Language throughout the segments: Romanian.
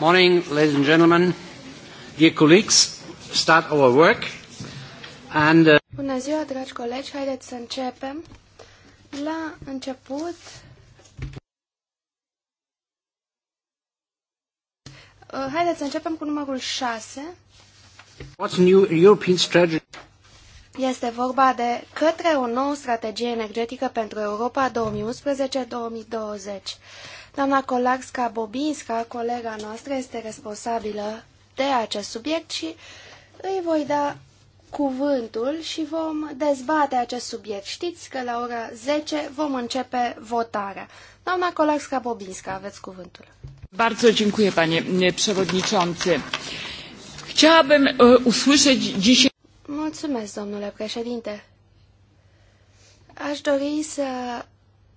Morning, ladies and gentlemen, dear colleagues, start our work. And, uh... Bună ziua, dragi colegi, haideți să începem. La început, uh, Haideți să începem cu numărul 6. What's new European strategy? Este vorba de către o nouă strategie energetică pentru Europa 2011-2020. Doamna Kolarska-Bobinska, colega noastră, este responsabilă de acest subiect și îi voi da cuvântul și vom dezbate acest subiect. Știți că la ora 10 vom începe votarea. Doamna Kolarska-Bobinska, aveți cuvântul. Bardzo dziękuję, panie przewodniczący. Chciałabym uh, usłyszeć dzisiaj... Mulțumesc, domnule președinte. Aș dori să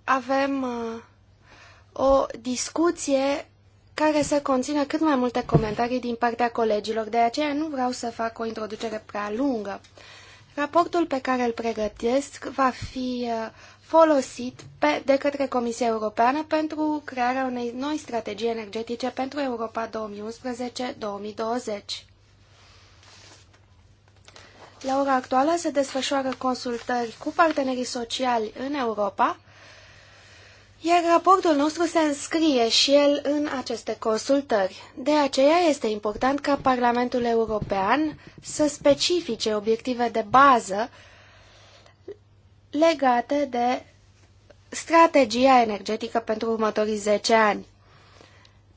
avem uh, o discuție care să conțină cât mai multe comentarii din partea colegilor, de aceea nu vreau să fac o introducere prea lungă. Raportul pe care îl pregătesc va fi uh, folosit pe, de către Comisia Europeană pentru crearea unei noi strategii energetice pentru Europa 2011-2020. La ora actuală se desfășoară consultări cu partenerii sociali în Europa iar raportul nostru se înscrie și el în aceste consultări. De aceea este important ca Parlamentul European să specifice obiective de bază legate de strategia energetică pentru următorii 10 ani.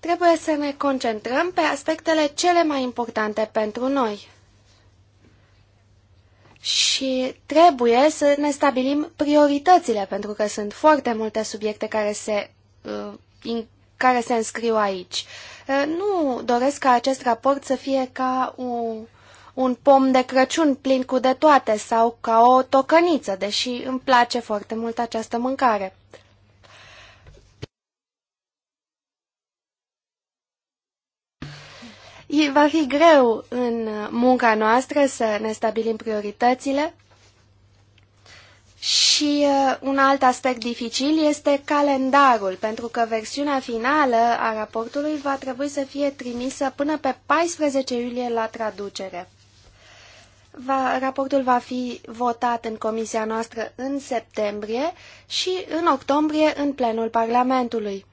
Trebuie să ne concentrăm pe aspectele cele mai importante pentru noi și trebuie să ne stabilim prioritățile, pentru că sunt foarte multe subiecte care se, uh, care se înscriu aici. Uh, nu doresc ca acest raport să fie ca un, un pom de Crăciun plin cu de toate sau ca o tocăniță, deși îmi place foarte mult această mâncare. Va fi greu în munca noastră să ne stabilim prioritățile și uh, un alt aspect dificil este calendarul, pentru că versiunea finală a raportului va trebui să fie trimisă până pe 14 iulie la traducere. Va, raportul va fi votat în comisia noastră în septembrie și în octombrie în plenul Parlamentului.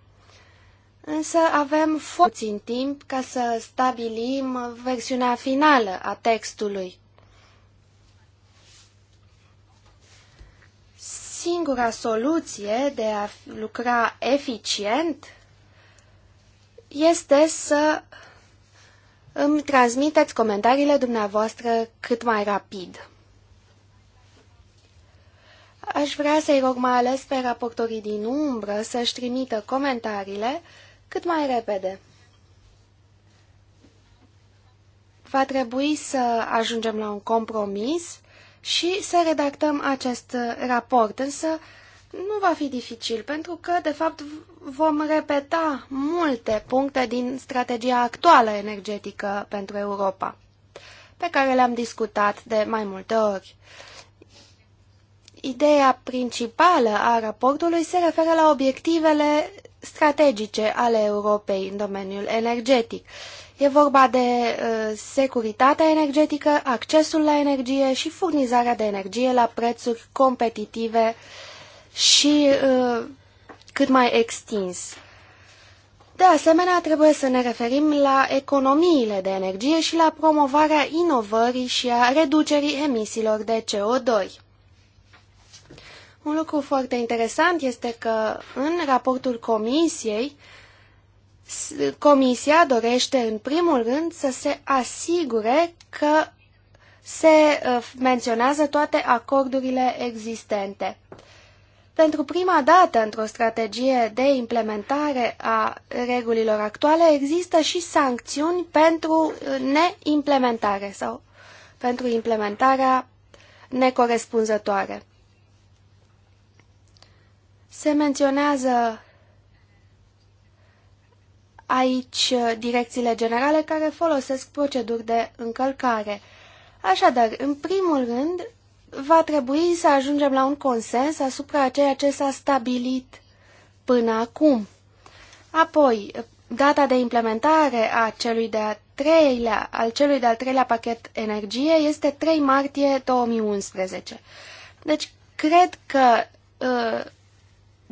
Însă avem în timp ca să stabilim versiunea finală a textului. Singura soluție de a lucra eficient este să îmi transmiteți comentariile dumneavoastră cât mai rapid. Aș vrea să-i rog mai ales pe raportorii din umbră să-și trimită comentariile cât mai repede. Va trebui să ajungem la un compromis și să redactăm acest raport, însă nu va fi dificil, pentru că, de fapt, vom repeta multe puncte din strategia actuală energetică pentru Europa, pe care le-am discutat de mai multe ori. Ideea principală a raportului se referă la obiectivele strategice ale Europei în domeniul energetic. E vorba de uh, securitatea energetică, accesul la energie și furnizarea de energie la prețuri competitive și uh, cât mai extins. De asemenea, trebuie să ne referim la economiile de energie și la promovarea inovării și a reducerii emisiilor de CO2. Un lucru foarte interesant este că în raportul comisiei, comisia dorește în primul rând să se asigure că se uh, menționează toate acordurile existente. Pentru prima dată într-o strategie de implementare a regulilor actuale există și sancțiuni pentru uh, neimplementare sau pentru implementarea necorespunzătoare. Se menționează aici uh, direcțiile generale care folosesc proceduri de încălcare. Așadar, în primul rând, va trebui să ajungem la un consens asupra ceea ce s-a stabilit până acum. Apoi, data de implementare a celui de-a treilea, al celui de-al treilea pachet energie este 3 martie 2011. Deci, cred că uh,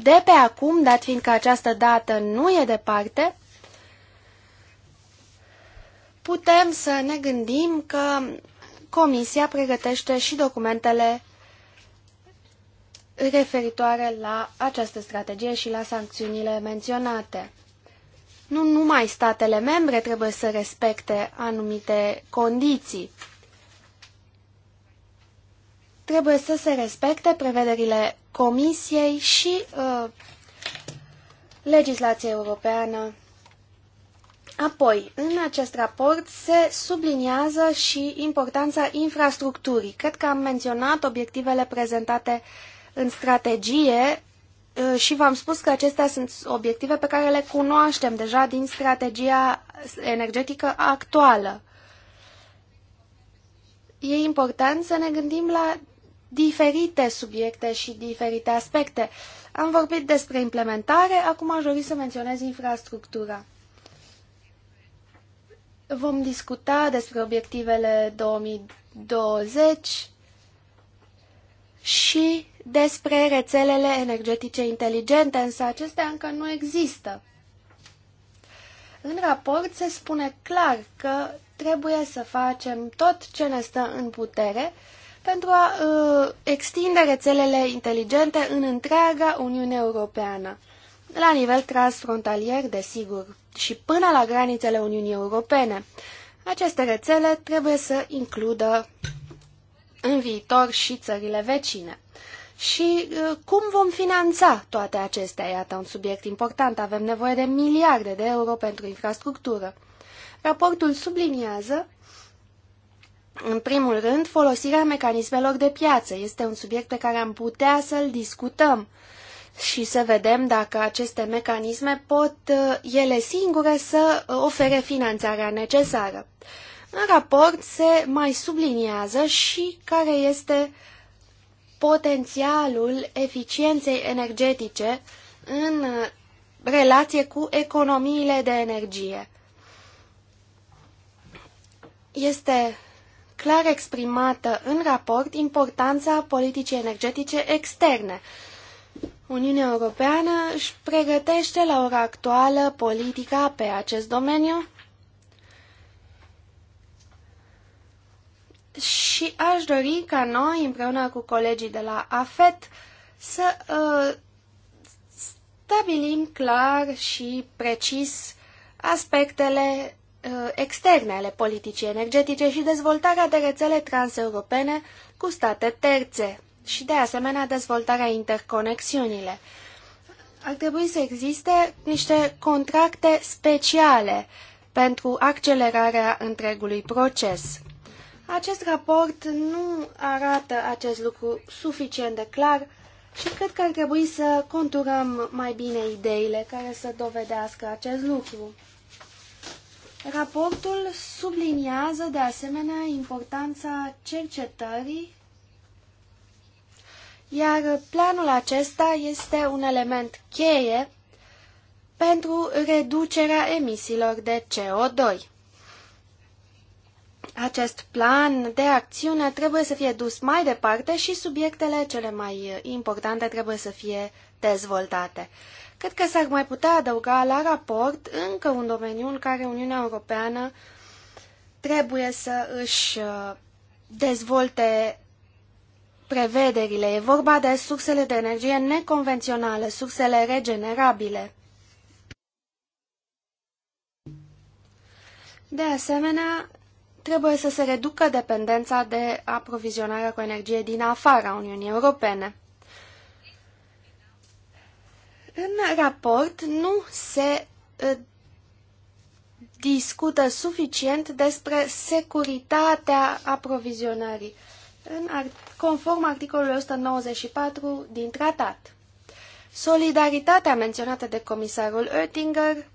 de pe acum, dat fiindcă această dată nu e departe, putem să ne gândim că Comisia pregătește și documentele referitoare la această strategie și la sancțiunile menționate. Nu numai statele membre trebuie să respecte anumite condiții, trebuie să se respecte prevederile Comisiei și uh, legislația europeană. Apoi, în acest raport se subliniază și importanța infrastructurii. Cred că am menționat obiectivele prezentate în strategie uh, și v-am spus că acestea sunt obiective pe care le cunoaștem deja din strategia energetică actuală. E important să ne gândim la diferite subiecte și diferite aspecte. Am vorbit despre implementare, acum aș dori să menționez infrastructura. Vom discuta despre obiectivele 2020 și despre rețelele energetice inteligente, însă acestea încă nu există. În raport se spune clar că trebuie să facem tot ce ne stă în putere uh, pentru a uh, extinde rețelele inteligente în întreaga Uniune Europeană, la nivel transfrontalier, desigur, și până la granițele Uniunii Europene. Aceste rețele trebuie să includă în viitor și țările vecine. Și uh, cum vom finanța toate acestea? Iată un subiect important. Avem nevoie de miliarde de euro pentru infrastructură. Raportul subliniază în primul rând, folosirea mecanismelor de piață este un subiect pe care am putea să-l discutăm și să vedem dacă aceste mecanisme pot uh, ele singure să uh, ofere finanțarea necesară. În raport se mai subliniază și care este potențialul eficienței energetice în uh, relație cu economiile de energie. Este clar exprimată în raport importanța politicii energetice externe. Uniunea Europeană își pregătește la ora actuală politica pe acest domeniu și aș dori ca noi, împreună cu colegii de la AFET, să uh, stabilim clar și precis aspectele Uh, externe ale politicii energetice și dezvoltarea de rețele transeuropene cu state terțe și, de asemenea, dezvoltarea interconexiunile. Ar trebui să existe niște contracte speciale pentru accelerarea întregului proces. Acest raport nu arată acest lucru suficient de clar și cred că ar trebui să conturăm mai bine ideile care să dovedească acest lucru. Raportul subliniază de asemenea importanța cercetării, iar planul acesta este un element cheie pentru reducerea emisiilor de CO2. Acest plan de acțiune trebuie să fie dus mai departe și subiectele cele mai importante trebuie să fie dezvoltate. Cred că s-ar mai putea adăuga la raport încă un domeniu în care Uniunea Europeană trebuie să își uh, dezvolte prevederile. E vorba de sursele de energie neconvenționale, sursele regenerabile. De asemenea, trebuie să se reducă dependența de aprovizionarea cu energie din afara Uniunii Europene. În raport nu se discută suficient despre securitatea aprovizionării, în, conform articolului 194 din tratat. Solidaritatea menționată de comisarul Oettinger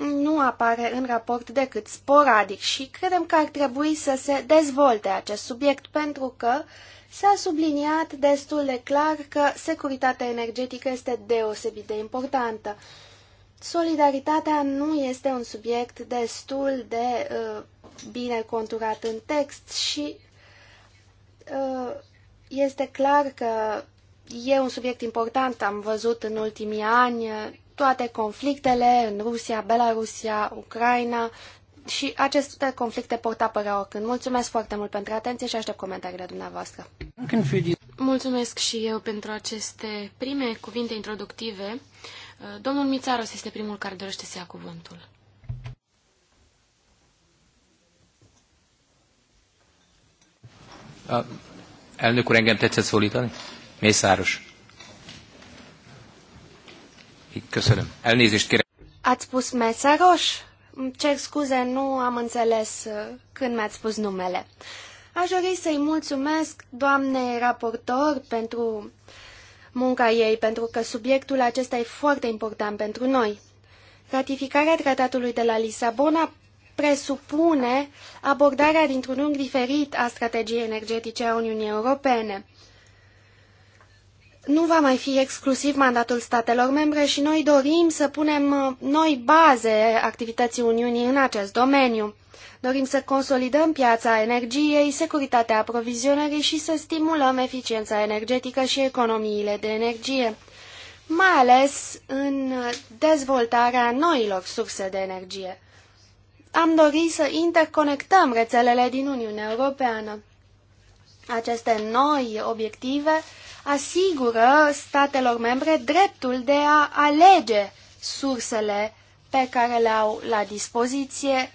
nu apare în raport decât sporadic și credem că ar trebui să se dezvolte acest subiect pentru că uh, S-a subliniat destul de clar că securitatea energetică este deosebit de importantă. Solidaritatea nu este un subiect destul de uh, bine conturat în text și uh, este clar că e un subiect important. Am văzut în ultimii ani toate conflictele în Rusia, Belarusia, Ucraina, și aceste conflicte pot apărea oricând. Mulțumesc foarte mult pentru atenție și aștept comentariile dumneavoastră. Mulțumesc și eu pentru aceste prime cuvinte introductive. Domnul Mițaros este primul care dorește să ia cuvântul. Elnök úr, engem tetszett szólítani? Mészáros. Köszönöm. Elnézést kérem. Ați spus Mészáros? cer scuze, nu am înțeles uh, când mi-ați spus numele. Aș dori să-i mulțumesc doamnei raportor pentru munca ei, pentru că subiectul acesta e foarte important pentru noi. Ratificarea tratatului de la Lisabona presupune abordarea dintr-un unghi diferit a strategiei energetice a Uniunii Europene nu va mai fi exclusiv mandatul statelor membre și noi dorim să punem uh, noi baze activității Uniunii în acest domeniu. Dorim să consolidăm piața energiei, securitatea aprovizionării și să stimulăm eficiența energetică și economiile de energie, mai ales în dezvoltarea noilor surse de energie. Am dorit să interconectăm rețelele din Uniunea Europeană. Aceste noi obiective asigură statelor membre dreptul de a alege sursele pe care le au la dispoziție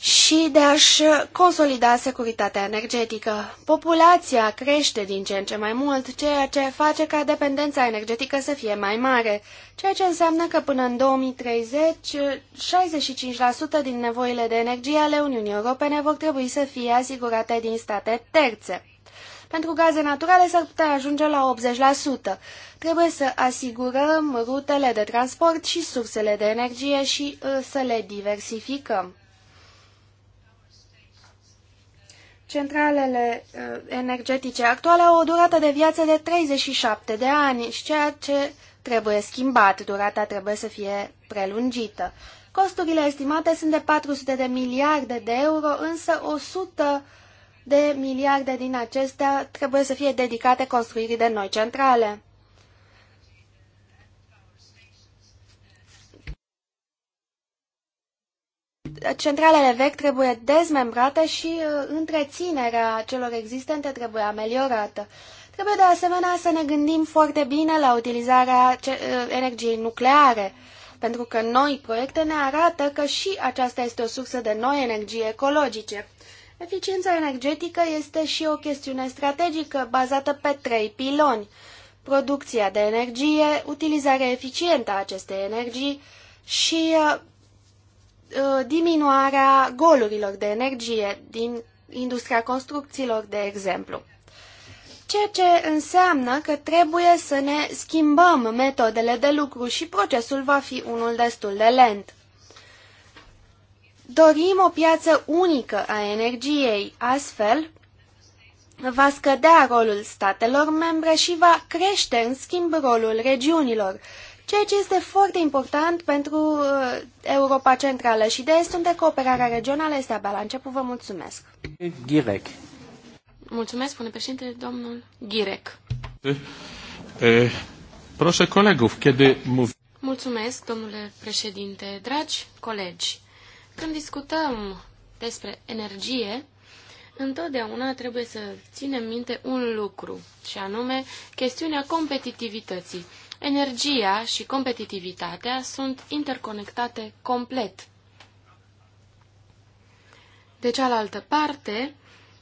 și de a-și consolida securitatea energetică. Populația crește din ce în ce mai mult, ceea ce face ca dependența energetică să fie mai mare, ceea ce înseamnă că până în 2030, 65% din nevoile de energie ale Uniunii Europene vor trebui să fie asigurate din state terțe. Pentru gaze naturale s-ar putea ajunge la 80%. Trebuie să asigurăm rutele de transport și sursele de energie și uh, să le diversificăm. Centralele uh, energetice actuale au o durată de viață de 37 de ani, și ceea ce trebuie schimbat, durata trebuie să fie prelungită. Costurile estimate sunt de 400 de miliarde de euro, însă 100 de miliarde din acestea trebuie să fie dedicate construirii de noi centrale. Centralele vechi trebuie dezmembrate și uh, întreținerea celor existente trebuie ameliorată. Trebuie de asemenea să ne gândim foarte bine la utilizarea uh, energiei nucleare, pentru că noi proiecte ne arată că și aceasta este o sursă de noi energii ecologice Eficiența energetică este și o chestiune strategică bazată pe trei piloni. Producția de energie, utilizarea eficientă a acestei energii și uh, uh, diminuarea golurilor de energie din industria construcțiilor, de exemplu. Ceea ce înseamnă că trebuie să ne schimbăm metodele de lucru și procesul va fi unul destul de lent. Dorim o piață unică a energiei, astfel va scădea rolul statelor membre și va crește, în schimb, rolul regiunilor, ceea ce este foarte important pentru uh, Europa Centrală și de Est, unde cooperarea regională este abia la început. Vă mulțumesc! Ghirec. Mulțumesc, spune președinte, domnul Ghirec. proșe colegów, kiedy mów... Mulțumesc, domnule președinte, dragi colegi. Când discutăm despre energie, întotdeauna trebuie să ținem minte un lucru, și anume chestiunea competitivității. Energia și competitivitatea sunt interconectate complet. De cealaltă parte,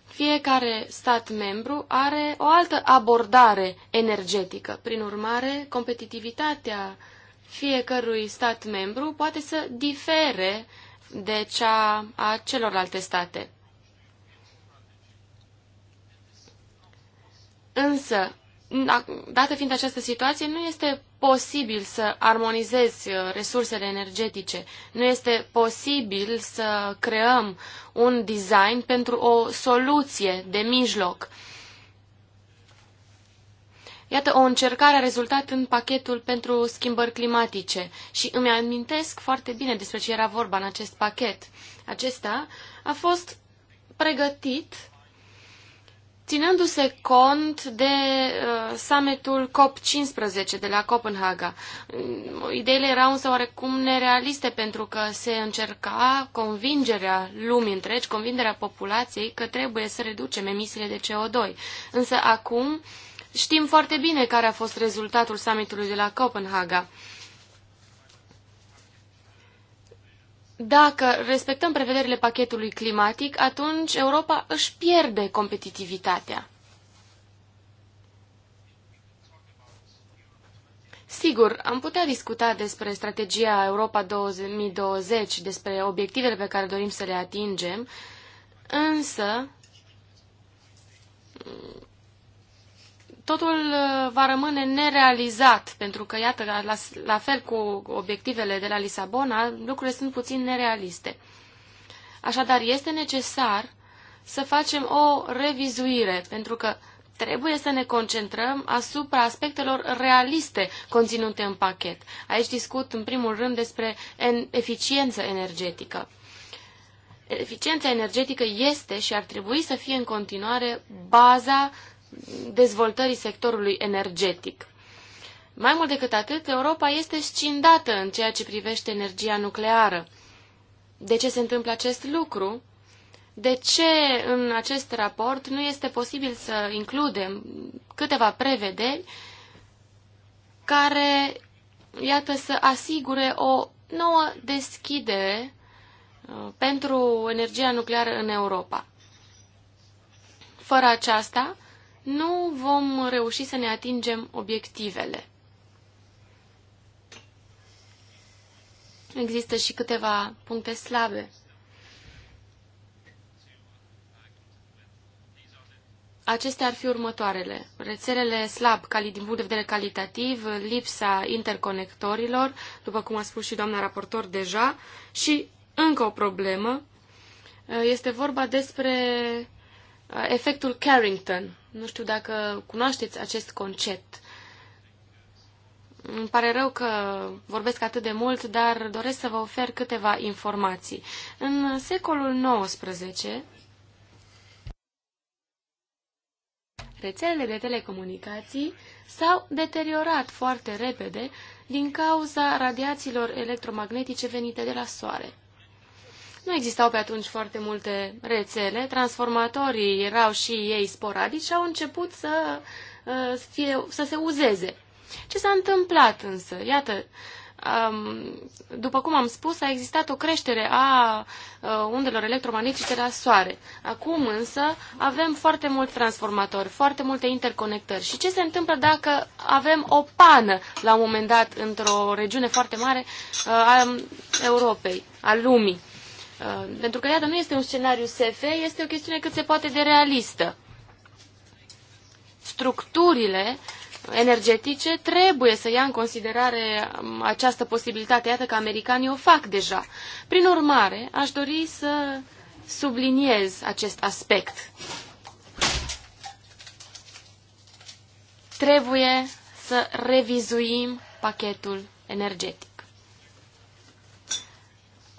fiecare stat membru are o altă abordare energetică. Prin urmare, competitivitatea fiecărui stat membru poate să difere uh, de cea a celorlalte state. Însă, dată fiind această situație, nu este posibil să armonizezi uh, resursele energetice. Nu este posibil să creăm un design pentru o soluție de mijloc. Iată, o încercare a rezultat în pachetul pentru schimbări climatice și îmi amintesc foarte bine despre ce era vorba în acest pachet. Acesta a fost pregătit ținându-se cont de uh, summitul COP15 de la Copenhaga. Mm, ideile erau însă oarecum nerealiste pentru că se încerca convingerea lumii întregi, convingerea populației că trebuie să reducem emisiile de CO2. Însă acum uh, Știm foarte bine care a fost rezultatul summitului de la Copenhaga. Dacă respectăm prevederile pachetului climatic, atunci Europa își pierde competitivitatea. Sigur, am putea discuta despre strategia Europa 2020, despre obiectivele pe care dorim să le atingem, însă totul uh, va rămâne nerealizat, pentru că, iată, la, la fel cu obiectivele de la Lisabona, lucrurile sunt puțin nerealiste. Așadar, este necesar să facem o revizuire, pentru că trebuie să ne concentrăm asupra aspectelor realiste conținute în pachet. Aici discut, în primul rând, despre eficiență energetică. Eficiența energetică este și ar trebui să fie în continuare baza dezvoltării sectorului energetic. Mai mult decât atât, Europa este scindată în ceea ce privește energia nucleară. De ce se întâmplă acest lucru? De ce în acest raport nu este posibil să includem câteva prevederi care, iată, să asigure o nouă deschidere uh, pentru energia nucleară în Europa? Fără aceasta, nu vom reuși să ne atingem obiectivele. Există și câteva puncte slabe. Acestea ar fi următoarele. Rețelele slab cali, din punct de vedere calitativ, lipsa interconectorilor, după cum a spus și doamna raportor deja, și încă o problemă. Este vorba despre efectul Carrington. Nu știu dacă cunoașteți acest concept. Îmi pare rău că vorbesc atât de mult, dar doresc să vă ofer câteva informații. În secolul XIX, rețelele de telecomunicații s-au deteriorat foarte repede din cauza radiațiilor electromagnetice venite de la Soare. Nu existau pe atunci foarte multe rețele, transformatorii erau și ei sporadici și au început să, uh, fie, să se uzeze. Ce s-a întâmplat însă? Iată, după cum am spus, a existat o creștere a uh, undelor electromagnetice la Soare. Acum însă avem foarte mulți transformatori, foarte multe interconectări. Și ce se întâmplă dacă avem o pană la un moment dat într-o regiune foarte mare uh, a Europei, a lumii? Uh, pentru că, iată, nu este un scenariu SF, este o chestiune cât se poate de realistă. Structurile energetice trebuie să ia în considerare um, această posibilitate. Iată că americanii o fac deja. Prin urmare, aș dori să subliniez acest aspect. Trebuie să revizuim pachetul energetic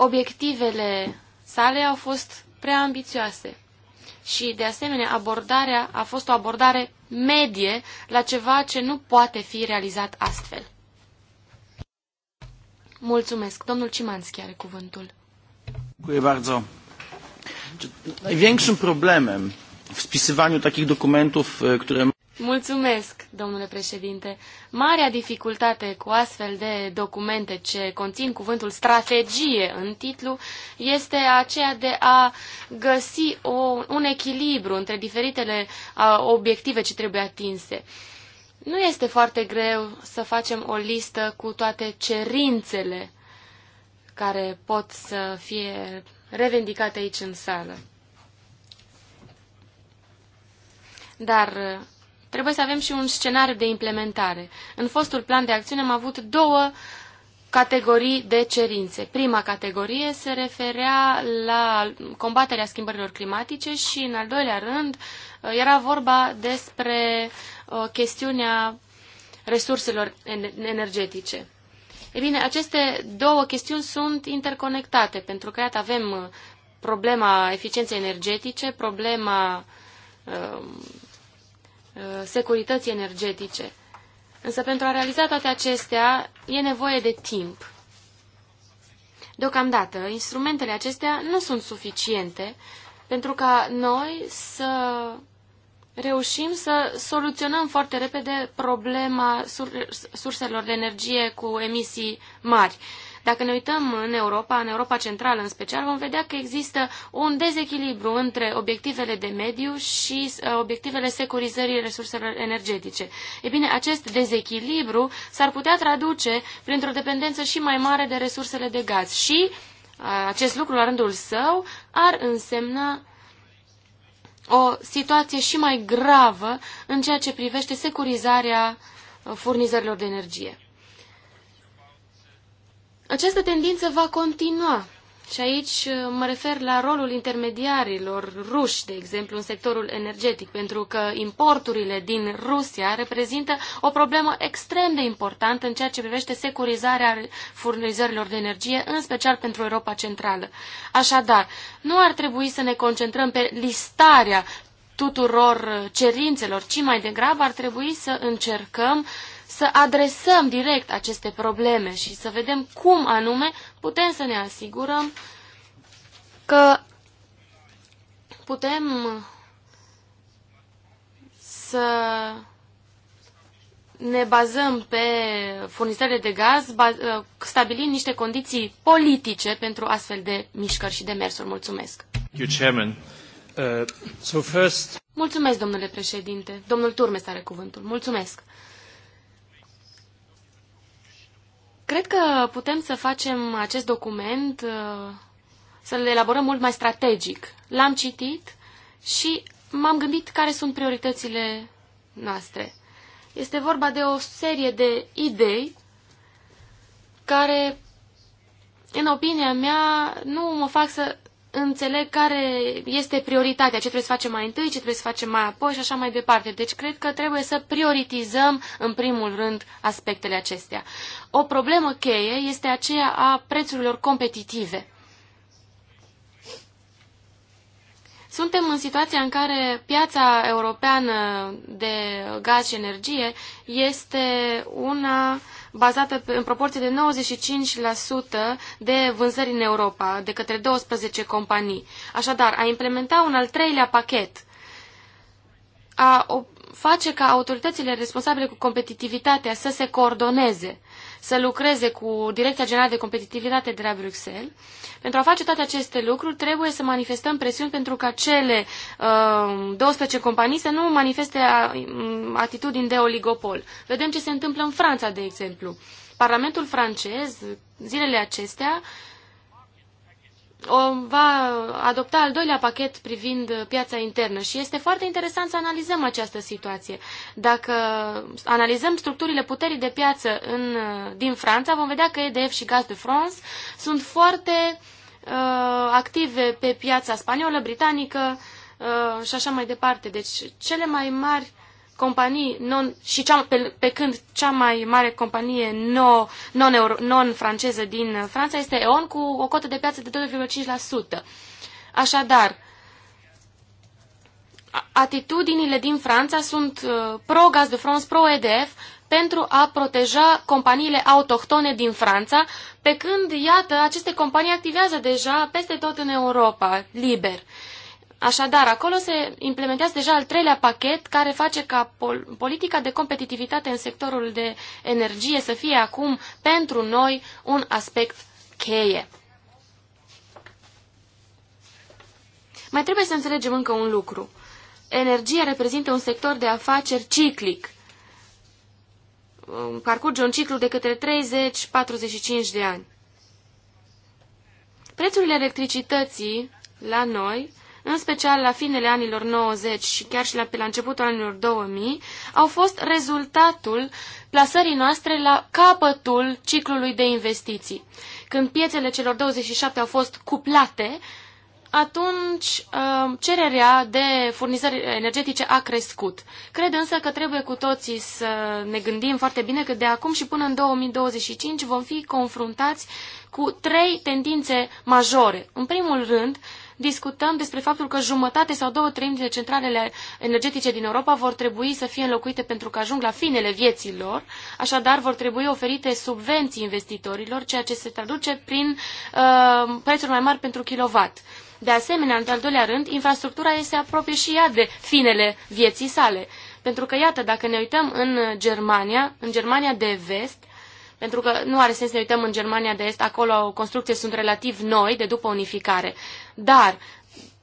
obiectivele sale au fost prea ambițioase. Și, de asemenea, abordarea a fost o abordare medie la ceva ce nu poate fi realizat astfel. Mulțumesc. Domnul Cimanski are cuvântul. Dziękuję bardzo. Największym problemem w spisywaniu takich dokumentów, które Mulțumesc, domnule președinte. Marea dificultate cu astfel de documente ce conțin cuvântul strategie în titlu este aceea de a găsi o, un echilibru între diferitele a, obiective ce trebuie atinse. Nu este foarte greu să facem o listă cu toate cerințele care pot să fie revendicate aici în sală. Dar trebuie să avem și un scenariu de implementare. În fostul plan de acțiune am avut două categorii de cerințe. Prima categorie se referea la combaterea schimbărilor climatice și, în al doilea rând, era vorba despre uh, chestiunea resurselor energetice. E bine, aceste două chestiuni sunt interconectate, pentru că iată avem uh, problema eficienței energetice, problema uh, Uh, securității energetice. Însă pentru a realiza toate acestea e nevoie de timp. Deocamdată, instrumentele acestea nu sunt suficiente pentru ca noi să reușim să soluționăm foarte repede problema surselor de energie cu emisii mari. Dacă ne uităm în Europa, în Europa Centrală în special, vom vedea că există un dezechilibru între obiectivele de mediu și uh, obiectivele securizării resurselor energetice. E bine, acest dezechilibru s-ar putea traduce printr-o dependență și mai mare de resursele de gaz și uh, acest lucru la rândul său ar însemna o situație și mai gravă în ceea ce privește securizarea uh, furnizărilor de energie. Această tendință va continua și aici uh, mă refer la rolul intermediarilor ruși, de exemplu, în sectorul energetic, pentru că importurile din Rusia reprezintă o problemă extrem de importantă în ceea ce privește securizarea furnizărilor de energie, în special pentru Europa Centrală. Așadar, nu ar trebui să ne concentrăm pe listarea tuturor uh, cerințelor, ci mai degrabă ar trebui să încercăm uh, să adresăm direct aceste probleme și să vedem cum anume putem să ne asigurăm că putem să ne bazăm pe furnizările de gaz, ă, stabilind niște condiții politice pentru astfel de mișcări și de mersuri. Mulțumesc! Uh, Mulțumesc, domnule președinte. Domnul Turmes are cuvântul. Mulțumesc! Cred că putem să facem acest document, uh, să-l elaborăm mult mai strategic. L-am citit și m-am gândit care sunt prioritățile noastre. Este vorba de o serie de idei care, în opinia mea, nu mă fac să înțeleg care este prioritatea, ce trebuie să facem mai întâi, ce trebuie să facem mai apoi și așa mai departe. Deci cred că trebuie să prioritizăm în primul rând aspectele acestea. O problemă cheie este aceea a prețurilor competitive. Suntem în situația în care piața europeană de gaz și energie este una uh, bazată pe, în proporție de 95% de vânzări în Europa, de către 12 companii. Așadar, a implementa un al treilea pachet, a face ca autoritățile responsabile cu competitivitatea să se coordoneze, să lucreze cu Direcția Generală de Competitivitate de la Bruxelles. Pentru a face toate aceste lucruri, trebuie să manifestăm presiuni pentru ca cele uh, 12 companii să nu manifeste uh, atitudini de oligopol. Vedem ce se întâmplă în Franța, de exemplu. Parlamentul francez, zilele acestea, uh, o va adopta al doilea pachet privind piața internă și este foarte interesant să analizăm această situație. Dacă analizăm structurile puterii de piață în, din Franța, vom vedea că EDF și Gaz de France sunt foarte uh, active pe piața spaniolă, britanică uh, și așa mai departe. Deci cele mai mari companii non, și cea, pe, pe când cea mai mare companie no, non-franceză non din Franța este E.ON cu o cotă de piață de 2,5%. Așadar, atitudinile din Franța sunt uh, pro-Gaz de France, pro-EDF, pentru a proteja companiile autohtone din Franța, pe când, iată, aceste companii activează deja peste tot în Europa, liber. Așadar, acolo se implementează deja al treilea pachet care face ca pol politica de competitivitate în sectorul de energie să fie acum pentru noi un aspect cheie. Mai trebuie să înțelegem încă un lucru. Energia reprezintă un sector de afaceri ciclic. Um, parcurge un ciclu de către 30-45 de ani. Prețurile electricității la noi în special la finele anilor 90 și chiar și la, pe la începutul anilor 2000, au fost rezultatul plasării noastre la capătul ciclului de investiții. Când piețele celor 27 au fost cuplate, atunci uh, cererea de furnizări energetice a crescut. Cred însă că trebuie cu toții să ne gândim foarte bine că de acum și până în 2025 vom fi confruntați cu trei tendințe majore. În primul rând, discutăm despre faptul că jumătate sau două treimi din centralele energetice din Europa vor trebui să fie înlocuite pentru că ajung la finele vieții lor, așadar vor trebui oferite subvenții investitorilor, ceea ce se traduce prin uh, prețuri mai mari pentru kilowatt. De asemenea, în al doilea rând, infrastructura este apropie și ea de finele vieții sale. Pentru că, iată, dacă ne uităm în Germania, în Germania de vest, pentru că nu are sens să ne uităm în Germania de Est, acolo construcții sunt relativ noi, de după unificare. Dar,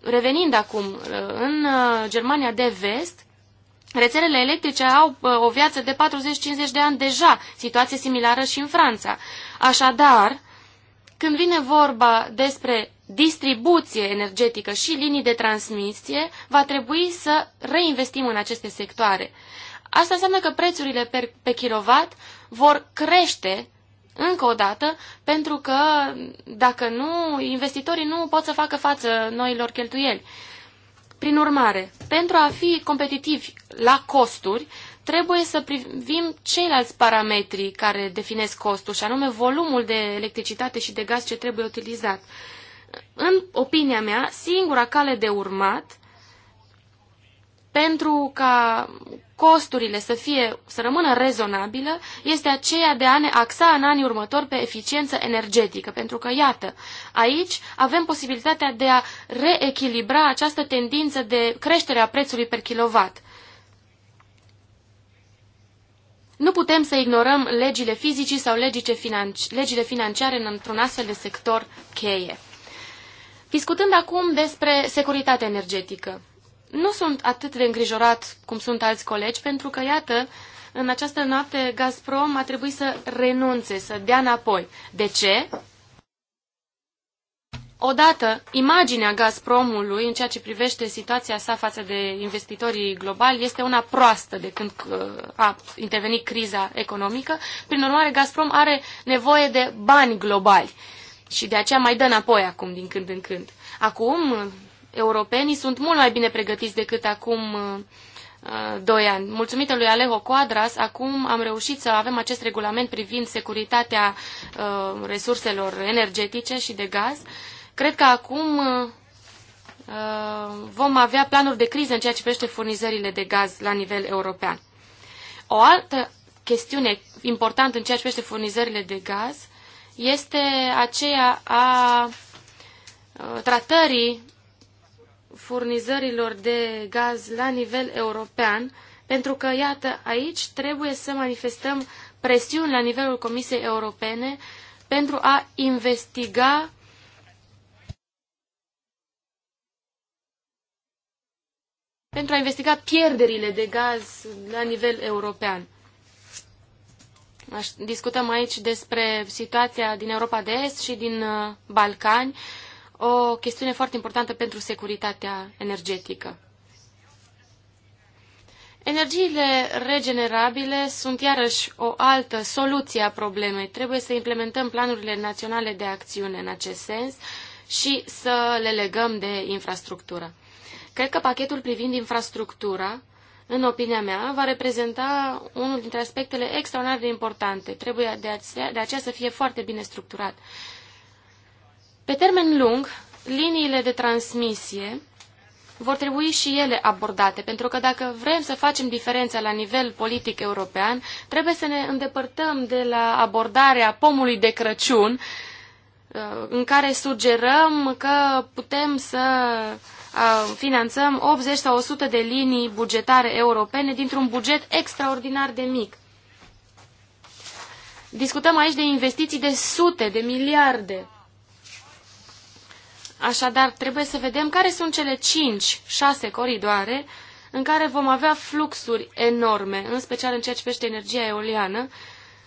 revenind acum, uh, în uh, Germania de Vest, Rețelele electrice au uh, o viață de 40-50 de ani deja, situație similară și în Franța. Așadar, când vine vorba despre distribuție energetică și linii de transmisie, va trebui să reinvestim în aceste sectoare. Asta înseamnă că prețurile pe, pe kilowatt vor crește încă o dată, pentru că, dacă nu, investitorii nu pot să facă față noilor cheltuieli. Prin urmare, pentru a fi competitivi la costuri, trebuie să privim ceilalți parametri care definesc costul, și anume volumul de electricitate și de gaz ce trebuie utilizat. În opinia mea, singura cale de urmat pentru ca costurile să, fie, să rămână rezonabilă este aceea de a ne axa în anii următori pe eficiență energetică. Pentru că, iată, aici avem posibilitatea de a reechilibra această tendință de creștere a prețului per kilowatt. Nu putem să ignorăm legile fizicii sau legile financiare într-un astfel de sector cheie. Discutând acum despre securitatea energetică nu sunt atât de îngrijorat cum sunt alți colegi, pentru că, iată, în această noapte Gazprom a trebuit să renunțe, să dea înapoi. De ce? Odată, imaginea Gazpromului în ceea ce privește situația sa față de investitorii globali este una proastă de când uh, a intervenit criza economică. Prin urmare, Gazprom are nevoie de bani globali și de aceea mai dă înapoi acum din când în când. Acum, europenii sunt mult mai bine pregătiți decât acum uh, uh, doi ani. Mulțumită lui Alejo Quadras, acum am reușit să avem acest regulament privind securitatea uh, resurselor energetice și de gaz. Cred că acum vom avea planuri de criză în ceea ce privește furnizările de gaz la nivel european. O altă chestiune importantă în ceea ce privește furnizările de gaz este aceea a tratării furnizărilor de gaz la nivel european, pentru că, iată, aici trebuie să manifestăm presiuni la nivelul Comisiei Europene pentru a investiga pentru a investiga pierderile de gaz la nivel european. Discutăm aici despre situația din Europa de Est și din uh, Balcani o chestiune foarte importantă pentru securitatea energetică. Energiile regenerabile sunt iarăși o altă soluție a problemei. Trebuie să implementăm planurile naționale de acțiune în acest sens și să le legăm de infrastructură. Cred că pachetul privind infrastructura, în opinia mea, va reprezenta unul dintre aspectele extraordinar de importante. Trebuie de aceea, de aceea să fie foarte bine structurat. Pe termen lung, liniile de transmisie vor trebui și ele abordate, pentru că dacă vrem să facem diferența la nivel politic european, trebuie să ne îndepărtăm de la abordarea pomului de Crăciun, uh, în care sugerăm că putem să uh, finanțăm 80 sau 100 de linii bugetare europene dintr-un buget extraordinar de mic. Discutăm aici de investiții de sute de miliarde Așadar, trebuie să vedem care sunt cele 5-6 coridoare în care vom avea fluxuri enorme, în special în ceea ce privește energia eoliană,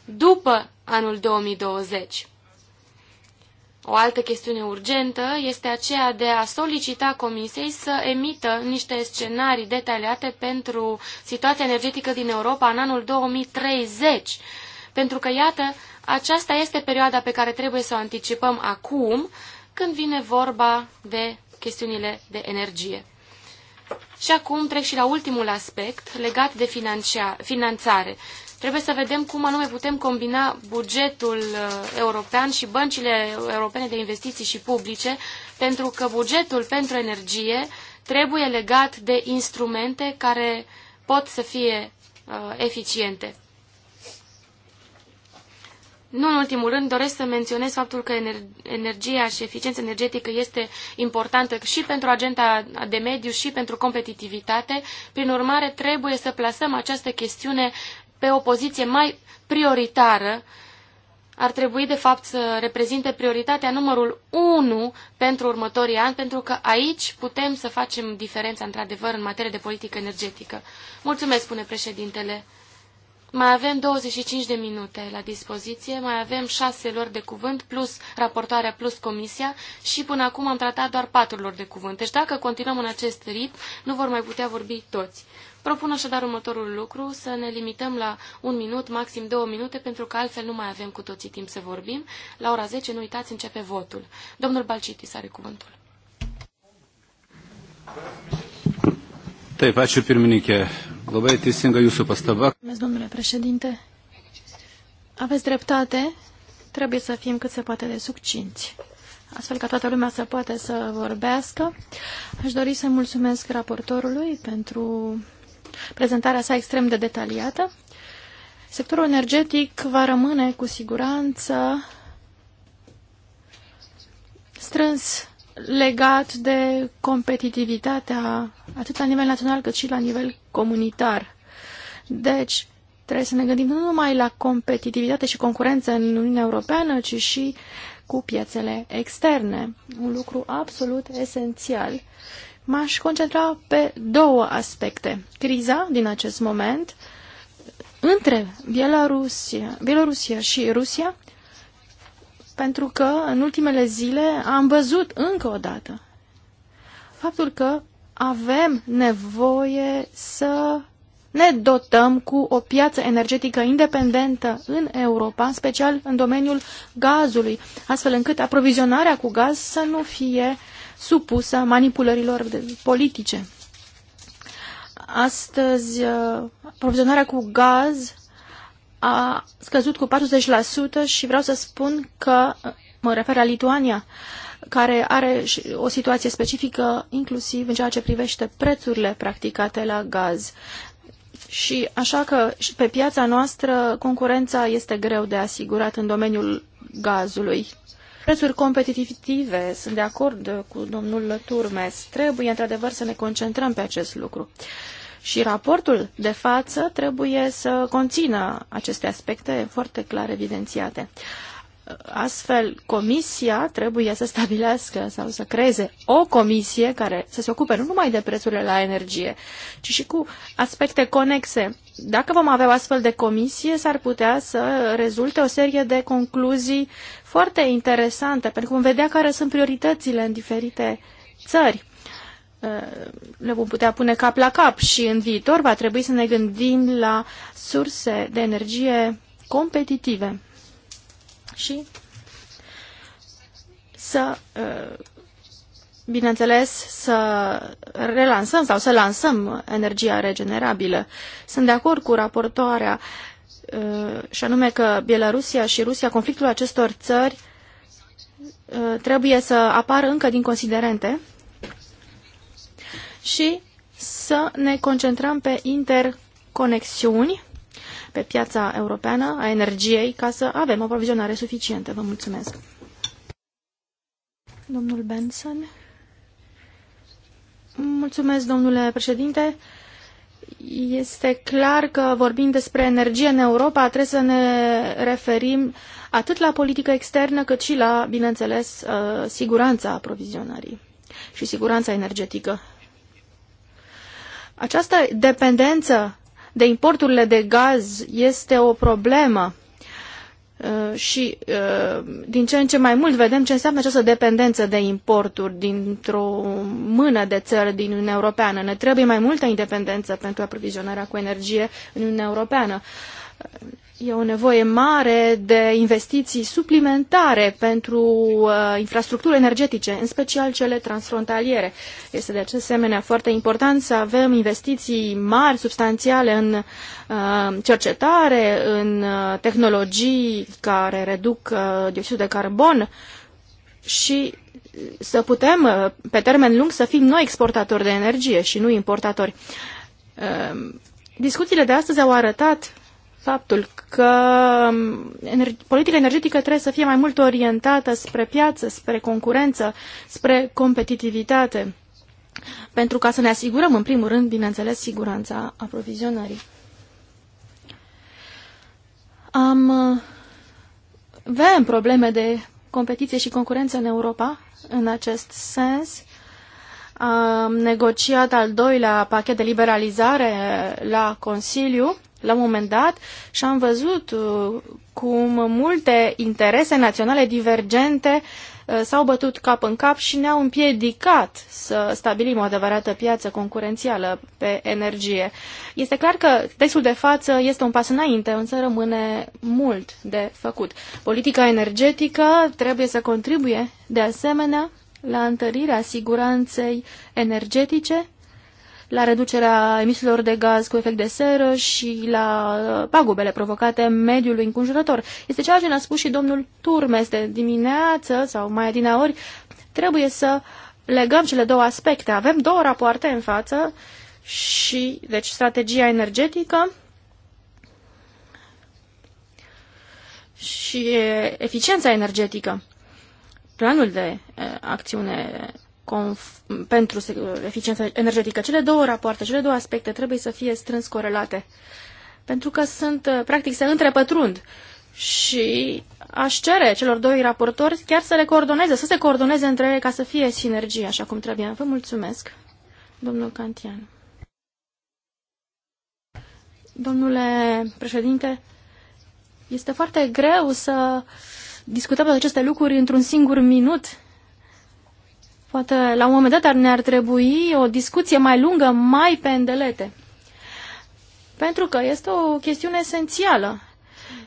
după anul 2020. O altă chestiune urgentă este aceea de a solicita Comisiei să emită niște scenarii detaliate pentru situația energetică din Europa în anul 2030. Pentru că, iată, aceasta este perioada pe care trebuie să o anticipăm acum când vine vorba de chestiunile de energie. Și acum trec și la ultimul aspect legat de finanțare. Trebuie să vedem cum anume putem combina bugetul uh, european și băncile europene de investiții și publice, pentru că bugetul pentru energie trebuie legat de instrumente care pot să fie uh, eficiente. Nu în ultimul rând, doresc să menționez faptul că energia și eficiența energetică este importantă și pentru agenda de mediu și pentru competitivitate. Prin urmare, trebuie să plasăm această chestiune pe o poziție mai prioritară. Ar trebui, de fapt, să reprezinte prioritatea numărul 1 pentru următorii ani, pentru că aici putem să facem diferența, într-adevăr, în materie de politică energetică. Mulțumesc, spune președintele. Mai avem 25 de minute la dispoziție, mai avem 6 lor de cuvânt, plus raportoarea, plus comisia și până acum am tratat doar 4 lor de cuvânt. Deci dacă continuăm în acest ritm, nu vor mai putea vorbi toți. Propun așadar următorul lucru, să ne limităm la un minut, maxim două minute, pentru că altfel nu mai avem cu toții timp să vorbim. La ora 10, nu uitați, începe votul. Domnul Balcitis are cuvântul. Taip, ačiū pirmininkė. Labai teisinga jūsų pastaba. Domnule președinte, aveți dreptate, trebuie să fim cât se poate de succinți. Astfel ca toată lumea să poate să vorbească, aș dori să mulțumesc raportorului pentru prezentarea sa extrem de detaliată. Sectorul energetic va rămâne cu siguranță strâns legat de competitivitatea atât la nivel național cât și la nivel comunitar. Deci, trebuie să ne gândim nu numai la competitivitate și concurență în Uniunea Europeană, ci și cu piețele externe. Un lucru absolut esențial. M-aș concentra pe două aspecte. Criza din acest moment între Bielorusia, Bielorusia și Rusia pentru că în ultimele zile am văzut încă o dată faptul că avem nevoie să ne dotăm cu o piață energetică independentă în Europa, în special în domeniul gazului, astfel încât aprovizionarea cu gaz să nu fie supusă manipulărilor politice. Astăzi, uh, aprovizionarea cu gaz a scăzut cu 40% și vreau să spun că, mă refer la Lituania, care are o situație specifică inclusiv în ceea ce privește prețurile practicate la gaz. Și așa că pe piața noastră concurența este greu de asigurat în domeniul gazului. Prețuri competitive, sunt de acord cu domnul Turmes, trebuie într-adevăr să ne concentrăm pe acest lucru. Uh, și raportul de față trebuie să conțină aceste aspecte foarte clar evidențiate. Astfel, comisia trebuie să stabilească sau să creeze o comisie care să se ocupe nu numai de prețurile la energie, ci și cu aspecte conexe. Dacă vom avea o astfel de comisie, s-ar putea să rezulte o serie de concluzii foarte interesante, pentru că vom vedea care sunt prioritățile în diferite țări le uh, vom putea pune cap la cap și în viitor va trebui să ne gândim la surse de energie competitive și să, uh, bineînțeles, să relansăm sau să lansăm energia regenerabilă. Sunt de acord cu raportoarea uh, și anume că Bielorusia și Rusia, conflictul acestor țări trebuie să apară încă din considerente și să ne concentrăm pe interconexiuni pe piața europeană a energiei ca să avem provizionare suficientă. Vă mulțumesc. Domnul Benson. Mulțumesc, domnule președinte. Este clar că vorbind despre energie în Europa, trebuie să ne referim atât la politică externă, cât și la, bineînțeles, uh, siguranța aprovizionării și siguranța energetică. Această dependență de importurile de gaz este o problemă uh, și uh, din ce în ce mai mult vedem ce înseamnă această dependență de importuri dintr-o mână de țări din Uniunea Europeană. Ne trebuie mai multă independență pentru aprovizionarea cu energie în Uniunea Europeană. E o nevoie mare de investiții suplimentare pentru uh, infrastructuri energetice, în special cele transfrontaliere. Este de asemenea foarte important să avem investiții mari, substanțiale în uh, cercetare, în uh, tehnologii care reduc uh, dioxidul de carbon și să putem, uh, pe termen lung, să fim noi exportatori de energie și nu importatori. Uh, discuțiile de astăzi au arătat faptul că um, politica energetică trebuie să fie mai mult orientată spre piață, spre concurență, spre competitivitate, pentru ca să ne asigurăm, în primul rând, bineînțeles, siguranța aprovizionării. Am, uh, avem probleme de competiție și concurență în Europa, în acest sens. Am negociat al doilea pachet de liberalizare la Consiliu la un moment dat și am văzut uh, cum multe interese naționale divergente uh, s-au bătut cap în cap și ne-au împiedicat să stabilim o adevărată piață concurențială pe energie. Este clar că textul de față este un pas înainte, însă rămâne mult de făcut. Politica energetică trebuie să contribuie, de asemenea, la întărirea siguranței energetice la reducerea emisiilor de gaz cu efect de seră și la pagubele provocate mediului înconjurător. Este ceea ce ne-a spus și domnul Turmes de dimineață sau mai ori, Trebuie să legăm cele două aspecte. Avem două rapoarte în față și, deci, strategia energetică și eficiența energetică. Planul de eh, acțiune pentru eficiență energetică. Cele două rapoarte, cele două aspecte trebuie să fie strâns corelate, pentru că sunt, uh, practic, se întrepătrund și aș cere celor doi raportori chiar să le coordoneze, să se coordoneze între ele ca să fie sinergie, așa cum trebuie. Vă mulțumesc, domnul Cantian. Domnule președinte, este foarte greu să discutăm aceste lucruri într-un singur minut Poate la un moment dat ar ne-ar trebui o discuție mai lungă, mai pe îndelete. Pentru că este o chestiune esențială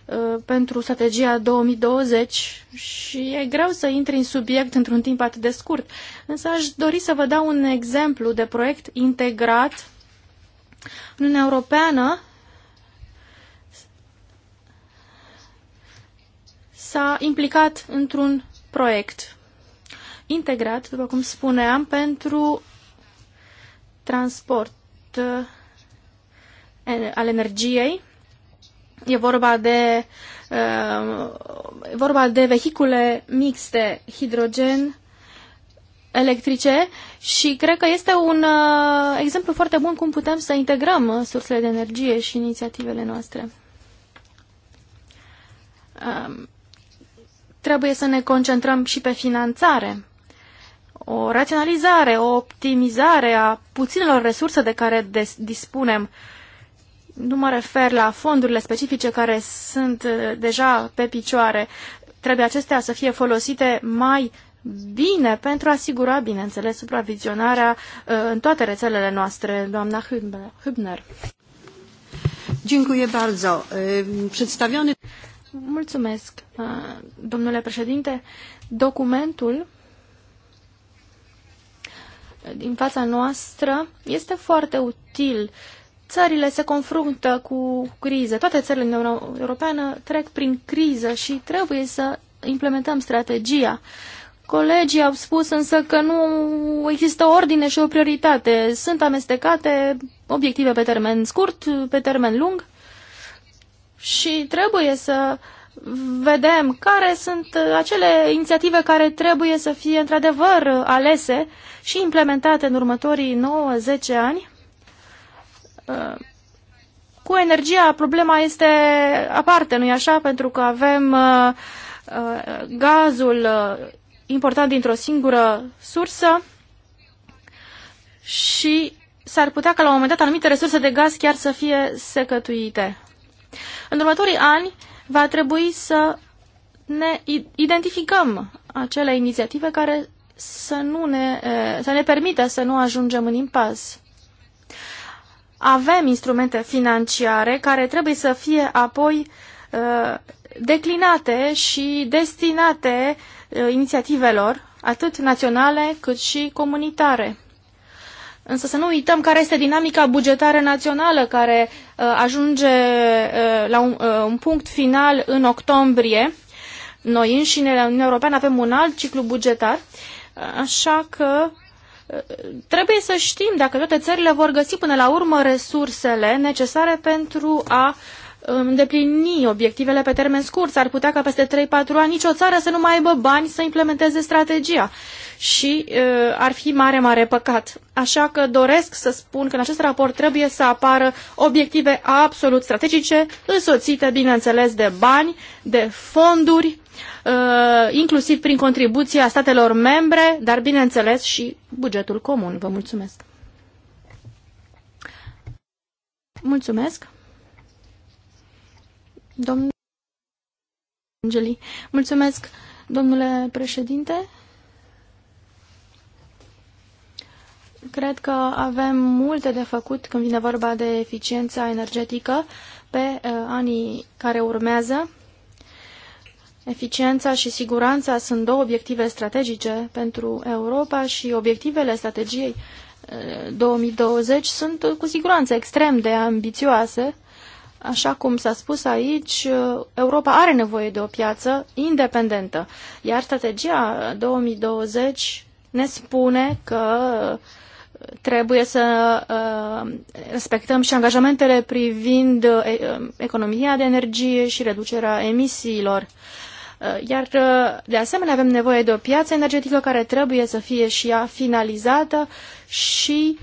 uh, pentru strategia 2020 și e greu să intri în subiect într-un timp atât de scurt. Însă aș dori să vă dau un exemplu de proiect integrat în Uniunea Europeană s-a implicat într-un proiect integrat, după cum spuneam, pentru transport uh, al energiei. E vorba de, uh, e vorba de vehicule mixte, hidrogen, electrice și cred că este un uh, exemplu foarte bun cum putem să integrăm sursele de energie și inițiativele noastre. Um, trebuie să ne concentrăm și pe finanțare o raționalizare, o optimizare a puținelor resurse de care dispunem. Nu mă refer la fondurile specifice care sunt uh, deja pe picioare. Trebuie acestea să fie folosite mai bine pentru a asigura, bineînțeles, supravizionarea uh, în toate rețelele noastre, doamna Hübner. Dziękuję bardzo. Przedstawiony... Mulțumesc, uh, domnule președinte. Documentul din fața noastră este foarte util. Țările se confruntă cu criză. Toate țările din Europeană trec prin criză și trebuie să implementăm strategia. Colegii au spus însă că nu există ordine și o prioritate. Sunt amestecate obiective pe termen scurt, pe termen lung și trebuie să uh, vedem care sunt uh, acele inițiative care trebuie să fie într-adevăr uh, alese și implementate în următorii 9-10 ani. Uh, cu energia problema este aparte, nu-i așa? Pentru că avem gazul important dintr-o singură sursă și s-ar putea ca la un moment dat anumite resurse de gaz chiar să fie secătuite. În următorii ani, va trebui să ne identificăm acele inițiative care să, nu ne, să ne permită să nu ajungem în impas. Avem instrumente financiare care trebuie să fie apoi declinate și destinate inițiativelor, atât naționale cât și comunitare. Însă să nu uităm care este dinamica bugetară națională care uh, ajunge uh, la un, uh, un punct final în octombrie. Noi înșine la Uniunea Europeană avem un alt ciclu bugetar, așa că trebuie să știm dacă toate țările vor găsi până la urmă resursele necesare pentru a um, îndeplini obiectivele pe termen scurt. S-ar putea ca peste 3-4 ani nicio țară să nu mai aibă bani să implementeze strategia și uh, ar fi mare, mare păcat. Așa că doresc să spun că în acest raport trebuie să apară obiective absolut strategice, însoțite, bineînțeles, de bani, de fonduri, uh, inclusiv prin contribuția statelor membre, dar, bineînțeles, și bugetul comun. Vă mulțumesc! Mulțumesc! Domnul Angeli, mulțumesc, domnule președinte! Cred că avem multe de făcut când vine vorba de eficiența energetică pe uh, anii care urmează. Eficiența și siguranța sunt două obiective strategice pentru Europa și obiectivele strategiei 2020 uh, sunt uh, cu siguranță extrem de ambițioase. Așa cum s-a spus aici, uh, Europa are nevoie de o piață independentă, iar strategia 2020 ne spune că uh, trebuie să uh, respectăm și angajamentele privind uh, um, economia de energie și reducerea emisiilor. Uh, iar, de asemenea, avem nevoie de o piață energetică care trebuie să fie și ea finalizată și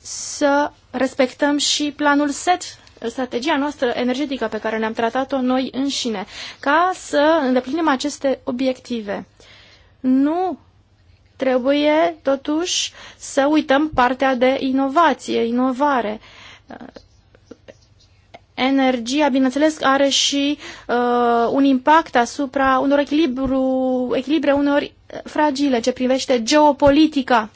să respectăm și planul SET, strategia noastră energetică pe care ne-am tratat-o noi înșine, ca să îndeplinim aceste obiective. Nu Trebuie, totuși, să uităm partea de inovație, inovare. Energia, bineînțeles, are și uh, un impact asupra unor echilibru, echilibre unor uh, fragile ce privește geopolitica.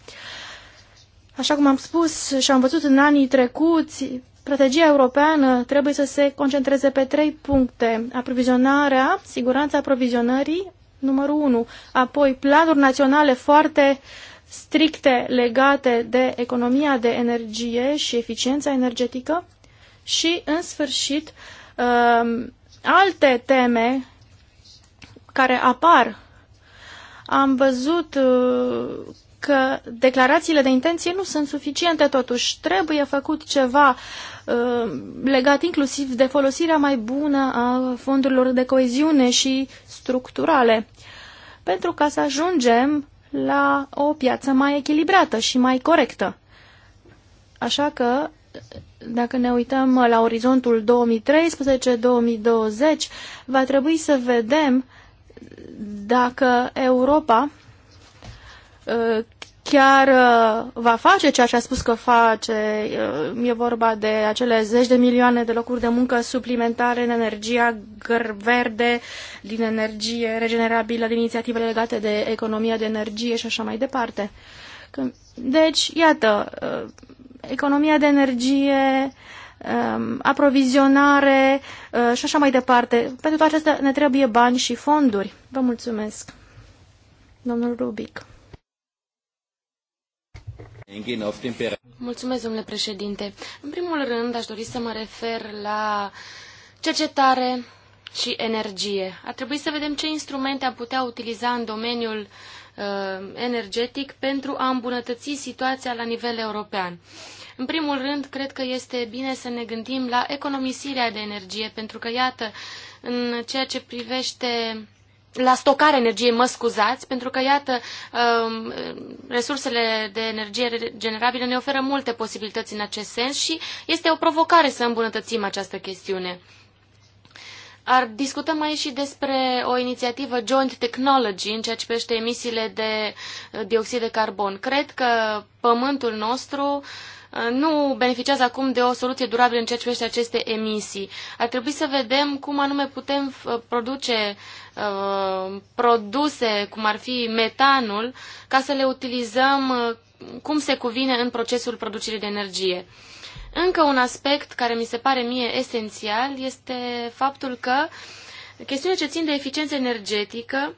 Așa cum am spus și am văzut în anii trecuți, strategia europeană trebuie să se concentreze pe trei puncte. Aprovizionarea, siguranța aprovizionării, numărul 1. Apoi, planuri naționale foarte stricte legate de economia de energie și eficiența energetică și, în sfârșit, um, alte teme care apar. Am văzut uh, că declarațiile de intenție nu sunt suficiente, totuși trebuie făcut ceva uh, legat inclusiv de folosirea mai bună a fondurilor de coeziune și structurale, pentru ca să ajungem la o piață mai echilibrată și mai corectă. Așa că, dacă ne uităm la orizontul 2013-2020, va trebui să vedem dacă Europa Uh, chiar uh, va face ceea ce a spus că face. Uh, e vorba de acele zeci de milioane de locuri de muncă suplimentare în energia verde, din energie regenerabilă, din inițiative legate de economia de energie și așa mai departe. Deci, iată, economia de energie, um, aprovizionare și așa mai departe. Pentru toate acestea ne trebuie bani și fonduri. Vă mulțumesc. Domnul Rubic. Mulțumesc, domnule președinte. În primul rând, aș dori să mă refer la cercetare și energie. Ar trebui să vedem ce instrumente am putea utiliza în domeniul uh, energetic pentru a îmbunătăți situația la nivel european. În primul rând, cred că este bine să ne gândim la economisirea de energie, pentru că, iată, în ceea ce privește la stocarea energiei, mă scuzați, pentru că, iată, um, resursele de energie regenerabilă ne oferă multe posibilități în acest sens și este o provocare să îmbunătățim această chestiune. Ar discutăm aici și despre o inițiativă Joint Technology în ceea ce privește emisiile de dioxid de carbon. Cred că pământul nostru uh, Uh, nu beneficiază acum de o soluție durabilă în ceea ce privește aceste emisii. Ar trebui să vedem cum anume putem uh, produce uh, produse, cum ar fi metanul, ca să le utilizăm cum se cuvine în procesul producerii de energie. Încă un aspect care mi se pare mie esențial este faptul că chestiunile ce țin de eficiență energetică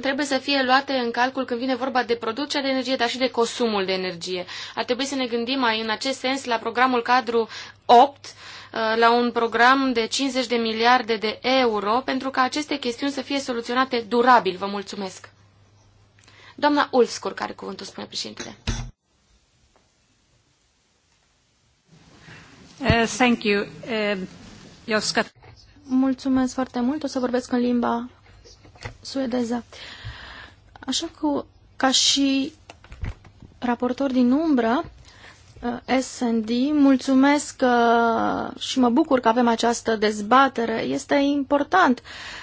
trebuie să fie luate în calcul când vine vorba de producția de energie, dar și de consumul de energie. Ar trebui să ne gândim mai în acest sens la programul cadru 8, uh, la un program de 50 de miliarde de euro, pentru ca aceste chestiuni să fie soluționate durabil. Vă mulțumesc! Doamna Ulfscur, care cuvântul spune președintele. Uh, thank you. Uh, Mulțumesc foarte mult. O să vorbesc în limba suedeză. Așa că, ca și raportor din umbră, uh, S&D, mulțumesc că, uh, și mă bucur că avem această dezbatere. Este important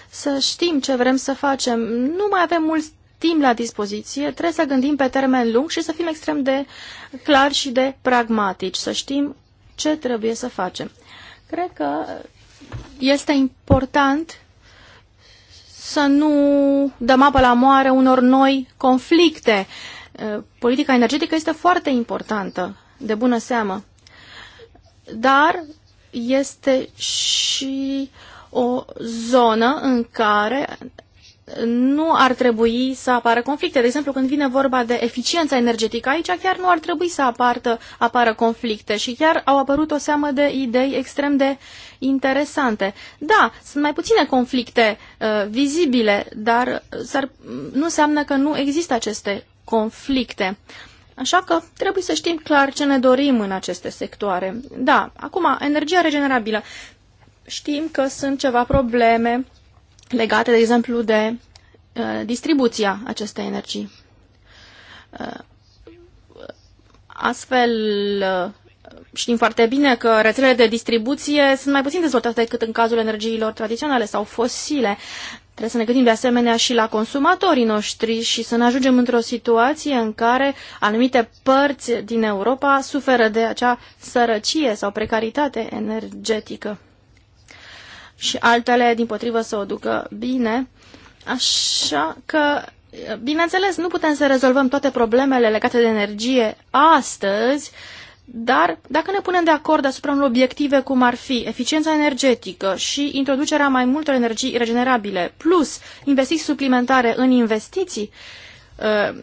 să știm ce vrem să facem. Nu mai avem mult timp la dispoziție, trebuie să gândim pe termen lung și să fim extrem de clari și de pragmatici, să știm ce trebuie să facem. Cred că este important să nu dăm apă la moare unor noi conflicte. Politica energetică este foarte importantă, de bună seamă, dar este și o zonă în care nu ar trebui să apară conflicte. De exemplu, când vine vorba de eficiența energetică, aici chiar nu ar trebui să apartă, apară conflicte și chiar au apărut o seamă de idei extrem de interesante. Da, sunt mai puține conflicte uh, vizibile, dar -ar, nu înseamnă că nu există aceste conflicte. Așa că trebuie să știm clar ce ne dorim în aceste sectoare. Da, acum, energia regenerabilă. Știm că sunt ceva probleme legate, de exemplu, de uh, distribuția acestei energii. Uh, astfel, uh, știm foarte bine că rețelele de distribuție sunt mai puțin dezvoltate decât în cazul energiilor tradiționale sau fosile. Trebuie să ne gândim de asemenea și la consumatorii noștri și să ne ajungem într-o situație în care anumite părți din Europa suferă de acea sărăcie sau precaritate energetică și altele, din potrivă, să o ducă bine. Așa că, bineînțeles, nu putem să rezolvăm toate problemele legate de energie astăzi, dar dacă ne punem de acord asupra unor obiective cum ar fi eficiența energetică și introducerea mai multor energii regenerabile, plus investiții suplimentare în investiții, uh, Uh,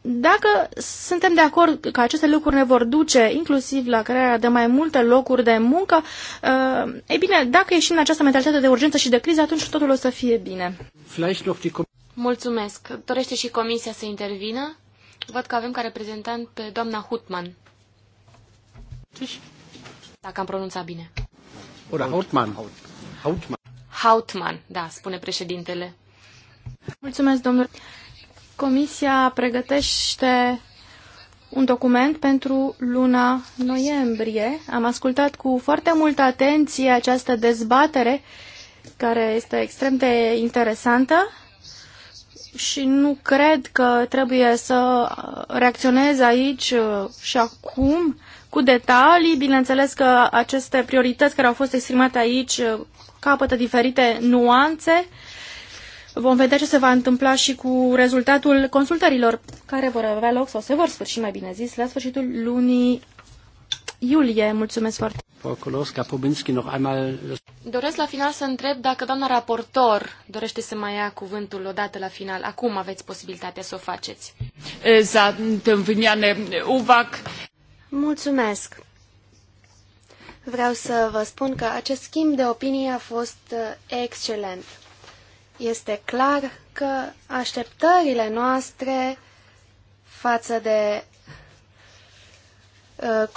dacă suntem de acord că aceste lucruri ne vor duce inclusiv la crearea de mai multe locuri de muncă, uh, e bine, dacă ieșim în această mentalitate de urgență și de criză, atunci totul o să fie bine. Mulțumesc. Dorește și Comisia să intervină? Văd că avem ca reprezentant pe doamna Hutman. Dacă am pronunțat bine. Ora, Hautman. Hautman. Hautman, da, spune președintele. Mulțumesc, domnule. Comisia pregătește un document pentru luna noiembrie. Am ascultat cu foarte multă atenție această dezbatere care este extrem de interesantă și nu cred că trebuie să reacționez aici uh, și acum cu detalii. Bineînțeles că aceste priorități care au fost exprimate aici uh, capătă diferite nuanțe Vom vedea ce se va întâmpla și cu rezultatul consultărilor care vor avea loc sau se vor sfârși, mai bine zis, la sfârșitul lunii iulie. Mulțumesc foarte mult. Doresc la final să întreb dacă doamna raportor dorește să mai ia cuvântul odată la final. Acum aveți posibilitatea să o faceți. UVAC. Mulțumesc. Vreau să vă spun că acest schimb de opinie a fost excelent. Este clar că așteptările noastre față de,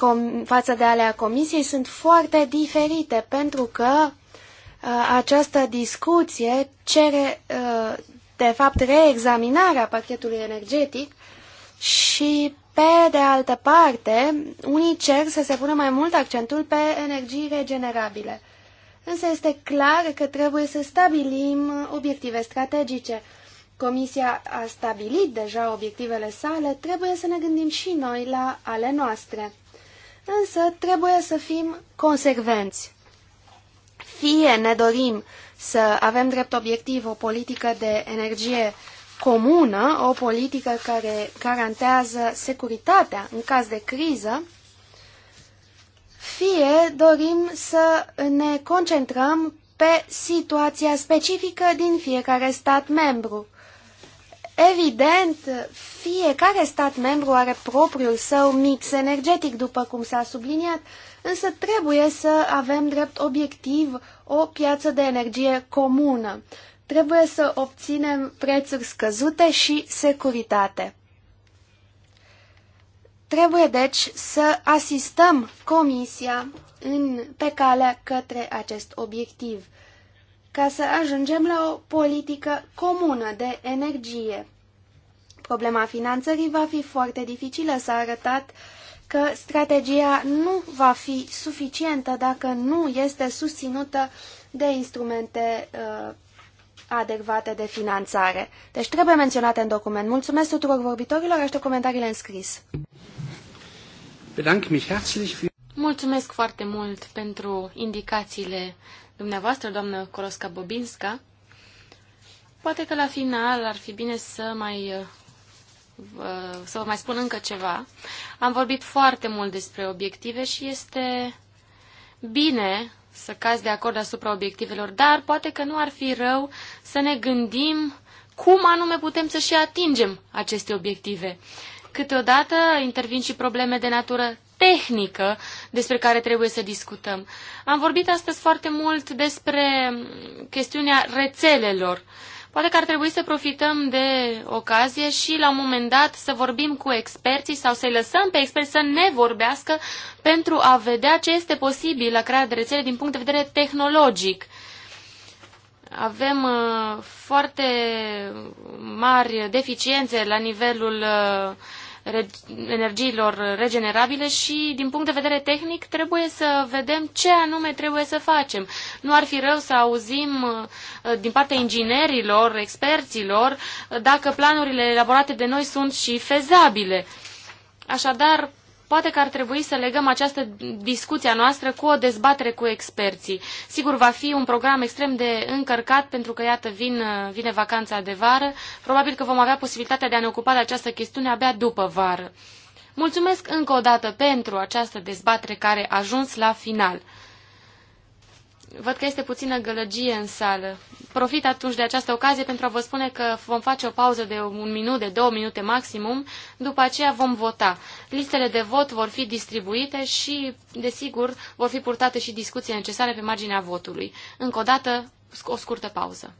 uh, față de alea Comisiei sunt foarte diferite, pentru că uh, această discuție cere, uh, de fapt, reexaminarea pachetului energetic și, pe de altă parte, unii cer să se pună mai mult accentul pe energii regenerabile însă este clar că trebuie să stabilim obiective strategice. Comisia a stabilit deja obiectivele sale, trebuie să ne gândim și noi la ale noastre. Însă trebuie să fim consecvenți. Fie ne dorim să avem drept obiectiv o politică de energie comună, o politică care garantează securitatea în caz de criză, fie dorim să ne concentrăm pe situația specifică din fiecare stat membru. Evident, fiecare stat membru are propriul său mix energetic, după cum s-a subliniat, însă trebuie să avem drept obiectiv o piață de energie comună. Trebuie să obținem prețuri scăzute și securitate. Trebuie, deci, să asistăm Comisia în, pe calea către acest obiectiv, ca să ajungem la o politică comună de energie. Problema finanțării va fi foarte dificilă, s-a arătat că strategia nu va fi suficientă dacă nu este susținută de instrumente uh, adecvate de finanțare. Deci trebuie menționate în document. Mulțumesc tuturor vorbitorilor, aștept comentariile în scris. Mulțumesc foarte mult pentru indicațiile dumneavoastră, doamnă Corosca Bobinska. Poate că la final ar fi bine să mai uh, să vă mai spun încă ceva. Am vorbit foarte mult despre obiective și este bine să cazi de acord asupra obiectivelor, dar poate că nu ar fi rău să ne gândim cum anume putem să și atingem aceste obiective. Câteodată intervin și probleme de natură tehnică despre care trebuie să discutăm. Am vorbit astăzi foarte mult despre chestiunea rețelelor. Uh, Poate că ar trebui să profităm de ocazie și la un moment dat să vorbim cu experții sau să-i lăsăm pe experți să ne vorbească pentru a vedea ce este posibil la crearea de rețele din punct de vedere tehnologic. Avem uh, foarte mari deficiențe la nivelul uh, energiilor regenerabile și, din punct de vedere tehnic, trebuie să vedem ce anume trebuie să facem. Nu ar fi rău să auzim uh, din partea inginerilor, experților, uh, dacă planurile elaborate de noi sunt și fezabile. Așadar, Poate că ar trebui să legăm această discuție a noastră cu o dezbatere cu experții. Sigur, va fi un program extrem de încărcat pentru că, iată, vin, vine vacanța de vară. Probabil că vom avea posibilitatea de a ne ocupa de această chestiune abia după vară. Mulțumesc încă o dată pentru această dezbatere care a ajuns la final. Văd că este puțină gălăgie în sală. Profit atunci de această ocazie pentru a vă spune că vom face o pauză de un minut, de două minute maximum, după aceea vom vota. Listele de vot vor fi distribuite și, desigur, vor fi purtate și discuții necesare pe marginea votului. Încă o dată, o scurtă pauză.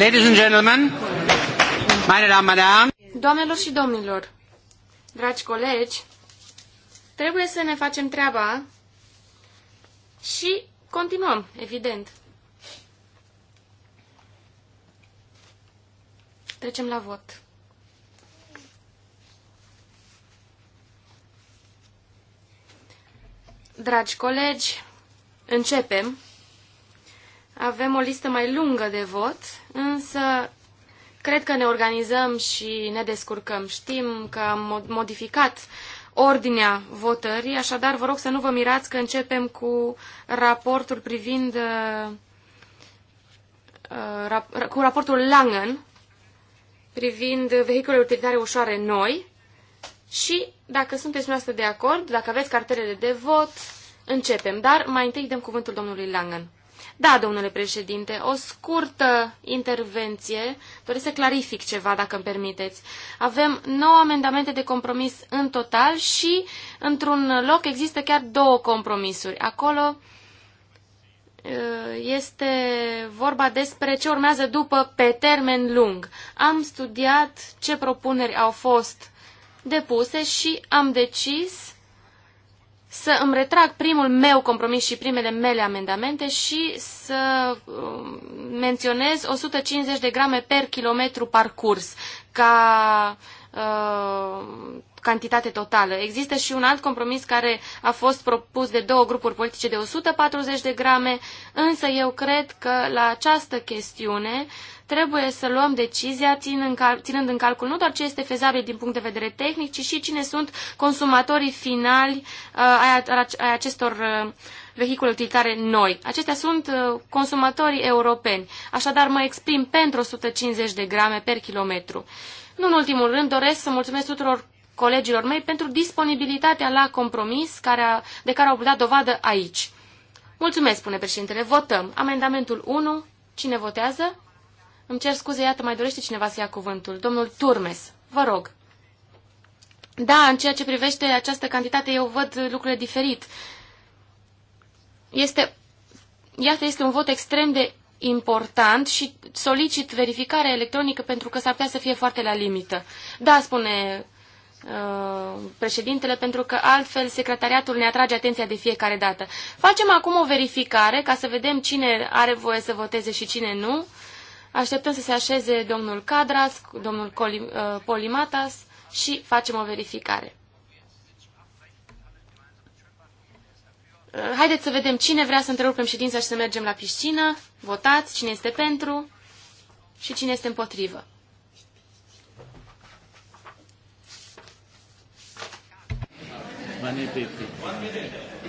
Ladies and gentlemen, meine Damen und Herren. Doamnelor și domnilor, dragi colegi, trebuie să ne facem treaba și continuăm, evident. Trecem la vot. Dragi colegi, începem. Avem o listă mai lungă de vot însă cred că ne organizăm și ne descurcăm. Știm că am modificat ordinea votării, așadar vă rog să nu vă mirați că începem cu raportul privind uh, uh, cu raportul Langen privind vehiculele utilitare ușoare noi și dacă sunteți noastră de acord, dacă aveți cartelele de vot, începem. Dar mai întâi dăm cuvântul domnului Langen. Da, domnule președinte, o scurtă intervenție. Doresc să clarific ceva, dacă îmi permiteți. Avem 9 amendamente de compromis în total și, într-un loc, există chiar două compromisuri. Acolo uh, este vorba despre ce urmează după pe termen lung. Am studiat ce propuneri au fost depuse și am decis să îmi retrag primul meu compromis și primele mele amendamente și să um, menționez 150 de grame per kilometru parcurs ca Uh, cantitate totală. Există și un alt compromis care a fost propus de două grupuri politice de 140 de grame, însă eu cred că la această chestiune trebuie să luăm decizia ținând în calcul nu doar ce este fezabil din punct de vedere tehnic, ci și cine sunt consumatorii finali uh, ai acestor uh, vehicule utilitare noi. Acestea sunt consumatorii europeni, așadar mă exprim pentru 150 de grame per kilometru. Nu în ultimul rând, doresc să mulțumesc tuturor colegilor mei pentru disponibilitatea la compromis care a, de care au dat dovadă aici. Mulțumesc, spune președintele. Votăm. Amendamentul 1. Cine votează? Îmi cer scuze, iată, mai dorește cineva să ia cuvântul. Domnul Turmes, vă rog. Da, în ceea ce privește această cantitate, eu văd lucrurile diferit. Este, iată, este un vot extrem de important și solicit verificare electronică pentru că s-ar putea să fie foarte la limită. Da, spune uh, președintele, pentru că altfel secretariatul ne atrage atenția de fiecare dată. Facem acum o verificare ca să vedem cine are voie să voteze și cine nu. Așteptăm să se așeze domnul Cadras, domnul uh, Polimatas și facem o verificare. Eh, haideți să vedem cine vrea să întrerupem ședința și să mergem la piscină. Votați cine este pentru și cine este împotrivă.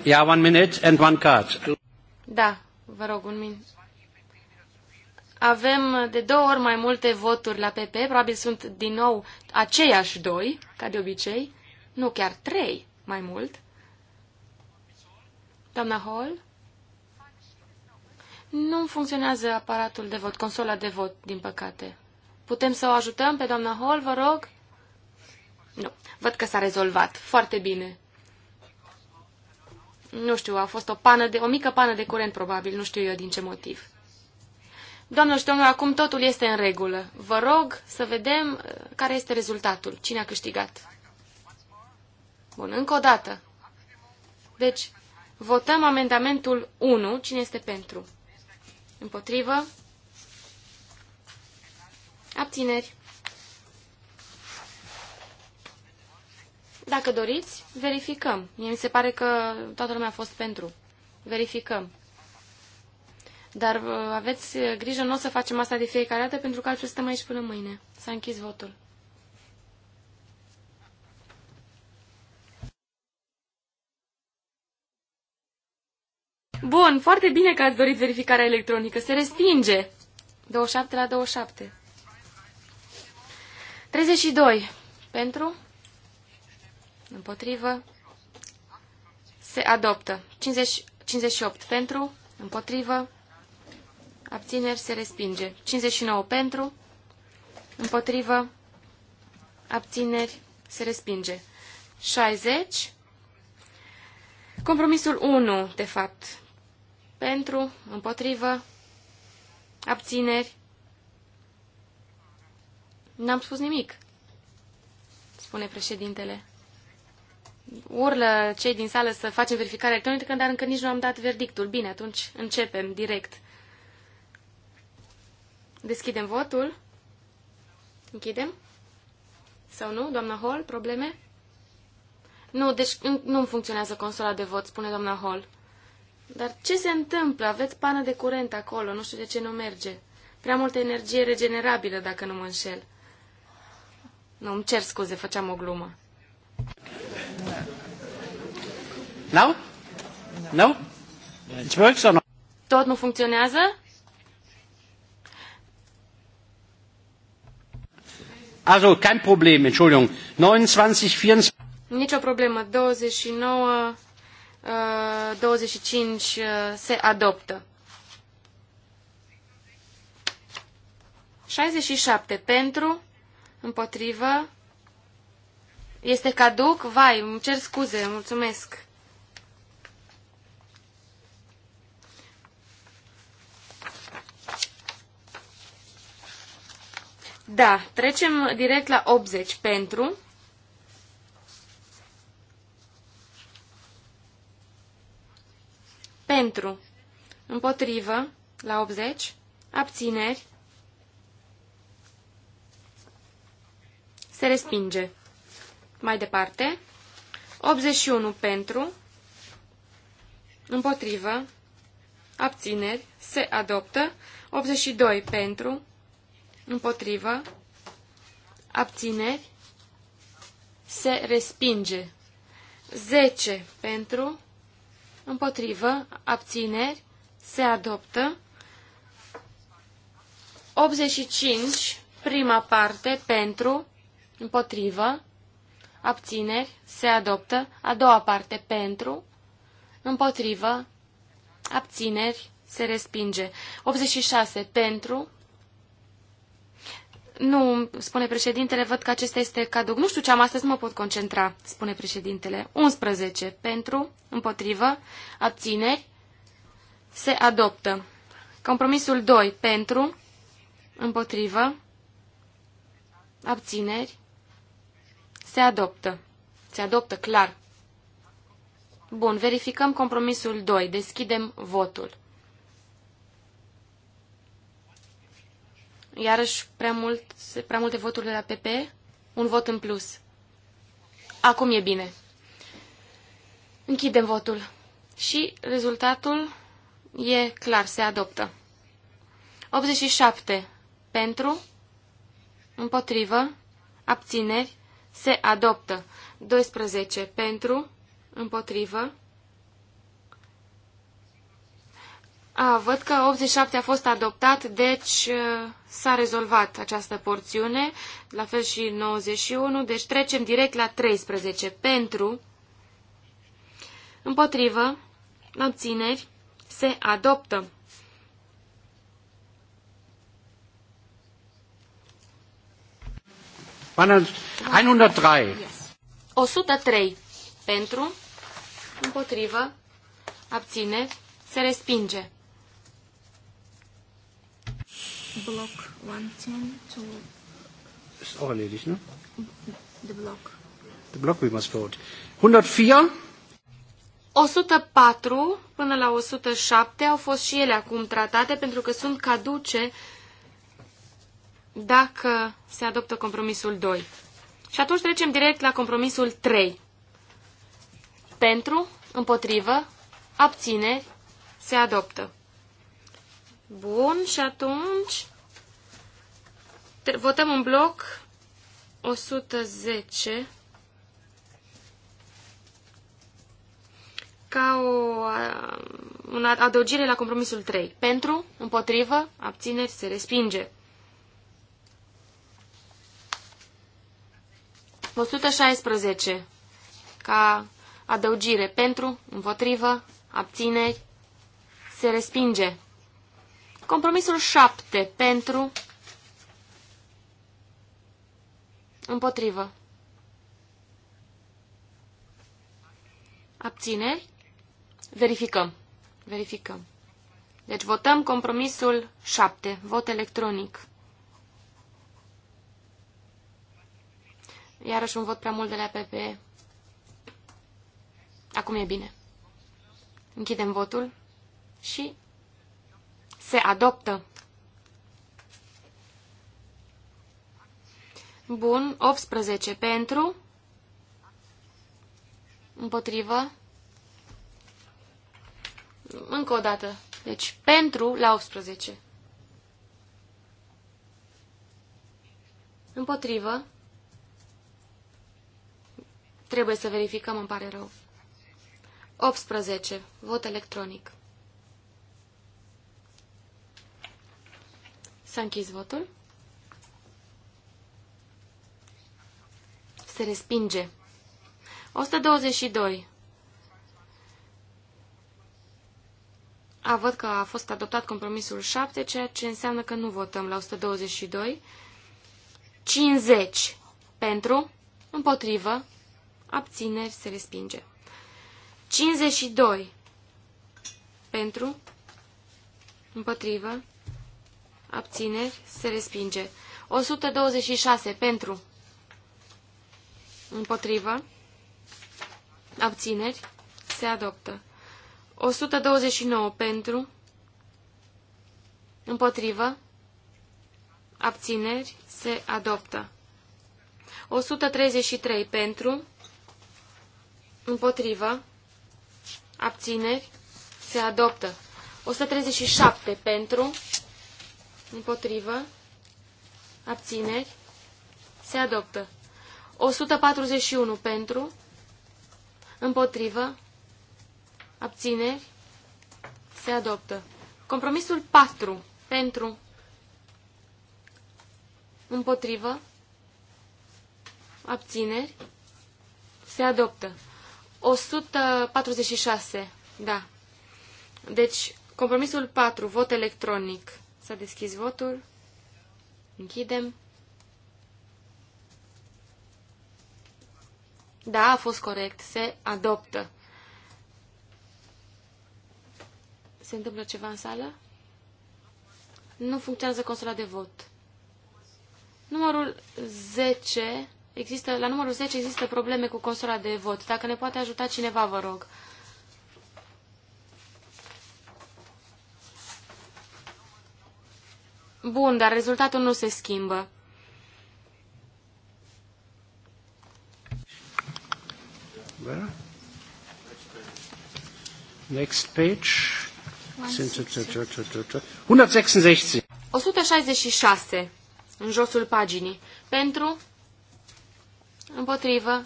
Yeah, one minute and one card. Da, vă rog, un minut. Avem de două ori mai multe voturi la PP, probabil sunt din nou aceiași doi, ca de obicei, nu chiar trei mai mult. Doamna Hall? Nu funcționează aparatul de vot, consola de vot, din păcate. Putem să o ajutăm pe doamna Hall, vă rog? Nu. Văd că s-a rezolvat. Foarte bine. Nu știu, a fost o pană de, o mică pană de curent, probabil. Nu știu eu din ce motiv. Doamnelor și domnilor, acum totul este în regulă. Vă rog să vedem uh, care este rezultatul. Cine a câștigat? Bun, încă o dată. Deci, Votăm amendamentul 1. Cine este pentru? Împotrivă? Abțineri. Dacă doriți, verificăm. Mie mi se pare că toată lumea a fost pentru. Verificăm. Dar uh, aveți grijă, nu o să facem asta de fiecare dată, pentru că altfel stăm aici până mâine. S-a închis votul. Bun, foarte bine că ați dorit verificarea electronică. Se respinge. 27 la 27. 32. Pentru? Împotrivă. Se adoptă. 50, 58. Pentru? Împotrivă. Abțineri se respinge. 59 pentru. Împotrivă. Abțineri se respinge. 60. Compromisul 1, de fapt pentru, împotrivă, abțineri. N-am spus nimic, spune președintele. Urlă cei din sală să facem verificare electronică, dar încă nici nu am dat verdictul. Bine, atunci începem direct. Deschidem votul. Închidem? Sau nu, doamna Hall? Probleme? Nu, deci nu funcționează consola de vot, spune doamna Hall. Dar ce se întâmplă? Aveți pană de curent acolo, nu știu de ce nu merge. Prea multă energie regenerabilă, dacă nu mă înșel. Nu, îmi cer scuze, făceam o glumă. Nu? No? Ce works or nu? Tot nu funcționează? Also, kein Problem, Entschuldigung. 29, 24... Nicio problemă, 29, 25 uh, uh, se adoptă. 67 pentru, împotrivă, este caduc, vai, îmi cer scuze, mulțumesc. Da, trecem direct la 80 pentru, pentru, împotrivă, la 80, abțineri, se respinge. Mai departe, 81 pentru, împotrivă, abțineri, se adoptă, 82 pentru, împotrivă, abțineri, se respinge. 10 pentru, împotrivă, abțineri, se adoptă. 85, prima parte, pentru, împotrivă, abțineri, se adoptă. A doua parte, pentru, împotrivă, abțineri, se respinge. 86, pentru, nu, spune președintele, văd că acesta este cadou. Nu știu ce am astăzi, mă pot concentra, spune președintele. 11. Pentru, împotrivă, abțineri, se adoptă. Compromisul 2. Pentru, împotrivă, abțineri, se adoptă. Se adoptă, clar. Bun, verificăm compromisul 2. Deschidem votul. Iarăși prea, mult, prea multe voturi de la PP, un vot în plus. Acum e bine. Închidem votul. Și rezultatul e clar, se adoptă. 87 pentru, împotrivă, abțineri, se adoptă. 12 pentru, împotrivă, A, văd că 87 a fost adoptat, deci uh, s-a rezolvat această porțiune, la fel și 91, deci trecem direct la 13. Pentru, împotrivă, abțineri, se adoptă. Până 103. 103. Pentru, împotrivă, abține, se respinge block 110 to... Ist auch erledigt, ne? The block. The block we must vote. 104. 104 până la 107 au fost și ele acum tratate pentru că sunt caduce dacă se adoptă compromisul 2. Și atunci trecem direct la compromisul 3. Pentru, împotrivă, abține, se adoptă. Bun, și atunci votăm în bloc 110 ca o, um, un adăugire la compromisul 3. Pentru, împotrivă, abțineri, se respinge. 116 ca adăugire pentru, împotrivă, abțineri, se respinge. Compromisul 7 pentru împotrivă. Abțineri? Verificăm. Verificăm. Deci votăm compromisul 7, vot electronic. Iarăși un vot prea mult de la PP. Acum e bine. Închidem votul și se adoptă. Bun, 18 pentru, împotrivă, încă o dată, deci pentru la 18. Împotrivă, trebuie să verificăm, îmi pare rău. 18, vot electronic. S-a închis votul. Se respinge. 122. A, văd că a fost adoptat compromisul 7, ceea ce înseamnă că nu votăm la 122. 50 pentru, împotrivă, abțineri, se respinge. 52 pentru, împotrivă, abțineri, se respinge. 126 pentru, împotrivă, abțineri, se adoptă. 129 pentru, împotrivă, abțineri, se adoptă. 133 pentru, împotrivă, abțineri, se adoptă. 137 pentru, Împotrivă. Abțineri. Se adoptă. 141 pentru. Împotrivă. Abțineri. Se adoptă. Compromisul 4 pentru. Împotrivă. Abțineri. Se adoptă. 146. Da. Deci, compromisul 4, vot electronic. Să deschizi votul. Închidem. Da, a fost corect. Se adoptă. Se întâmplă ceva în sală? Nu funcționează consola de vot. Numărul 10. Există, la numărul 10 există probleme cu consola de vot. Dacă ne poate ajuta cineva, vă rog. Bun, dar rezultatul nu se schimbă. Next page. 166. 166. În josul paginii. Pentru, împotrivă,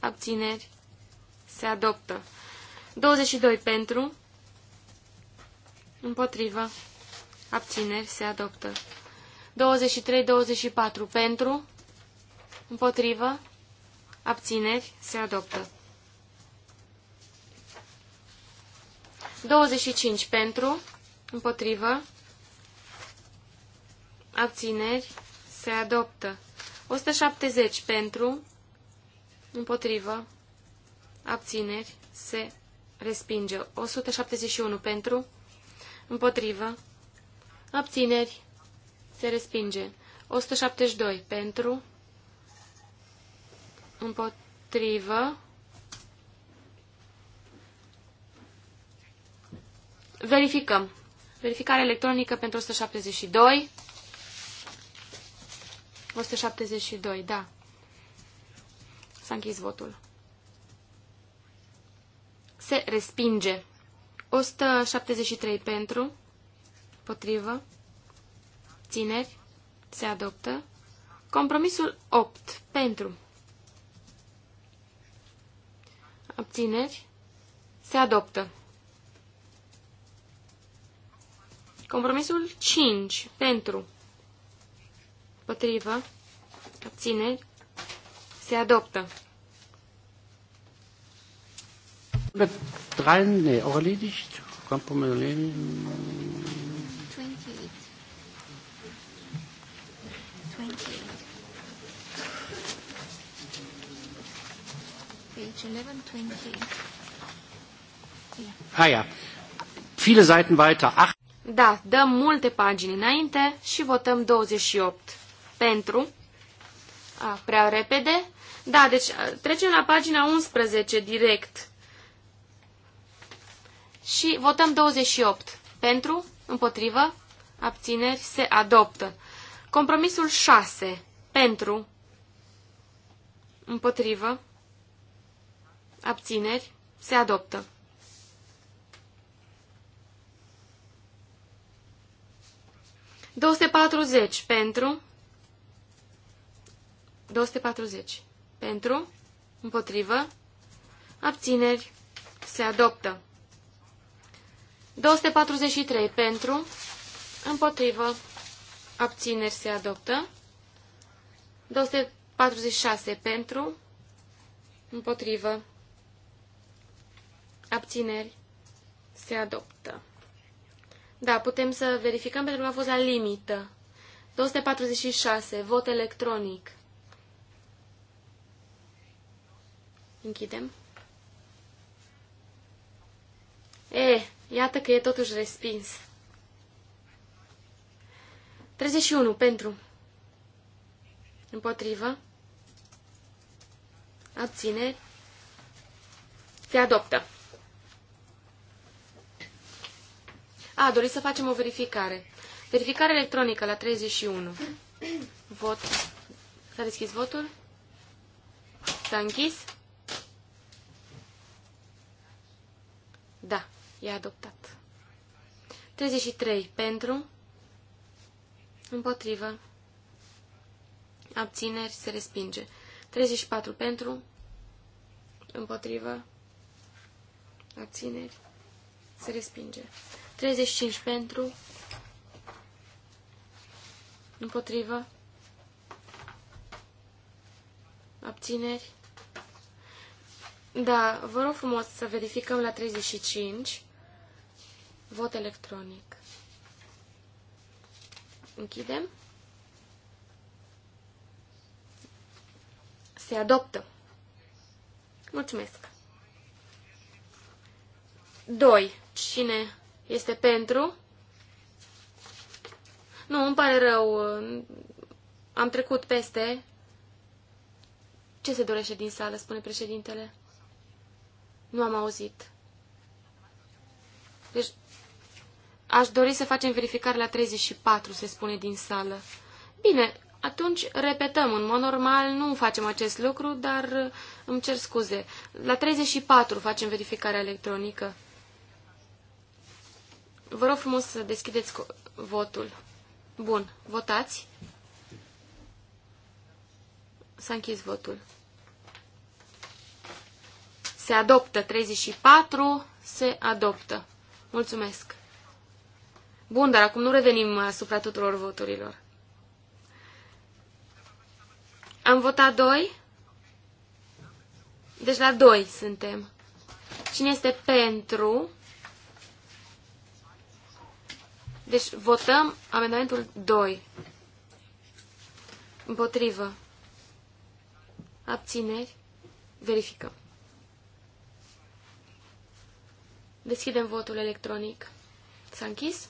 abțineri, se adoptă. 22 pentru, împotrivă, Abțineri se adoptă. 23-24 pentru, împotrivă, abțineri se adoptă. 25 pentru, împotrivă, abțineri se adoptă. 170 pentru, împotrivă, abțineri se respinge. 171 pentru, împotrivă, Abțineri. Se respinge. 172 pentru. Împotrivă. Verificăm. Verificare electronică pentru 172. 172, da. S-a închis votul. Se respinge. 173 pentru. Potrivă. Țineri. Se adoptă. Compromisul 8. Pentru. Abțineri. Se adoptă. Compromisul 5. Pentru. Potrivă. Abțineri. Se adoptă. Drei, ne, erledigt. Compromisul Haia. Viele Seiten weiter. Ach. Da, dăm multe pagini înainte și votăm 28. Pentru. A, prea repede. Da, deci trecem la pagina 11 direct. Și votăm 28. Pentru, împotrivă, abțineri, se adoptă. Compromisul 6. Pentru, împotrivă, abțineri, se adoptă. Doste patruzeci pentru, 240 pentru, împotrivă, abțineri, se adoptă. 243 pentru, împotrivă, abțineri, se adoptă. 246 pentru, împotrivă, Abțineri. Se adoptă. Da, putem să verificăm pentru că a fost la limită. 246. Vot electronic. Închidem. E, iată că e totuși respins. 31. Pentru. Împotrivă. Abțineri. Se adoptă. A, doriți să facem o verificare. Verificare electronică la 31. Vot. S-a deschis votul? S-a închis? Da, e adoptat. 33 pentru, împotrivă, abțineri, se respinge. 34 pentru, împotrivă, abțineri, se respinge. 35 pentru, împotrivă, abțineri. Da, vă rog frumos să verificăm la 35 vot electronic. Închidem. Se adoptă. Mulțumesc. 2. Cine este pentru? Nu, îmi pare rău. Am trecut peste. Ce se dorește din sală, spune președintele? Nu am auzit. Deci, aș dori să facem verificare la 34, se spune din sală. Bine, atunci repetăm. În mod normal nu facem acest lucru, dar îmi cer scuze. La 34 facem verificarea electronică. Vă rog frumos să deschideți votul. Bun, votați. S-a închis votul. Se adoptă 34, se adoptă. Mulțumesc. Bun, dar acum nu revenim asupra tuturor voturilor. Am votat 2. Deci la 2 suntem. Cine este pentru? Deci votăm amendamentul 2. Împotrivă. Abțineri. Verificăm. Deschidem votul electronic. S-a închis?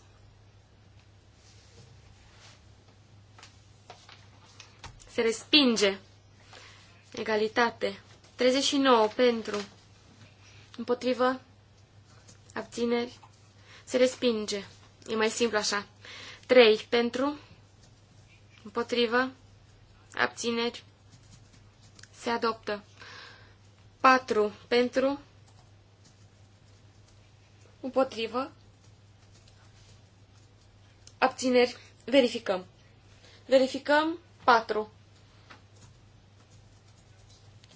Se respinge. Egalitate. 39 pentru. Împotrivă. Abțineri. Se respinge. E mai simplu așa. 3 pentru, împotrivă, abțineri, se adoptă. 4 pentru, împotrivă, abțineri, verificăm. Verificăm 4.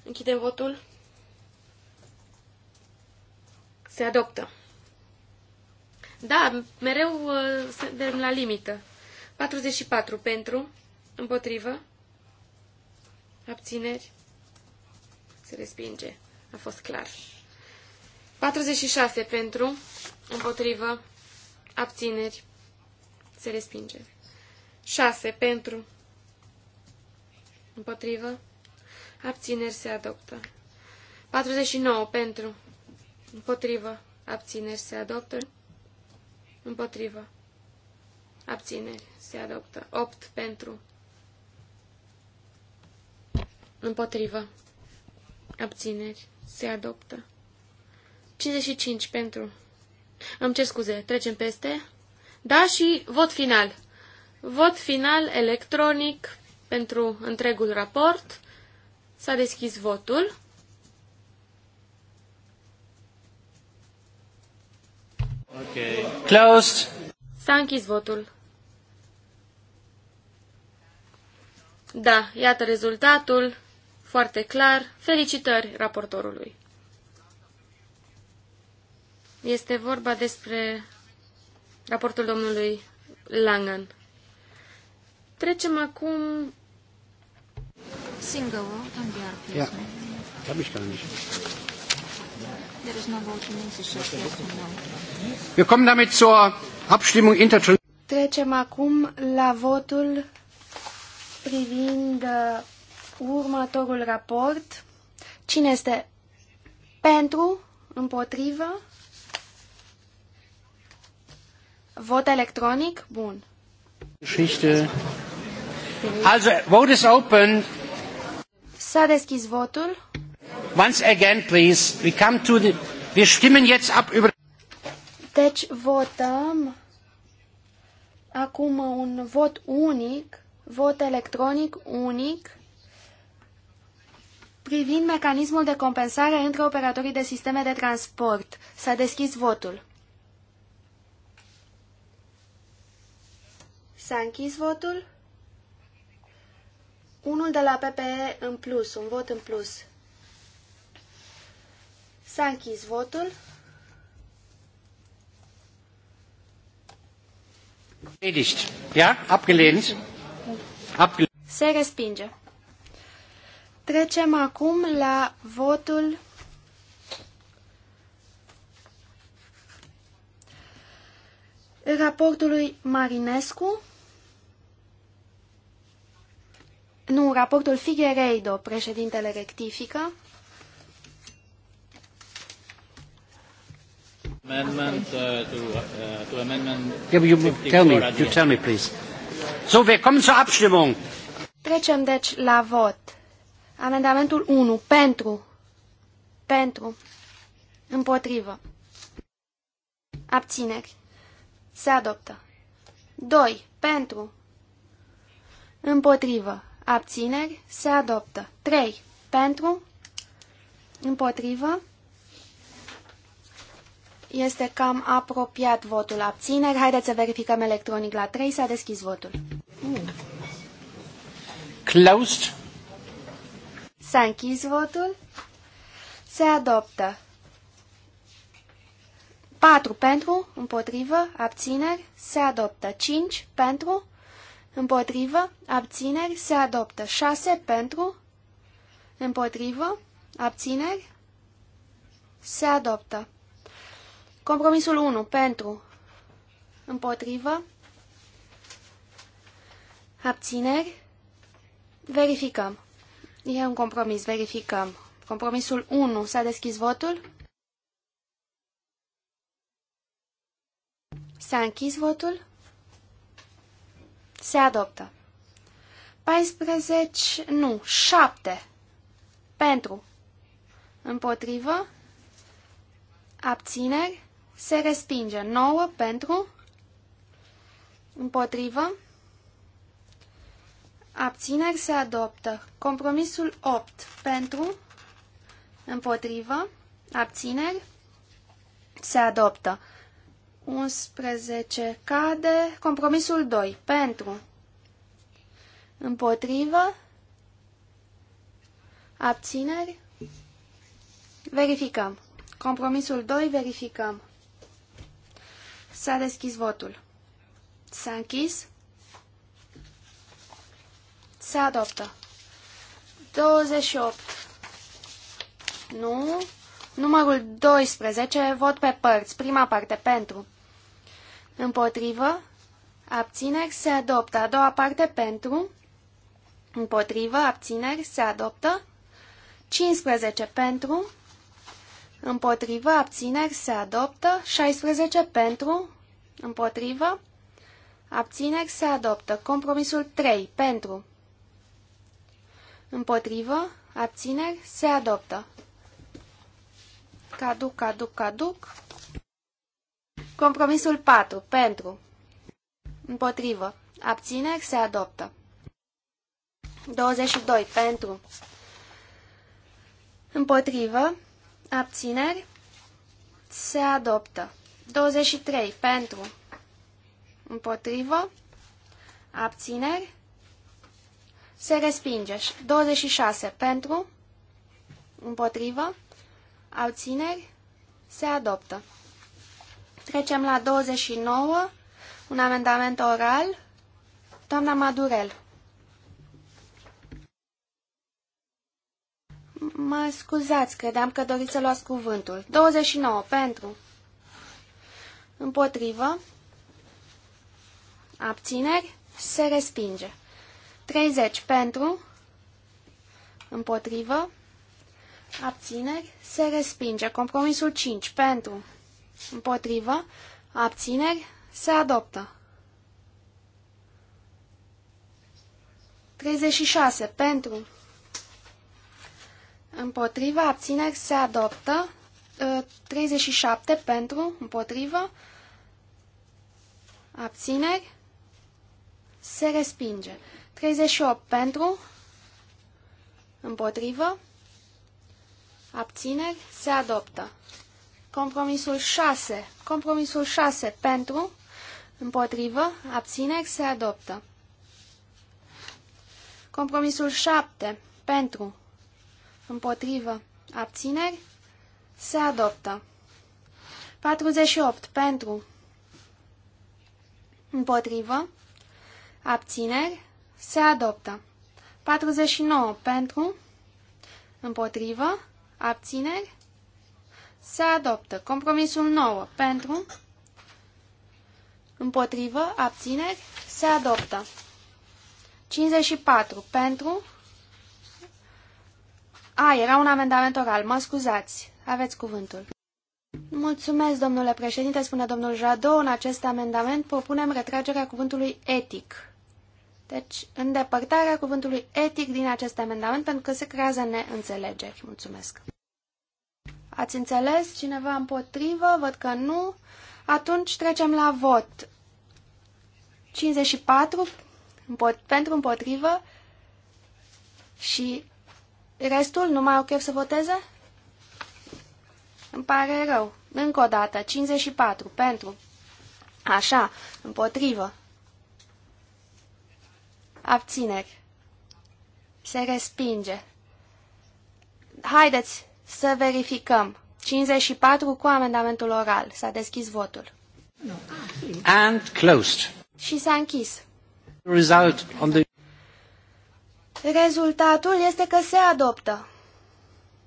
Închidem votul. Se adoptă. Da, mereu uh, suntem la limită. 44 pentru, împotrivă, abțineri, se respinge. A fost clar. 46 pentru, împotrivă, abțineri, se respinge. 6 pentru, împotrivă, abțineri, se adoptă. 49 pentru, împotrivă, abțineri, se adoptă. Împotrivă. Abțineri. Se adoptă. 8 pentru. Împotrivă. Abțineri. Se adoptă. 55 pentru. Îmi cer scuze. Trecem peste. Da și vot final. Vot final electronic pentru întregul raport. S-a deschis votul. Okay. Closed. S-a închis votul. Da, iată rezultatul. Foarte clar. Felicitări raportorului. Este vorba despre raportul domnului Langan. Trecem acum... Single, yeah. Hab ich gar nicht. Trecem acum la votul privind uh, următorul raport. Cine este pentru, împotrivă? Vot electronic? Bun. Also, vote is open. S-a deschis votul. Once again, please, we come to the... Wir stimmen jetzt ab über... Deci votăm acum un vot unic, vot electronic unic, privind mecanismul de compensare între operatorii de sisteme de transport. S-a deschis votul. S-a închis votul. Unul de la PPE în plus, un vot în plus. S-a închis votul. Se respinge. Trecem acum la votul raportului Marinescu. Nu, raportul Figueiredo, președintele rectifică. Amendment uh, to, uh, to amendment yeah, you tell me, you tell me please. So, wir kommen zur Abstimmung. Trecem deci la vot. Amendamentul 1 pentru pentru împotrivă abțineri se adoptă. 2 pentru împotrivă abțineri se adoptă. 3 pentru împotrivă este cam apropiat votul abțineri. Haideți să verificăm electronic la 3. S-a deschis votul. Closed. S-a închis votul. Se adoptă. 4 pentru, împotrivă, abțineri, se adoptă. 5 pentru, împotrivă, abțineri, se adoptă. 6 pentru, împotrivă, abțineri, se adoptă. Compromisul 1 pentru împotrivă abțineri verificăm. E un compromis, verificăm. Compromisul 1 s-a deschis votul. S-a închis votul. Se adoptă. 14, nu, 7. Pentru. Împotrivă. Abțineri. Se respinge. 9 pentru. Împotrivă. Abțineri se adoptă. Compromisul 8 pentru. Împotrivă. Abțineri se adoptă. 11 cade. Compromisul 2 pentru. Împotrivă. Abțineri. Verificăm. Compromisul 2 verificăm. S-a deschis votul. S-a închis. Se adoptă. 28. Nu. Numărul 12. Vot pe părți. Prima parte pentru. Împotrivă. Abțineri se adoptă. A doua parte pentru. Împotrivă. Abțineri se adoptă. 15 pentru. Împotrivă, abțineri, se adoptă. 16 pentru, împotrivă, abțineri, se adoptă. Compromisul 3 pentru, împotrivă, abțineri, se adoptă. Caduc, caduc, caduc. Compromisul 4 pentru, împotrivă, abțineri, se adoptă. 22 pentru, împotrivă, Abțineri. Se adoptă. 23. Pentru. Împotrivă. Abțineri. Se respinge. 26. Pentru. Împotrivă. Abțineri. Se adoptă. Trecem la 29. Un amendament oral. Doamna Madurel. mă scuzați, credeam că doriți să luați cuvântul. 29 pentru. Împotrivă. Abțineri. Se respinge. 30 pentru. Împotrivă. Abțineri. Se respinge. Compromisul 5 pentru. Împotrivă. Abțineri. Se adoptă. 36 pentru. Împotrivă, abțineri, se adoptă. 37 ă, pentru, împotrivă, abțineri, se respinge. 38 pentru, împotrivă, abțineri, se adoptă. Compromisul 6, compromisul 6 pentru, împotrivă, abțineri, se adoptă. Compromisul 7 pentru, Împotrivă. Abțineri. Se adoptă. 48. Pentru. Împotrivă. Abțineri. Se adoptă. 49. Pentru. Împotrivă. Abțineri. Se adoptă. Compromisul 9. Pentru. Împotrivă. Abțineri. Se adoptă. 54. Pentru. A, era un amendament oral, mă scuzați. Aveți cuvântul. Mulțumesc, domnule președinte, spune domnul Jadot. În acest amendament propunem retragerea cuvântului etic. Deci, îndepărtarea cuvântului etic din acest amendament, pentru că se creează neînțelegeri. Mulțumesc. Ați înțeles? Cineva împotrivă? Văd că nu. Atunci trecem la vot. 54 împot pentru împotrivă și Restul nu mai au chef să voteze? Îmi pare rău. Încă o dată, 54, pentru. Așa, împotrivă. Abțineri. Se respinge. Haideți să verificăm. 54 cu amendamentul oral. S-a deschis votul. And closed. Și s-a închis. Result on the... Rezultatul este că se adoptă.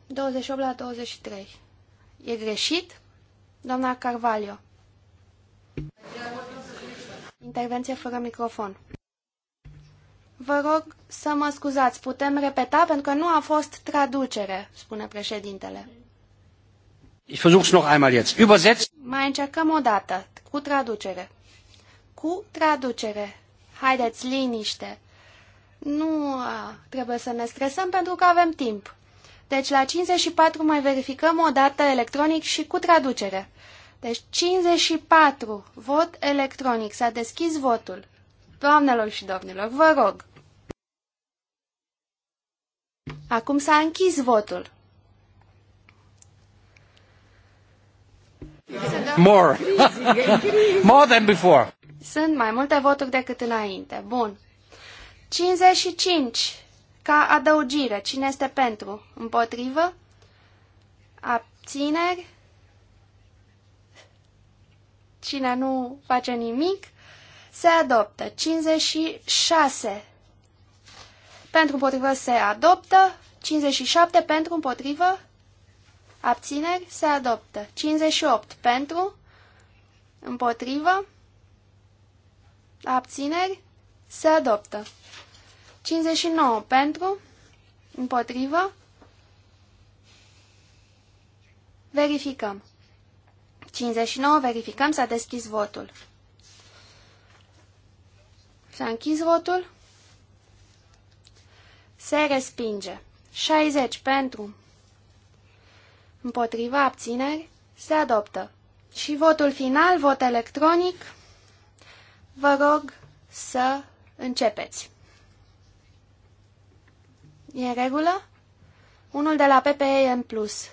28 la 23. E greșit? Doamna Carvalho. Intervenție fără microfon. Vă rog să mă scuzați, putem repeta pentru că nu a fost traducere, spune președintele. Ich versuch's noch einmal jetzt. Übersetzt. Mai încercăm o dată, cu traducere. Cu traducere. Haideți, liniște. Nu trebuie să ne stresăm pentru că avem timp. Deci la 54 mai verificăm o dată electronic și cu traducere. Deci 54 vot electronic. S-a deschis votul. Doamnelor și domnilor, vă rog. Acum s-a închis votul. More. More than before. Sunt mai multe voturi decât înainte. Bun. 55. Ca adăugire. Cine este pentru? Împotrivă? Abțineri? Cine nu face nimic? Se adoptă. 56. Pentru împotrivă se adoptă. 57 pentru împotrivă. Abțineri se adoptă. 58 pentru împotrivă. Abțineri se adoptă. 59 pentru, împotrivă, verificăm. 59 verificăm, s-a deschis votul. S-a închis votul. Se respinge. 60 pentru, împotriva abțineri, se adoptă. Și votul final, vot electronic, vă rog să Începeți. E în regulă? Unul de la PPE în plus.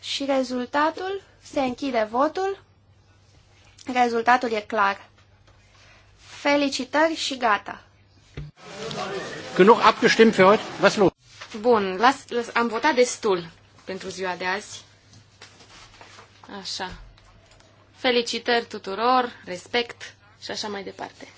Și rezultatul? Se închide votul. Rezultatul e clar. Felicitări și gata. Genug abgestimmt für heute? Was los? Bun, las, las, am votat destul pentru ziua de azi. Așa. Felicitări tuturor, respect și așa mai departe.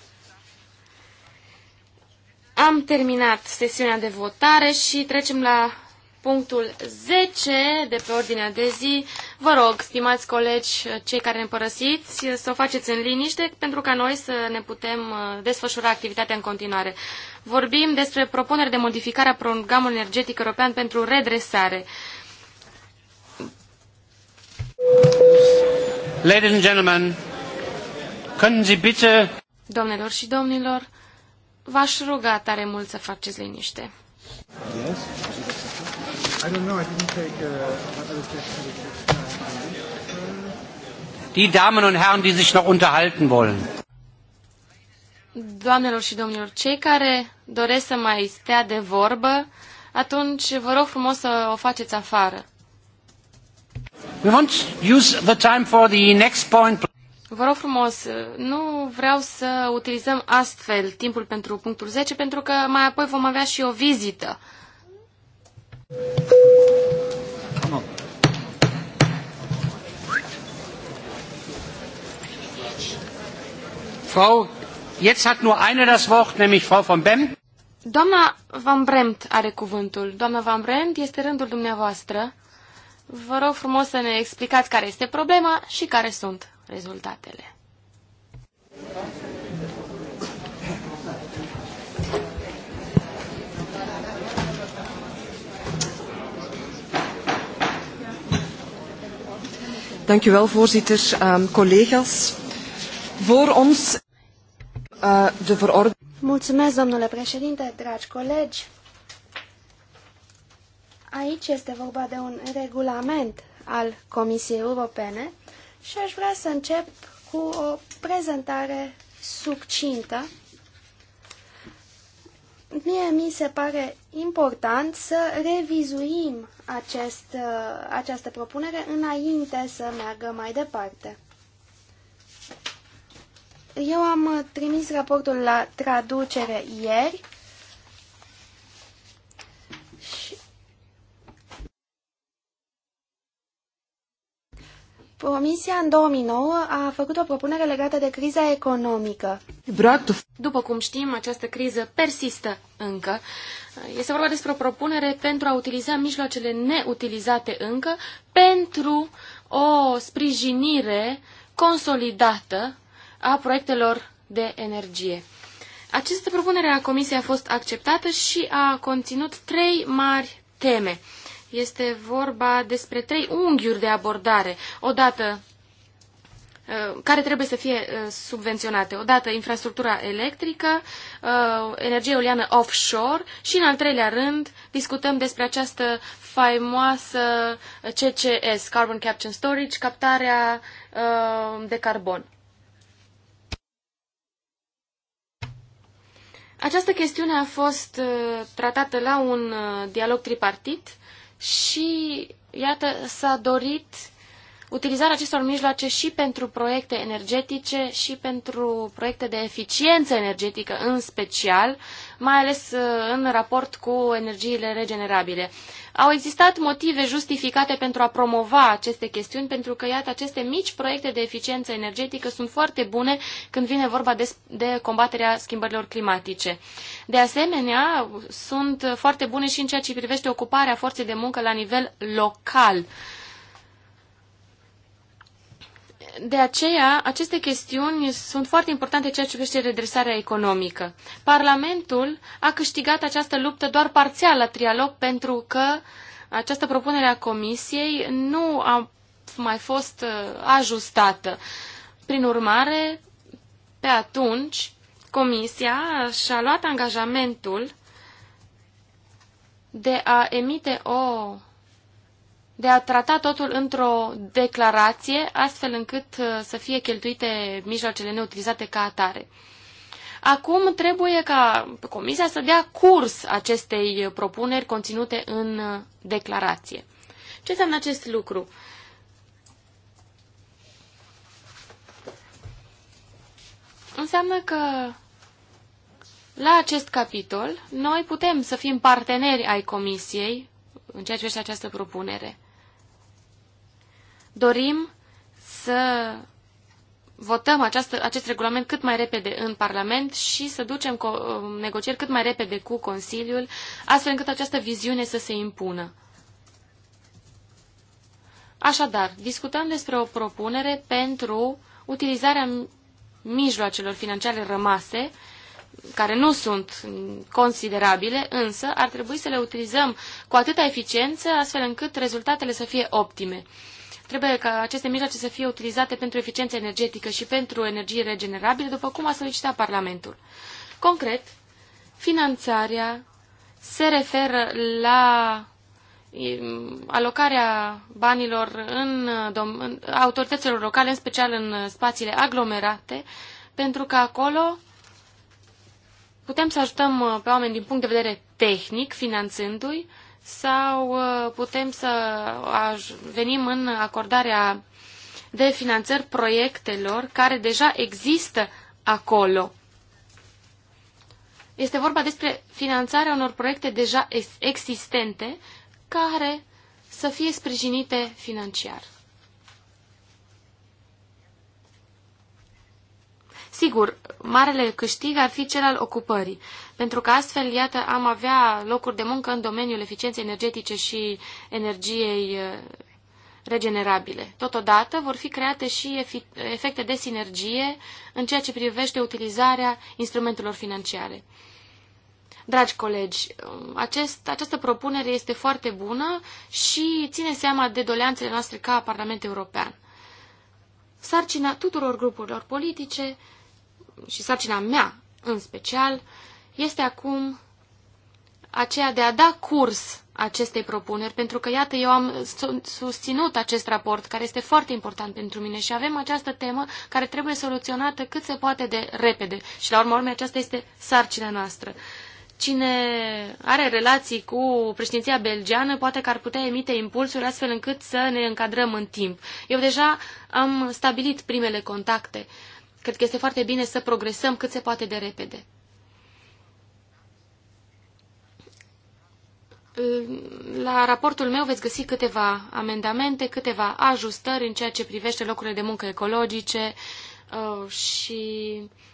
Am terminat sesiunea de votare și trecem la punctul 10 de pe ordinea de zi. Vă rog, stimați colegi, cei care ne părăsiți, să o faceți în liniște pentru ca noi să ne putem uh, desfășura activitatea în continuare. Vorbim despre propunere de modificare a programului energetic european pentru redresare. Ladies and gentlemen, können Sie bitte... Domnilor și domnilor, v-aș ruga tare mult să faceți liniște. Yes. I don't know, I didn't take uh, die Damen und Herren, die sich noch unterhalten wollen. Doamnelor și domnilor, cei care doresc să mai stea de vorbă, atunci vă rog frumos să o faceți afară. We won't use the time for the next point. Vă rog frumos, nu vreau să utilizăm astfel timpul pentru punctul 10, pentru că mai apoi vom avea și o vizită. Frau, jetzt hat nur eine das Wort, nämlich Frau von Bem. Doamna Van Bremt are cuvântul. Doamna Van Bremt, este rândul dumneavoastră. Vă rog frumos să ne explicați care este problema și care sunt rezultatele. Dank u wel, voorzitter. Um, collega's, voor ons uh, de verordening. Mulțumesc, domnule președinte, dragi colegi. Aici este vorba de un regulament al Comisiei Europene și aș vrea să încep cu o prezentare succintă. Mie mi se pare important să revizuim acest, această propunere înainte să meargă mai departe. Eu am trimis raportul la traducere ieri Comisia în 2009 a făcut o propunere legată de criza economică. După cum știm, această criză persistă încă. Este vorba despre o propunere pentru a utiliza mijloacele neutilizate încă pentru o sprijinire consolidată a proiectelor de energie. Această propunere a Comisiei a fost acceptată și a conținut trei mari teme. Este vorba despre trei unghiuri de abordare. Odată uh, care trebuie să fie uh, subvenționate. Odată infrastructura electrică, uh, energie eoliană offshore și în al treilea rând discutăm despre această faimoasă CCS, Carbon Capture and Storage, captarea de carbon. Această chestiune a fost tratată la un dialog tripartit și, iată, s-a dorit utilizarea acestor mijloace și pentru proiecte energetice și pentru proiecte de eficiență energetică în special, mai ales uh, în raport cu energiile regenerabile. Au existat motive justificate pentru a promova aceste chestiuni, pentru că, iată, aceste mici proiecte de eficiență energetică sunt foarte bune când vine vorba de, de combaterea schimbărilor climatice. De asemenea, sunt foarte bune și în ceea ce privește ocuparea forței de muncă la nivel local. Uh, de aceea, aceste chestiuni sunt foarte importante ceea ce privește redresarea economică. Parlamentul a câștigat această luptă doar parțial la trialog pentru că această propunere a Comisiei nu a mai fost uh, ajustată. Prin urmare, pe atunci, Comisia și-a luat angajamentul de a emite o de a trata totul într-o declarație, astfel încât uh, să fie cheltuite mijloacele neutilizate ca atare. Acum trebuie ca Comisia să dea curs acestei propuneri conținute în uh, declarație. Ce înseamnă acest lucru? Înseamnă că la acest capitol noi putem să fim parteneri ai Comisiei în ceea ce este această propunere. Dorim să votăm această, acest regulament cât mai repede în Parlament și să ducem um, negocieri cât mai repede cu Consiliul, astfel încât această viziune să se impună. Așadar, discutăm despre o propunere pentru utilizarea mijloacelor financiare rămase, care nu sunt considerabile, însă ar trebui să le utilizăm cu atâta eficiență, astfel încât rezultatele să fie optime. Trebuie ca aceste mijloace să fie utilizate pentru eficiență energetică și pentru energie regenerabile, după cum a solicitat Parlamentul. Concret, finanțarea se referă la um, alocarea banilor în, în autorităților locale, în special în spațiile aglomerate, pentru că acolo putem să ajutăm uh, pe oameni din punct de vedere tehnic, finanțându-i, sau uh, putem să venim în acordarea de finanțări proiectelor care deja există acolo. Este vorba despre finanțarea unor proiecte deja existente care să fie sprijinite financiar. Sigur, marele câștig ar fi cel al ocupării, pentru că astfel, iată, am avea locuri de muncă în domeniul eficienței energetice și energiei eh, regenerabile. Totodată vor fi create și efecte de sinergie în ceea ce privește utilizarea instrumentelor financiare. Dragi colegi, acest, această propunere este foarte bună și ține seama de doleanțele noastre ca Parlament European. Sarcina tuturor grupurilor politice și sarcina mea în special, este acum aceea de a da curs acestei propuneri, pentru că, iată, eu am susținut acest raport, care este foarte important pentru mine și avem această temă care trebuie soluționată cât se poate de repede. Și, la urmă, urme, aceasta este sarcina noastră. Cine are relații cu președinția belgeană, poate că ar putea emite impulsuri astfel încât să ne încadrăm în timp. Eu deja am stabilit primele contacte Cred că este foarte bine să progresăm cât se poate de repede. La raportul meu veți găsi câteva amendamente, câteva ajustări în ceea ce privește locurile de muncă ecologice uh, și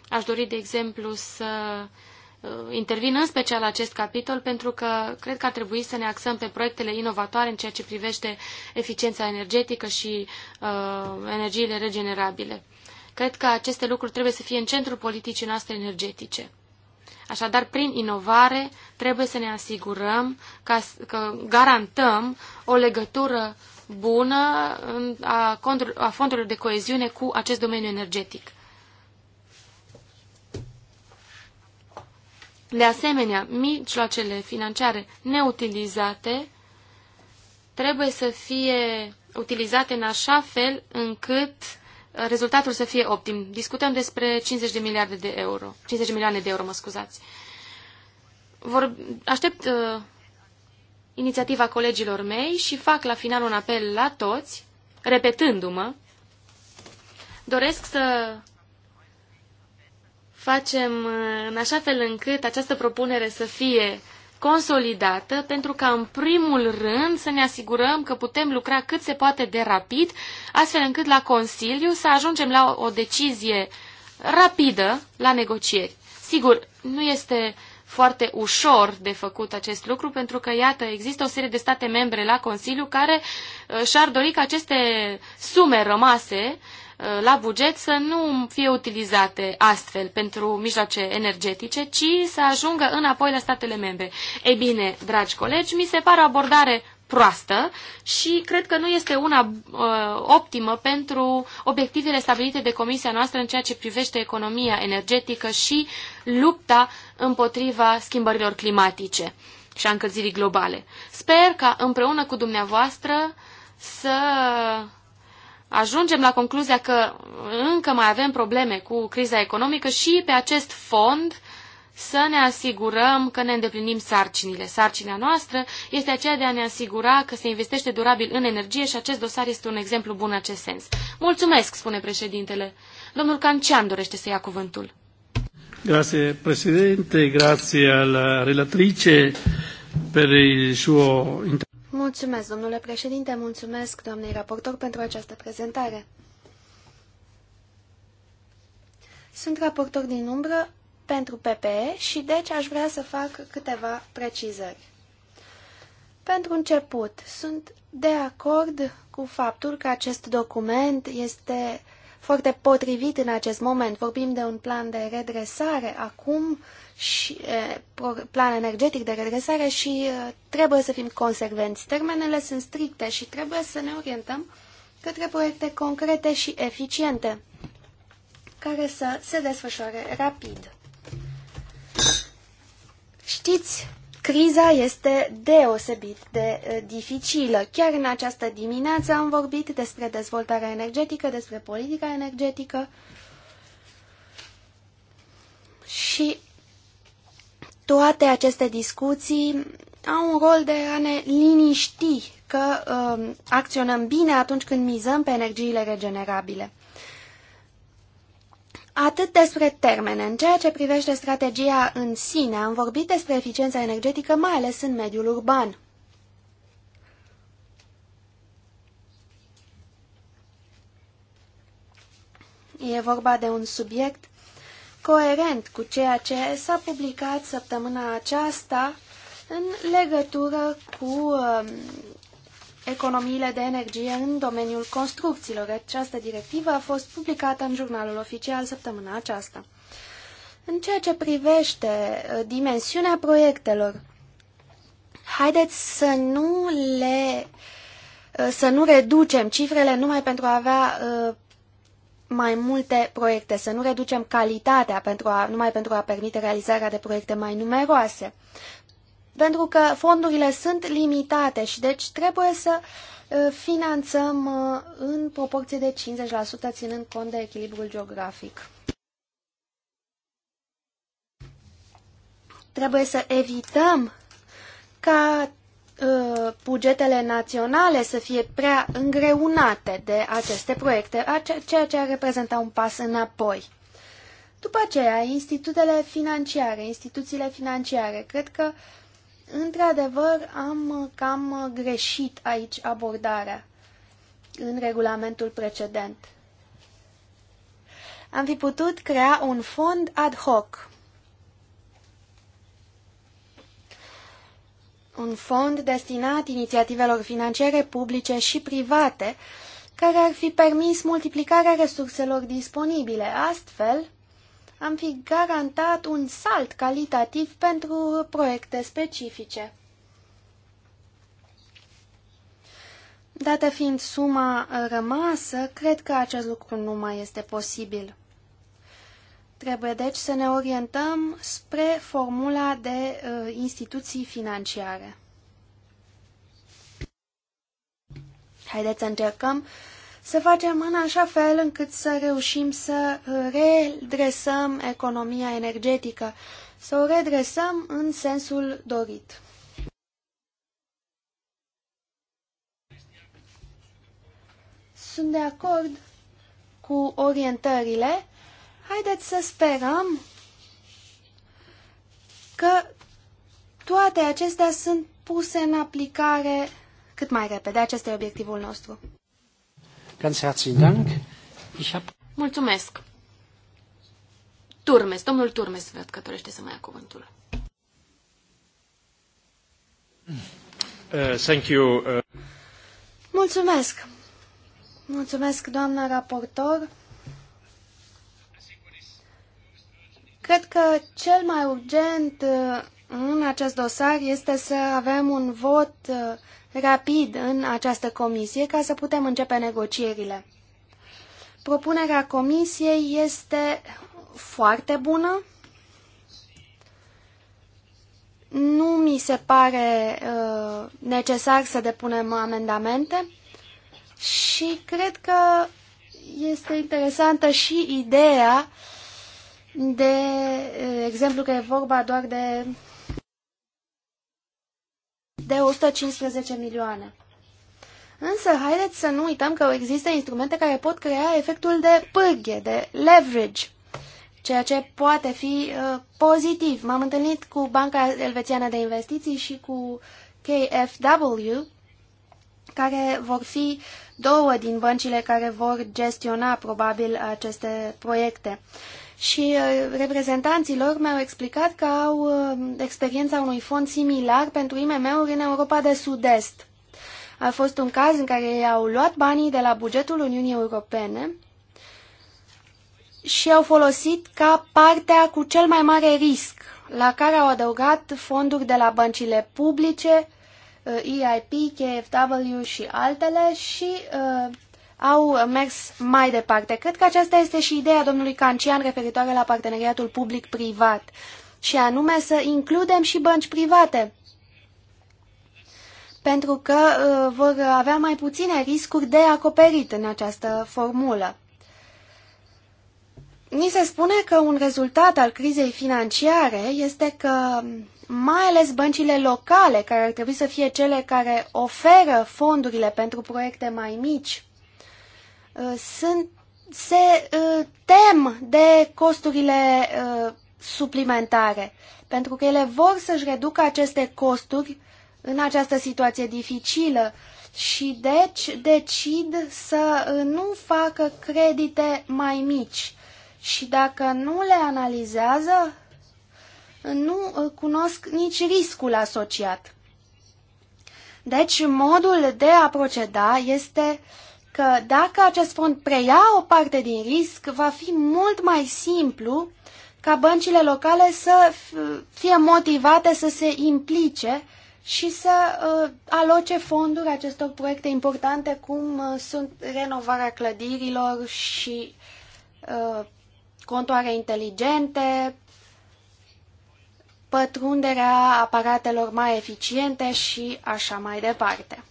aș dori, de exemplu, să uh, intervin în special acest capitol pentru că cred că ar trebui să ne axăm pe proiectele inovatoare în ceea ce privește eficiența energetică și uh, energiile regenerabile. Cred că aceste lucruri trebuie să fie în centrul politicii noastre energetice. Așadar, prin inovare, trebuie să ne asigurăm ca, că garantăm o legătură bună a, a fondurilor de coeziune cu acest domeniu energetic. De asemenea, mijloacele financiare neutilizate trebuie să fie utilizate în așa fel încât rezultatul să fie optim. Discutăm despre 50 de miliarde de euro, 50 de milioane de euro, mă scuzați. Vor, aștept uh, inițiativa colegilor mei și fac la final un apel la toți, repetându-mă, doresc să facem uh, în așa fel încât această propunere să fie consolidată pentru ca în primul rând să ne asigurăm că putem lucra cât se poate de rapid, astfel încât la Consiliu să ajungem la o decizie rapidă la negocieri. Sigur, nu este foarte ușor de făcut acest lucru, pentru că, iată, există o serie de state membre la Consiliu care uh, și-ar dori ca aceste sume rămase Uh, la buget să nu fie utilizate astfel pentru mijloace energetice, ci să ajungă înapoi la statele membre. Ei bine, dragi colegi, mi se pare o abordare proastă și cred că nu este una uh, optimă pentru obiectivele stabilite de comisia noastră în ceea ce privește economia energetică și lupta împotriva schimbărilor climatice și a încălzirii globale. Sper ca împreună cu dumneavoastră să ajungem la concluzia că încă mai avem probleme cu criza economică și pe acest fond să ne asigurăm că ne îndeplinim sarcinile. Sarcina noastră este aceea de a ne asigura că se investește durabil în energie și acest dosar este un exemplu bun în acest sens. Mulțumesc, spune președintele. Domnul Cancian dorește să ia cuvântul. Grazie Presidente, grazie alla relatrice per il suo intervento. Mulțumesc, domnule președinte, mulțumesc, doamnei raportor, pentru această prezentare. Sunt raportor din umbră pentru PPE și deci aș vrea să fac câteva precizări. Pentru început, sunt de acord cu faptul că acest document este foarte potrivit în acest moment. Vorbim de un plan de redresare acum și plan energetic de redresare și trebuie să fim consecvenți. Termenele sunt stricte și trebuie să ne orientăm către proiecte concrete și eficiente care să se desfășoare rapid. Știți, criza este deosebit de dificilă. Chiar în această dimineață am vorbit despre dezvoltarea energetică, despre politica energetică și toate aceste discuții au un rol de a ne liniști că uh, acționăm bine atunci când mizăm pe energiile regenerabile. Atât despre termene. În ceea ce privește strategia în sine, am vorbit despre eficiența energetică, mai ales în mediul urban. E vorba de un subiect coerent cu ceea ce s-a publicat săptămâna aceasta în legătură cu um, economiile de energie în domeniul construcțiilor. Această directivă a fost publicată în jurnalul oficial săptămâna aceasta. În ceea ce privește uh, dimensiunea proiectelor, haideți să nu le uh, să nu reducem cifrele numai pentru a avea uh, mai multe proiecte, să nu reducem calitatea pentru a, numai pentru a permite realizarea de proiecte mai numeroase. Pentru că fondurile sunt limitate și deci trebuie să finanțăm în proporție de 50% ținând cont de echilibrul geografic. Trebuie să evităm ca Uh, bugetele naționale să fie prea îngreunate de aceste proiecte, ceea ce ar reprezenta un pas înapoi. După aceea, institutele financiare, instituțiile financiare, cred că, într-adevăr, am cam greșit aici abordarea în regulamentul precedent. Am fi putut crea un fond ad hoc un fond destinat inițiativelor financiare publice și private, care ar fi permis multiplicarea resurselor disponibile. Astfel, am fi garantat un salt calitativ pentru proiecte specifice. Dată fiind suma rămasă, cred că acest lucru nu mai este posibil. Trebuie deci să ne orientăm spre formula de uh, instituții financiare. Haideți să încercăm să facem în așa fel încât să reușim să uh, redresăm economia energetică, să o redresăm în sensul dorit. Sunt de acord cu orientările Haideți să sperăm că toate acestea sunt puse în aplicare cât mai repede. Acesta e obiectivul nostru. Ganz herzlichen Dank. Ich hab... Mulțumesc. Turmes, domnul Turmes, văd că dorește să mai ia cuvântul. Uh, thank you. Uh... Mulțumesc. Mulțumesc, doamna raportor. Cred că cel mai urgent uh, în acest dosar este să avem un vot uh, rapid în această comisie ca să putem începe negocierile. Propunerea comisiei este foarte bună. Nu mi se pare uh, necesar să depunem amendamente și cred că este interesantă și ideea uh, de exemplu că e vorba doar de, de 115 milioane. Însă, haideți să nu uităm că există instrumente care pot crea efectul de pârghie, de leverage, ceea ce poate fi uh, pozitiv. M-am întâlnit cu Banca Elvețiană de Investiții și cu KFW, care vor fi două din băncile care vor gestiona probabil aceste proiecte. Uh, și uh, reprezentanților mi-au explicat că au uh, experiența unui fond similar pentru IMM-uri în Europa de Sud-Est. A fost un caz în care ei au luat banii de la bugetul Uniunii Europene și au folosit ca partea cu cel mai mare risc, la care au adăugat fonduri de la băncile publice, uh, EIP, KFW și altele și uh, au mers mai departe. Cred că aceasta este și ideea domnului Cancian referitoare la parteneriatul public-privat și anume să includem și bănci private pentru că uh, vor avea mai puține riscuri de acoperit în această formulă. Ni se spune că un rezultat al crizei financiare este că mai ales băncile locale, care ar trebui să fie cele care oferă fondurile pentru proiecte mai mici, Uh, sunt, se uh, tem de costurile uh, suplimentare, pentru că ele vor să-și reducă aceste costuri în această situație dificilă și deci decid să nu facă credite mai mici. Și dacă nu le analizează, nu cunosc nici riscul asociat. Deci modul de a proceda este uh, că dacă acest fond preia o parte din risc, va fi mult mai simplu ca băncile locale să fie motivate să se implice și să uh, aloce fonduri acestor proiecte importante cum uh, sunt renovarea clădirilor și uh, contoare inteligente, pătrunderea aparatelor mai eficiente și așa mai departe.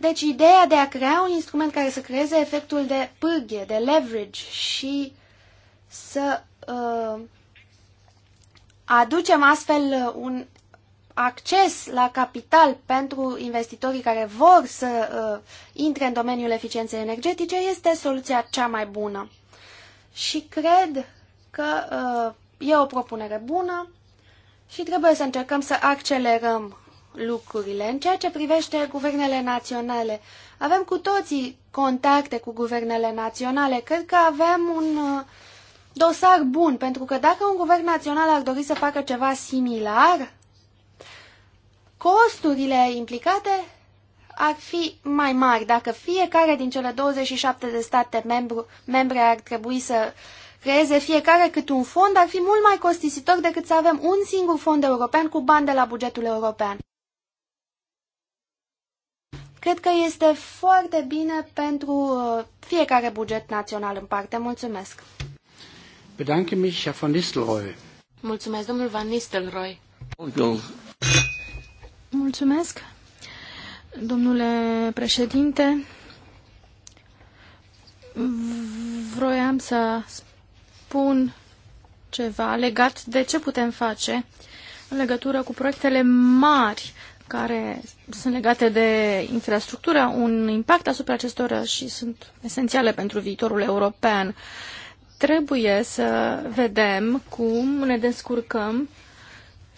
Deci ideea de a crea un instrument care să creeze efectul de pârghie, de leverage și să uh, aducem astfel uh, un acces la capital pentru investitorii care vor să uh, intre în domeniul eficienței energetice este soluția cea mai bună. Și cred că uh, e o propunere bună și trebuie să încercăm să accelerăm lucrurile. În ceea ce privește guvernele naționale, avem cu toții contacte cu guvernele naționale. Cred că avem un uh, dosar bun, pentru că dacă un guvern național ar dori să facă ceva similar, costurile implicate ar fi mai mari. Dacă fiecare din cele 27 de state membru, membre ar trebui să creeze fiecare cât un fond, ar fi mult mai costisitor decât să avem un singur fond european cu bani de la bugetul european. Cred că este foarte bine pentru uh, fiecare buget național în parte. Mulțumesc! Bedanke mich, Herr von Nistelrooy. Mulțumesc, domnul Van Nistelrooy. Mulțumesc, domnule președinte. Vroiam să spun ceva legat de ce putem face în legătură cu proiectele mari uh, care sunt legate de infrastructură, un impact asupra acestora și sunt esențiale pentru viitorul european. Trebuie să vedem cum ne descurcăm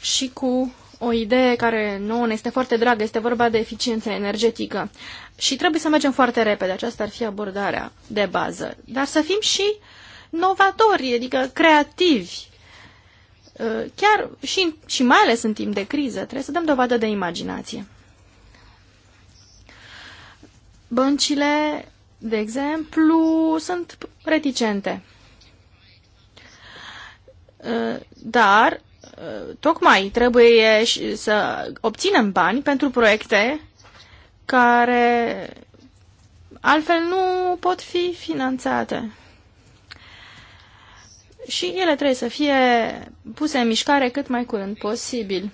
și cu o idee care nouă ne este foarte dragă, este vorba de eficiență energetică. Și trebuie să mergem foarte repede, aceasta ar fi abordarea de bază. Dar să fim și novatori, adică creativi Uh, chiar și, și mai ales în timp de criză, trebuie să dăm dovadă de imaginație. Băncile, de exemplu, sunt reticente. Uh, dar, uh, tocmai trebuie să obținem bani pentru proiecte care altfel nu pot fi finanțate și ele trebuie să fie puse în mișcare cât mai curând posibil.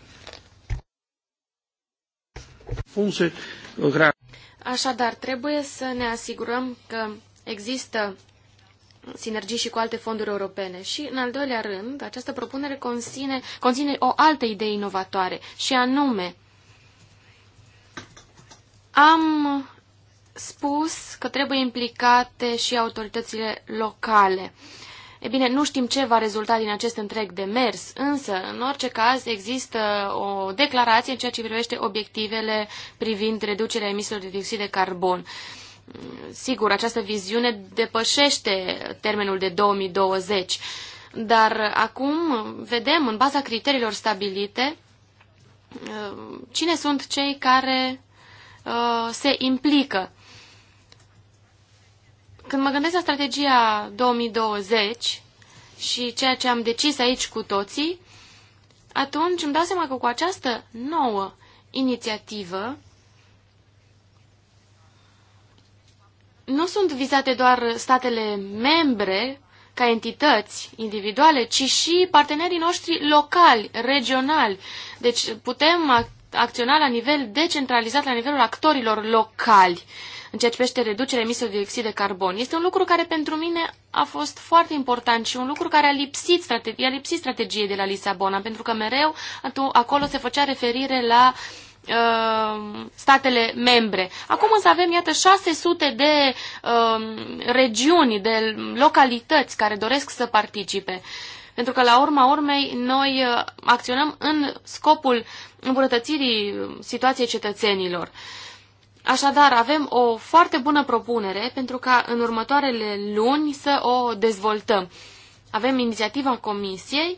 Așadar, trebuie să ne asigurăm că există sinergii și cu alte fonduri europene. Și, în al doilea rând, această propunere conține, conține o altă idee inovatoare, și anume, am spus că trebuie implicate și autoritățile locale. Uh, E bine, nu știm ce va rezulta din acest întreg demers, însă, în orice caz, există o declarație în ceea ce privește obiectivele privind reducerea emisiilor de dioxid de carbon. Sigur, această viziune depășește termenul de 2020, dar acum vedem, în baza criteriilor stabilite, cine sunt cei care uh, se implică. Când mă gândesc la strategia 2020 și ceea ce am decis aici cu toții, atunci îmi dau seama că cu această nouă inițiativă nu sunt vizate doar statele membre ca entități individuale, ci și partenerii noștri locali, regionali. Deci putem acționa la nivel decentralizat, la nivelul actorilor locali. Uh, în ceea ce privește reducerea emisiilor de dioxid de carbon. Este un lucru care pentru mine a fost foarte important și un lucru care a lipsit, strategi- a lipsit strategiei de la Lisabona, pentru că mereu acolo se făcea referire la uh, statele membre. Acum însă avem, iată, 600 de uh, regiuni, de localități care doresc să participe. Pentru că, la urma urmei, noi uh, acționăm în scopul îmbunătățirii situației cetățenilor. Uh, Așadar, avem o foarte bună propunere pentru ca în următoarele luni să o dezvoltăm. Avem inițiativa Comisiei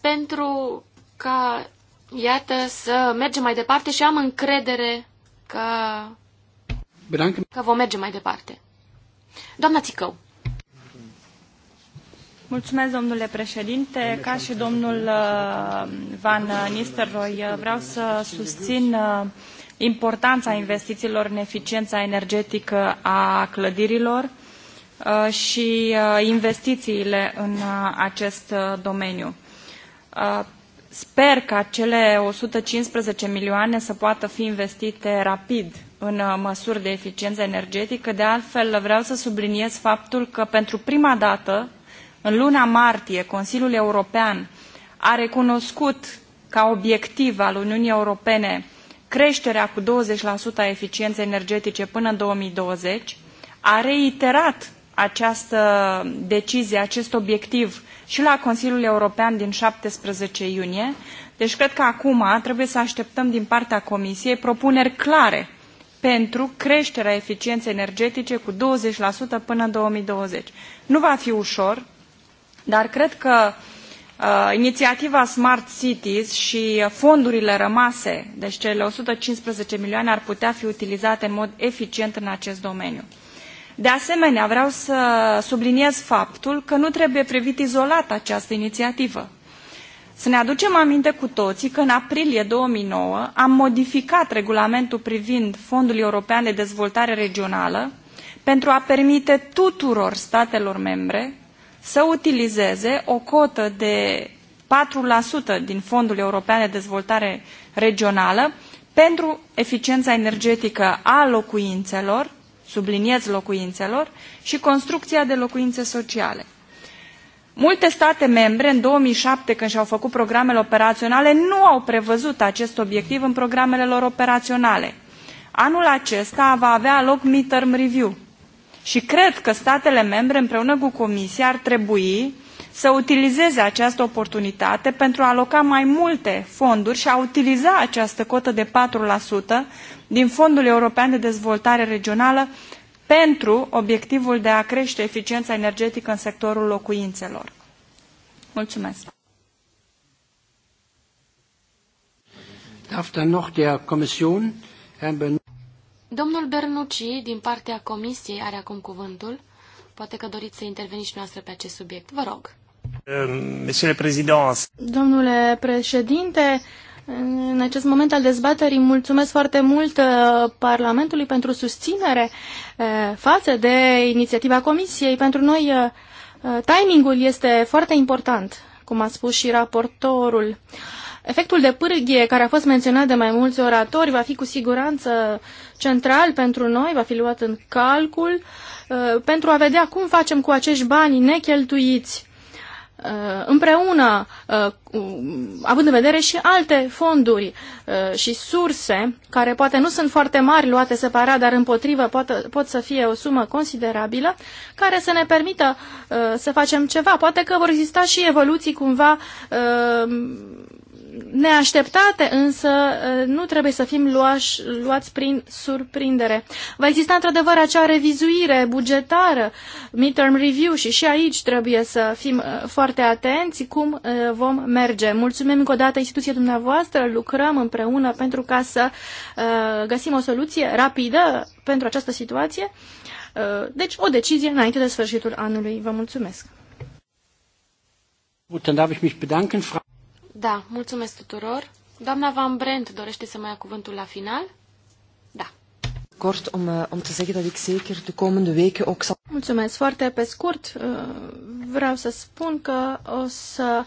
pentru ca, iată, să mergem mai departe și am încredere că, că vom merge mai departe. Doamna Țicău. Mulțumesc, domnule președinte. Ca și domnul uh, Van Nistelrooy, uh, vreau să susțin uh, importanța investițiilor în eficiența energetică a clădirilor uh, și uh, investițiile în uh, acest domeniu. Sper ca cele 115 milioane să poată fi investite rapid în măsuri de eficiență energetică. De altfel, vreau să subliniez faptul că pentru prima dată, în luna martie, Consiliul European a recunoscut ca obiectiv al Uniunii Europene creșterea cu 20% a eficienței energetice până în 2020, a reiterat această decizie, acest obiectiv și la Consiliul European din 17 iunie. Deci cred că acum trebuie să așteptăm din partea Comisiei propuneri clare pentru creșterea eficienței energetice cu 20% până în 2020. Nu va fi ușor, dar cred că uh, Uh, inițiativa Smart Cities și fondurile rămase, deci cele 115 milioane, ar putea fi utilizate în mod eficient în acest domeniu. De asemenea, vreau să subliniez faptul că nu trebuie privit izolat această inițiativă. Să ne aducem aminte cu toții că în aprilie 2009 am modificat regulamentul privind Fondul European de Dezvoltare Regională pentru a permite tuturor statelor membre să utilizeze o cotă de 4% din Fondul European de Dezvoltare Regională pentru eficiența energetică a locuințelor, subliniez locuințelor, și construcția de locuințe sociale. Multe state membre, în 2007, când și-au făcut programele operaționale, nu au prevăzut acest obiectiv în programele lor operaționale. Anul acesta va avea loc midterm review, și cred că statele membre împreună cu Comisia ar trebui să utilizeze această oportunitate pentru a aloca mai multe fonduri și a utiliza această cotă de 4% din Fondul European de Dezvoltare Regională pentru obiectivul de a crește eficiența energetică în sectorul locuințelor. Mulțumesc. Darf dann noch der Kommission Herrn Domnul Bernucci, din partea Comisiei, are acum cuvântul. Poate că doriți să interveniți noastră pe acest subiect. Vă rog. Domnule președinte, în acest moment al dezbaterii mulțumesc foarte mult uh, Parlamentului pentru susținere uh, față de inițiativa Comisiei. Pentru noi uh, timingul este foarte important, cum a spus și raportorul. Efectul de pârghie care a fost menționat de mai mulți oratori va fi cu siguranță uh, central pentru noi va fi luat în calcul uh, pentru a vedea cum facem cu acești bani necheltuiți uh, împreună, uh, având în vedere și alte fonduri și surse, care poate nu sunt foarte mari luate separat, dar împotrivă pot, pot să fie o sumă considerabilă, care să ne permită să facem ceva. Poate că vor exista și evoluții cumva neașteptate, însă nu trebuie să fim luași, luați prin surprindere. Va exista într-adevăr acea revizuire bugetară, midterm review și și aici trebuie să fim foarte atenți cum vom merge. Mulțumim încă o dată instituției dumneavoastră, lucrăm împreună pentru ca să găsim o soluție rapidă pentru această situație. Deci o decizie înainte de sfârșitul anului. Vă mulțumesc! Gut, dann darf ich mich bedanken. Da, mulțumesc tuturor. Doamna Van Brent dorește să mai ia cuvântul la final? Da. Kort om, eh, om te zeggen dat ik zeker de komende weken ook zal... Mulțumesc foarte pe scurt. Eh, vreau să spun că o să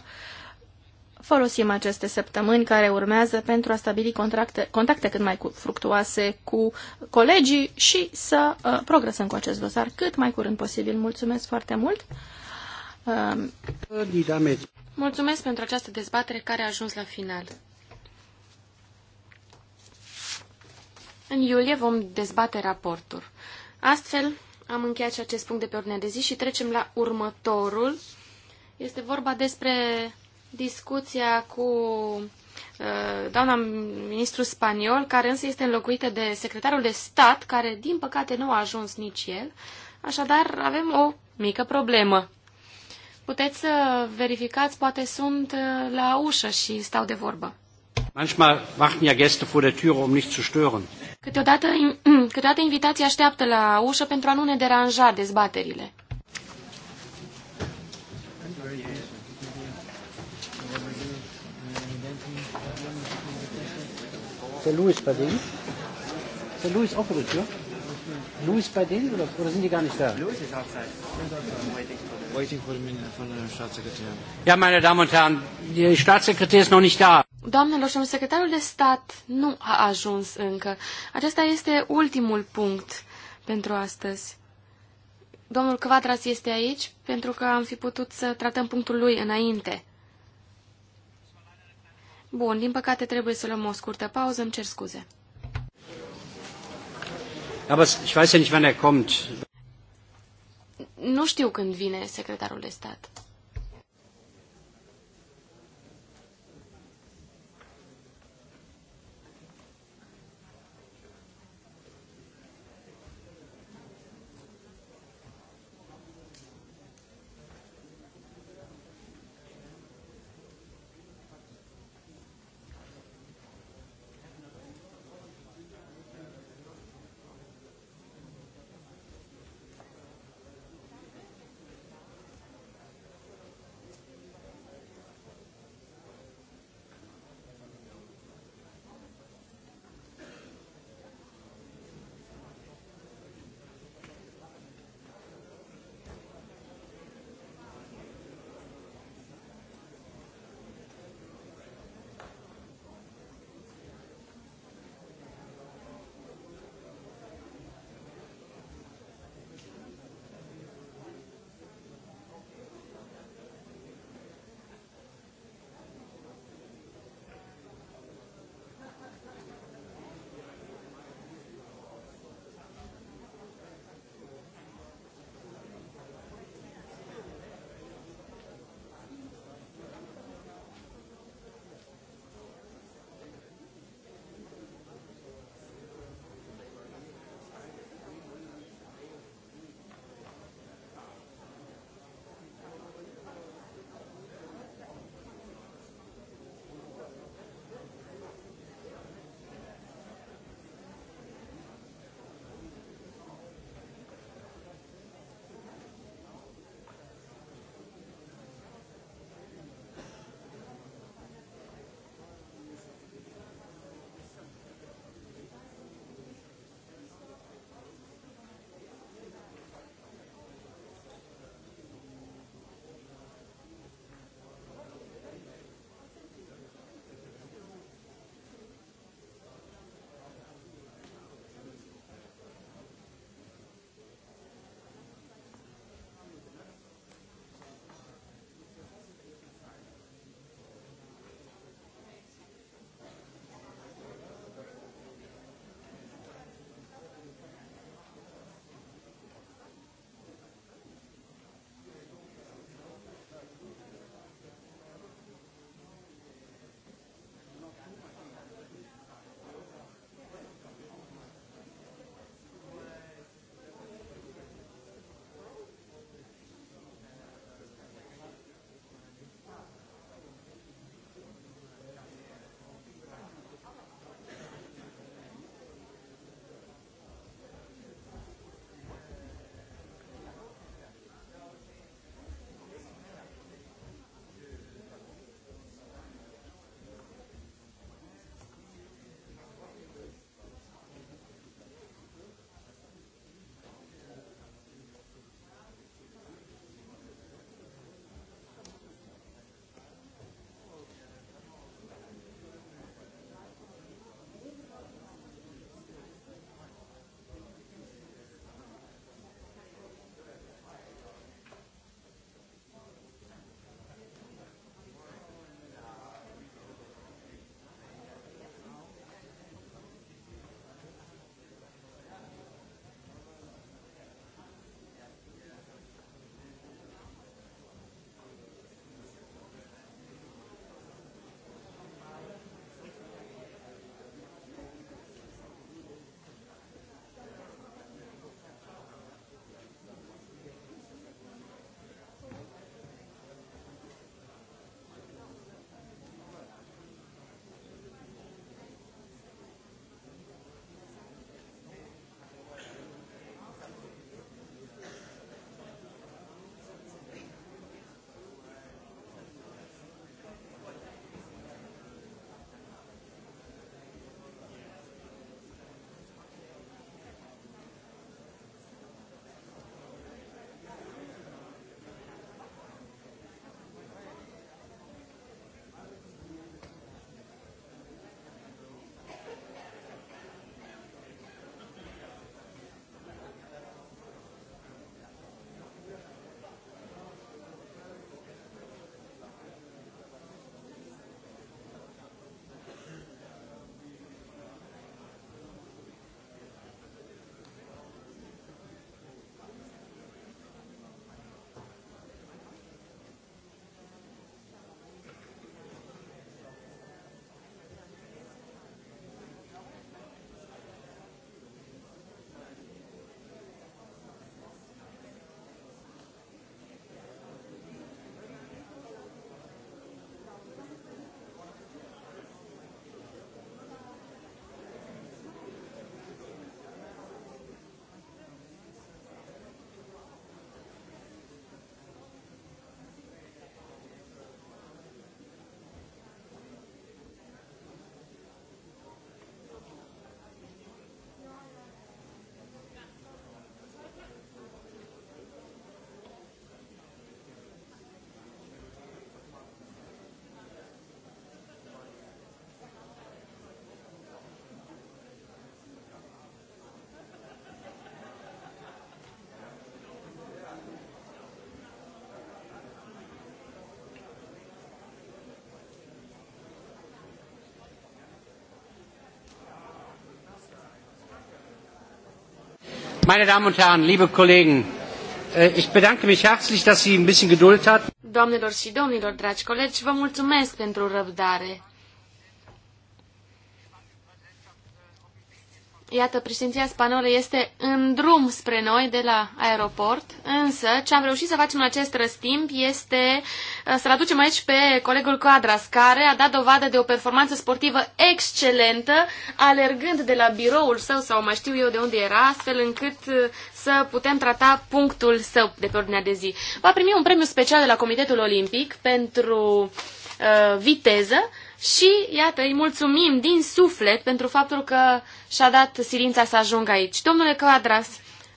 folosim aceste săptămâni care urmează pentru a stabili contracte, contacte cât mai fructuoase cu colegii și să eh, progresăm cu acest dosar cât mai curând posibil. Mulțumesc foarte mult! Uh, Mulțumesc pentru această dezbatere care a ajuns la final. În iulie vom dezbate raportul. Astfel, am încheiat și acest punct de pe ordinea de zi și trecem la următorul. Este vorba despre discuția cu uh, doamna ministru spaniol, care însă este înlocuită de secretarul de stat, care din păcate nu a ajuns nici el. Așadar, avem o mică problemă. Puteți să verificați, poate sunt uh, la ușă și stau de vorbă. Manchmal warten ja Gäste vor der Türe, um nicht zu stören. Câteodată, câteodată invitații așteaptă la ușă pentru a nu ne deranja dezbaterile. Der Louis bei dem? Der Louis auch vor der Tür? Louis bei denen oder, oder sind die gar nicht da? Louis ist outside. Waiting for the Ja, meine Damen und Herren, der Staatssekretär ist noch nicht da. Doamnelor și secretarul de stat nu a ajuns încă. Acesta este ultimul punct pentru astăzi. Domnul Quadras este aici pentru că am fi putut să tratăm punctul lui înainte. Bun, din păcate trebuie să luăm o scurtă pauză, îmi cer scuze. Aber ich weiß ja nicht, wann er kommt. Nu știu când vine secretarul de stat. Meine Damen und Herren, liebe Kollegen, äh, ich bedanke mich herzlich, dass Sie ein bisschen Geduld hatten. Doamnelor și domnilor, dragi colegi, vă mulțumesc pentru răbdare. Iată, președinția spaniolă este în drum spre noi de la aeroport, însă ce am reușit să facem în acest răstimp este uh, să-l aducem aici pe colegul Coadras, care a dat dovadă de o performanță sportivă excelentă, alergând de la biroul său sau mai știu eu de unde era, astfel încât uh, să putem trata punctul său de pe ordinea de zi. Va primi un premiu special de la Comitetul Olimpic pentru uh, viteză și, iată, îi mulțumim din suflet pentru faptul că și-a dat silința să ajungă aici. Domnule Coadras,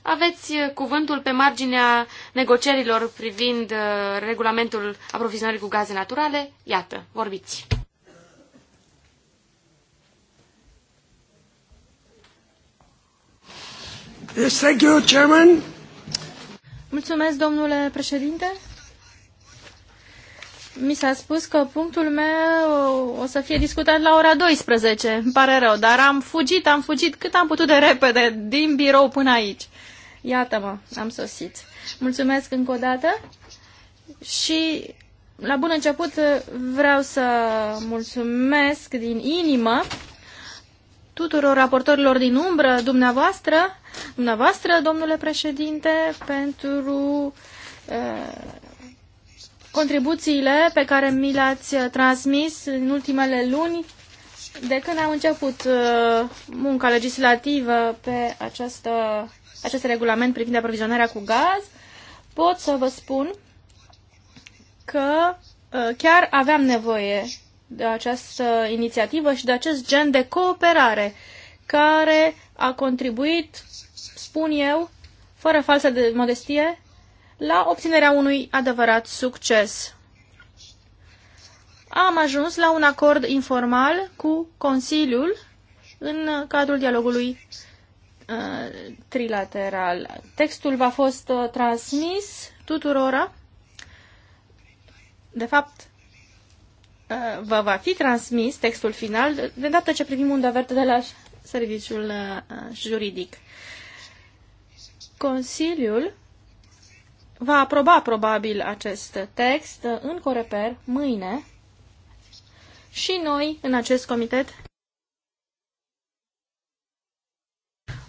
aveți uh, cuvântul pe marginea negocierilor privind uh, regulamentul aprovizionării cu gaze naturale. Iată, vorbiți. Yes, thank you, Chairman. Mulțumesc, domnule președinte. Mi s-a spus că punctul meu o să fie discutat la ora 12. Îmi pare rău, dar am fugit, am fugit cât am putut de repede din birou până aici. Iată-mă, am sosit. Mulțumesc încă o dată și la bun început vreau să mulțumesc din inimă tuturor raportorilor din umbră, dumneavoastră, dumneavoastră, domnule președinte, pentru uh, contribuțiile pe care mi le-ați transmis în ultimele luni de când am început uh, munca legislativă pe această acest regulament privind aprovizionarea cu gaz, pot să vă spun că uh, chiar aveam nevoie de această inițiativă și de acest gen de cooperare care a contribuit, spun eu, fără falsă de modestie, la obținerea unui adevărat succes. Am ajuns la un acord informal cu Consiliul în cadrul dialogului Uh, trilateral. Textul va fost uh, transmis tuturora. De fapt, uh, vă va fi transmis textul final de data ce primim un avert de la serviciul uh, juridic. Consiliul va aproba probabil acest text uh, în Coreper mâine și noi în acest comitet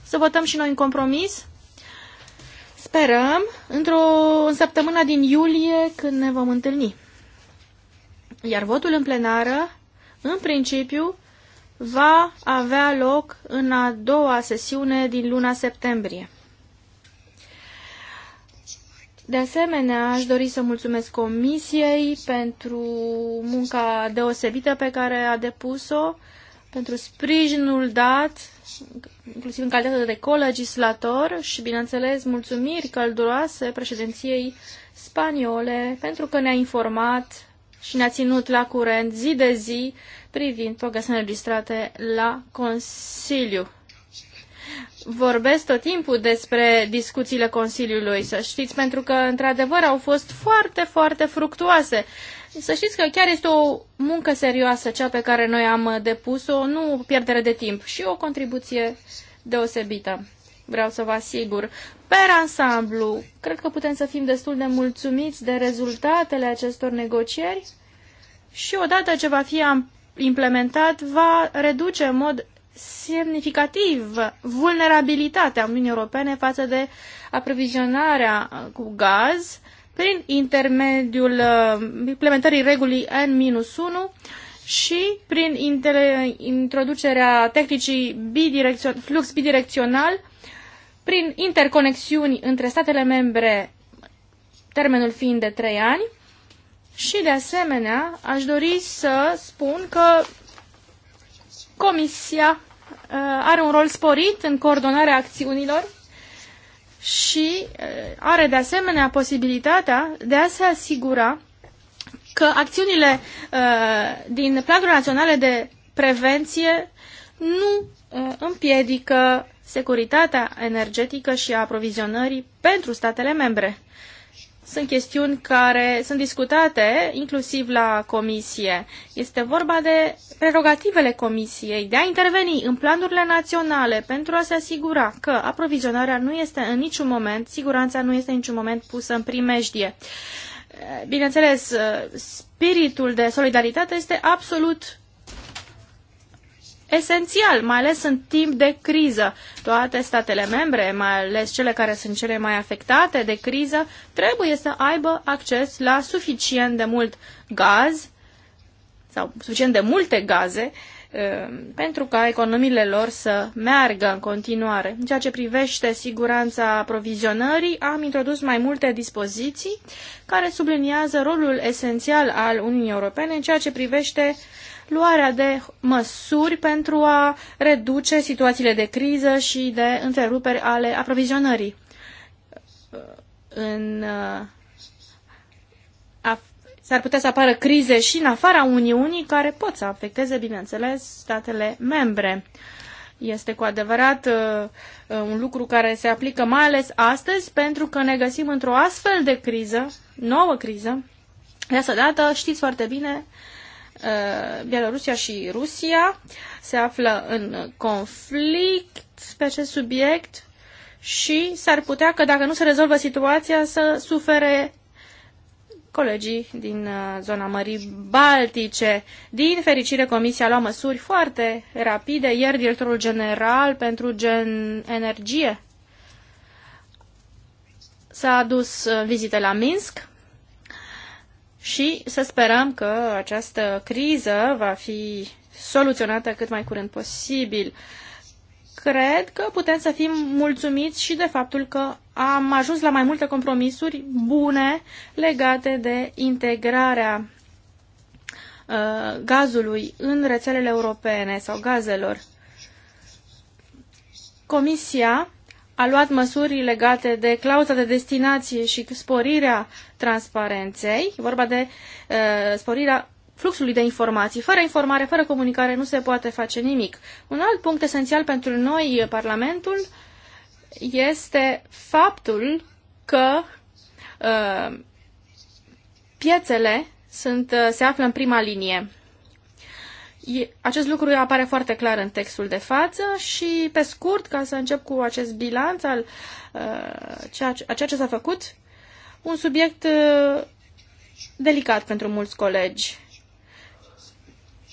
să votăm și noi în compromis. Sperăm într-o în săptămână din iulie când ne vom întâlni. Iar votul în plenară, în principiu, va avea loc în a doua sesiune din luna septembrie. De asemenea, aș dori să mulțumesc Comisiei pentru munca deosebită pe care a depus-o pentru sprijinul dat, inclusiv în calitate de colegislator și, bineînțeles, mulțumiri călduroase președinției spaniole pentru că ne-a informat și ne-a ținut la curent zi de zi privind progresele înregistrate la Consiliu. Vorbesc tot timpul despre discuțiile Consiliului, să știți, pentru că, într-adevăr, au fost foarte, foarte fructuoase să știți că chiar este o muncă serioasă cea pe care noi am depus-o, nu o pierdere de timp și o contribuție deosebită. Vreau să vă asigur. Per ansamblu, cred că putem să fim destul de mulțumiți de rezultatele acestor negocieri și odată ce va fi implementat, va reduce în mod semnificativ vulnerabilitatea Uniunii Europene față de aprovizionarea cu gaz prin intermediul uh, implementării regulii N-1 și prin introducerea tehnicii bidirecțion- flux bidirecțional, prin interconexiuni între statele membre, termenul fiind de 3 ani. Și, de asemenea, aș dori să spun că Comisia uh, are un rol sporit în coordonarea acțiunilor și uh, are de asemenea posibilitatea de a se asigura că acțiunile uh, din planurile naționale de prevenție nu uh, împiedică securitatea energetică și a aprovizionării pentru statele membre sunt chestiuni care sunt discutate inclusiv la comisie. Este vorba de prerogativele comisiei de a interveni în planurile naționale pentru a se asigura că aprovizionarea nu este în niciun moment, siguranța nu este în niciun moment pusă în primejdie. Bineînțeles, spiritul de solidaritate este absolut esențial, mai ales în timp de criză. Toate statele membre, mai ales cele care sunt cele mai afectate de criză, trebuie să aibă acces la suficient de mult gaz sau suficient de multe gaze um, pentru ca economiile lor să meargă în continuare. În ceea ce privește siguranța aprovizionării, am introdus mai multe dispoziții care subliniază rolul esențial al Uniunii Europene în ceea ce privește luarea de măsuri pentru a reduce situațiile de criză și de întreruperi ale aprovizionării. În, uh, s-ar putea să apară crize și în afara Uniunii care pot să afecteze, bineînțeles, statele membre. Este cu adevărat uh, uh, un lucru care se aplică mai ales astăzi pentru că ne găsim într-o astfel de criză, nouă criză. De asta dată știți foarte bine Uh, Bielorusia și Rusia se află în conflict pe acest subiect și s-ar putea că dacă nu se rezolvă situația să sufere colegii din uh, zona Mării Baltice. Din fericire, Comisia a luat măsuri foarte rapide. Ieri, directorul general pentru gen energie s-a dus uh, vizite la Minsk și să sperăm că această criză va fi soluționată cât mai curând posibil. Cred că putem să fim mulțumiți și de faptul că am ajuns la mai multe compromisuri bune legate de integrarea uh, gazului în rețelele europene sau gazelor. Comisia a luat măsuri legate de clauza de destinație și sporirea transparenței, vorba de uh, sporirea fluxului de informații. Fără informare, fără comunicare nu se poate face nimic. Un alt punct esențial pentru noi, Parlamentul, este faptul că uh, piețele sunt, uh, se află în prima linie acest lucru apare foarte clar în textul de față și, pe scurt, ca să încep cu acest bilanț al uh, ce, a ceea ce s-a făcut, un subiect uh, delicat pentru mulți colegi.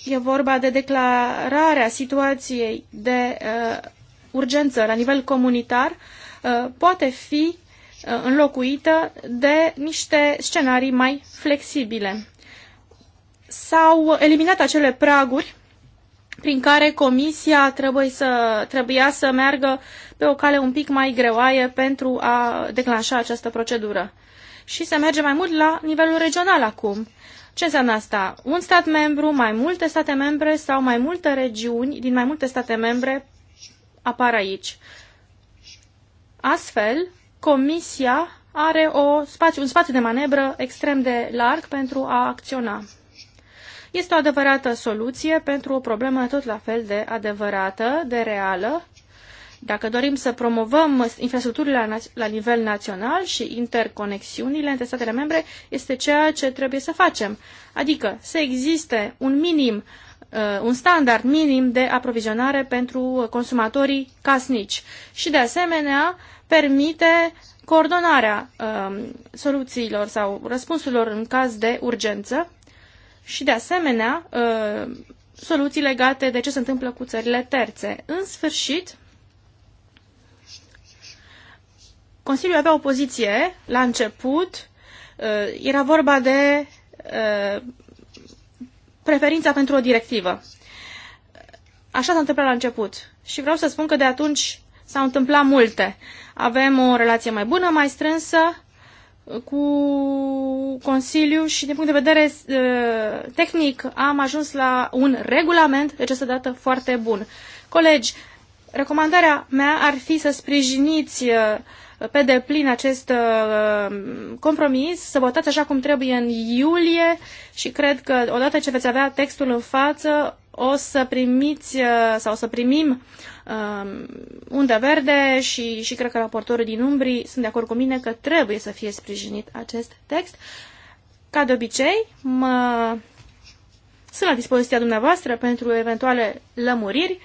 E vorba de declararea situației de uh, urgență la nivel comunitar uh, poate fi uh, înlocuită de niște scenarii mai flexibile s-au eliminat acele praguri prin care comisia trebuie să, trebuia să meargă pe o cale un pic mai greoaie pentru a declanșa această procedură. Și se merge mai mult la nivelul regional acum. Ce înseamnă asta? Un stat membru, mai multe state membre sau mai multe regiuni din mai multe state membre apar aici. Astfel, comisia are o spațiu, un spațiu de manevră extrem de larg pentru a acționa. Este o adevărată soluție pentru o problemă tot la fel de adevărată, de reală. Dacă dorim să promovăm infrastructurile la, nivel național și interconexiunile între statele membre, este ceea ce trebuie să facem. Adică să existe un minim uh, un standard minim de aprovizionare pentru consumatorii casnici și, de asemenea, permite coordonarea um, soluțiilor sau răspunsurilor în caz de urgență și, de asemenea, ă, soluții legate de ce se întâmplă cu țările terțe. În sfârșit, Consiliul avea o poziție la început, ă, era vorba de ă, preferința pentru o directivă. Așa s-a întâmplat la început și vreau să spun că de atunci s-au întâmplat multe. Avem o relație mai bună, mai strânsă cu Consiliu și din punct de vedere uh, tehnic am ajuns la un regulament de această dată foarte bun. Colegi, recomandarea mea ar fi să sprijiniți uh, pe deplin acest uh, compromis, să votați așa cum trebuie în iulie și cred că odată ce veți avea textul în față, o să primiți uh, sau să primim uh, um, unde verde și, și cred că raportorul din Umbrii sunt de acord cu mine că trebuie să fie sprijinit acest text. Ca de obicei, mă... sunt la dispoziția dumneavoastră pentru eventuale lămuriri.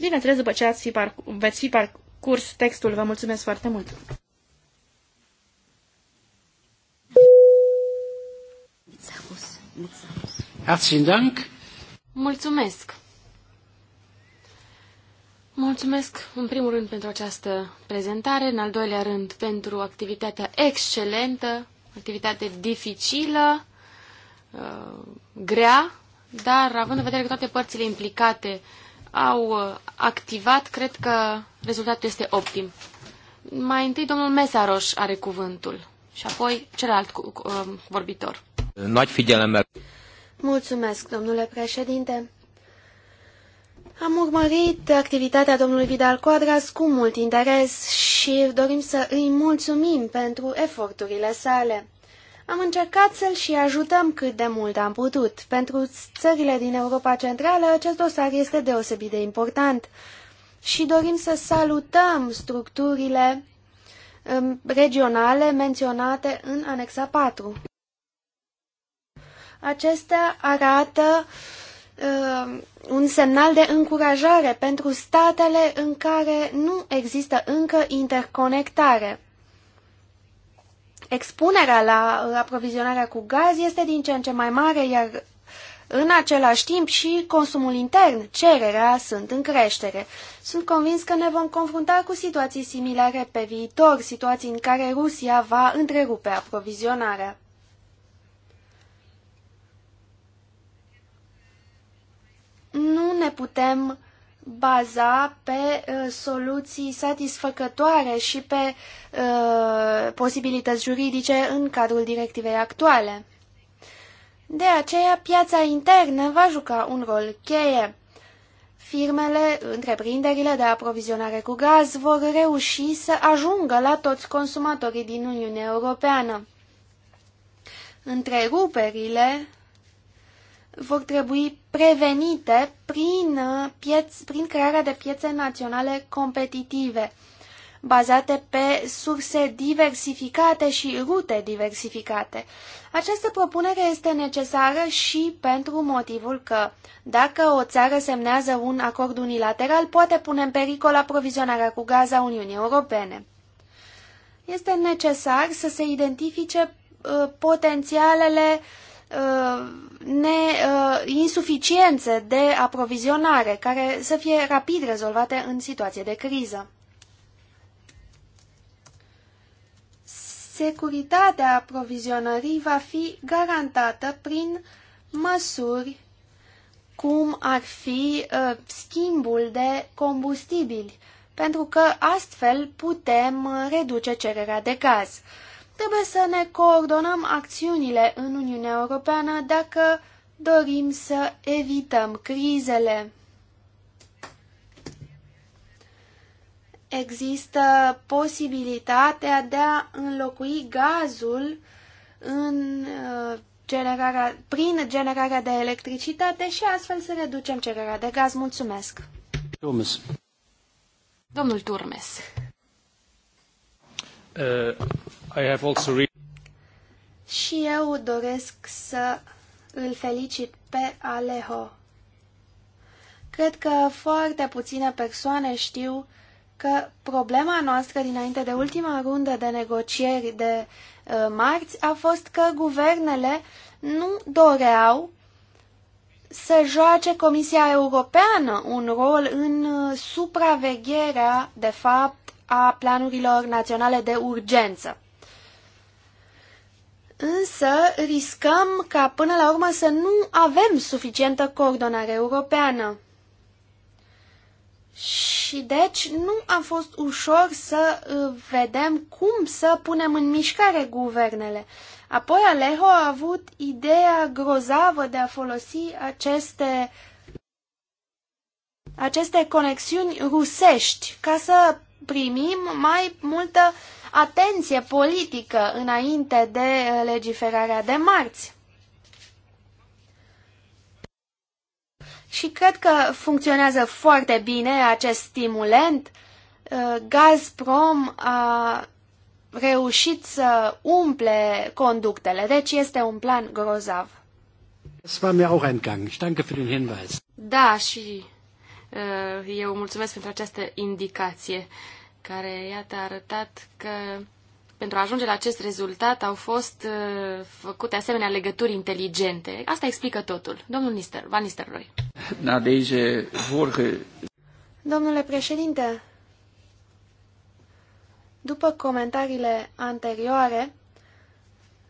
Bineînțeles, după ce ați fi par... veți fi parcurs textul, vă mulțumesc foarte mult! Herzlichen Dank. Mulțumesc! Mulțumesc, în primul rând, pentru această prezentare, în al doilea rând, pentru activitatea excelentă, activitate dificilă, uh, grea, dar având în vedere că toate părțile implicate au uh, activat, cred că rezultatul este optim. Mai întâi domnul Mesaroș are cuvântul și apoi celălalt uh, vorbitor. Nu ați la mea. Mulțumesc, domnule președinte. Am urmărit activitatea domnului Vidal Quadras cu mult interes și dorim să îi mulțumim pentru eforturile sale. Am încercat să-l și ajutăm cât de mult am putut. Pentru țările din Europa Centrală, acest dosar este deosebit de important și dorim să salutăm structurile um, regionale menționate în anexa 4. Acestea arată uh, un semnal de încurajare pentru statele în care nu există încă interconectare. Expunerea la aprovizionarea cu gaz este din ce în ce mai mare, iar în același timp și consumul intern, cererea, sunt în creștere. Sunt convins că ne vom confrunta cu situații similare pe viitor, situații în care Rusia va întrerupe aprovizionarea. nu ne putem baza pe uh, soluții satisfăcătoare și pe uh, posibilități juridice în cadrul directivei actuale. De aceea, piața internă va juca un rol cheie. Firmele, întreprinderile de aprovizionare cu gaz vor reuși să ajungă la toți consumatorii din Uniunea Europeană. Întreruperile vor trebui prevenite prin, uh, pieț, prin crearea de piețe naționale competitive, bazate pe surse diversificate și rute diversificate. Această propunere este necesară și pentru motivul că dacă o țară semnează un acord unilateral, poate pune în pericol aprovizionarea cu gaz a Uniunii Europene. Este necesar să se identifice uh, potențialele uh, Uh, ne, uh, insuficiențe de aprovizionare care să fie rapid rezolvate în situație de criză. Securitatea aprovizionării va fi garantată prin măsuri cum ar fi uh, schimbul de combustibili, pentru că astfel putem uh, reduce cererea de gaz. Uh, Trebuie să ne coordonăm acțiunile în Uniunea Europeană dacă dorim să evităm crizele. Există posibilitatea de a înlocui gazul în uh, generarea, prin generarea de electricitate și astfel să reducem cererea de gaz. Mulțumesc! Turmes. Domnul Turmes. Uh, I have also și eu doresc să îl felicit pe Alejo. Cred că foarte puține persoane știu că problema noastră dinainte de ultima rundă de negocieri de uh, marți a fost că guvernele nu doreau să joace Comisia Europeană un rol în uh, supravegherea, de fapt, a planurilor naționale de urgență. Însă riscăm ca până la urmă să nu avem suficientă coordonare europeană. Și deci nu a fost ușor să uh, vedem cum să punem în mișcare guvernele. Apoi Alejo a avut ideea grozavă de a folosi aceste, aceste conexiuni rusești ca să primim mai multă uh, atenție politică înainte de legiferarea de marți. Și cred că funcționează foarte bine acest stimulent. Uh, Gazprom a reușit să umple conductele, deci este un plan grozav. Da, și uh, eu mulțumesc pentru această indicație care, iată, a arătat că pentru a ajunge la acest rezultat au fost uh, făcute asemenea legături inteligente. Asta explică totul. Domnul Nister, Van Nisterroy. Domnule președinte, după comentariile anterioare,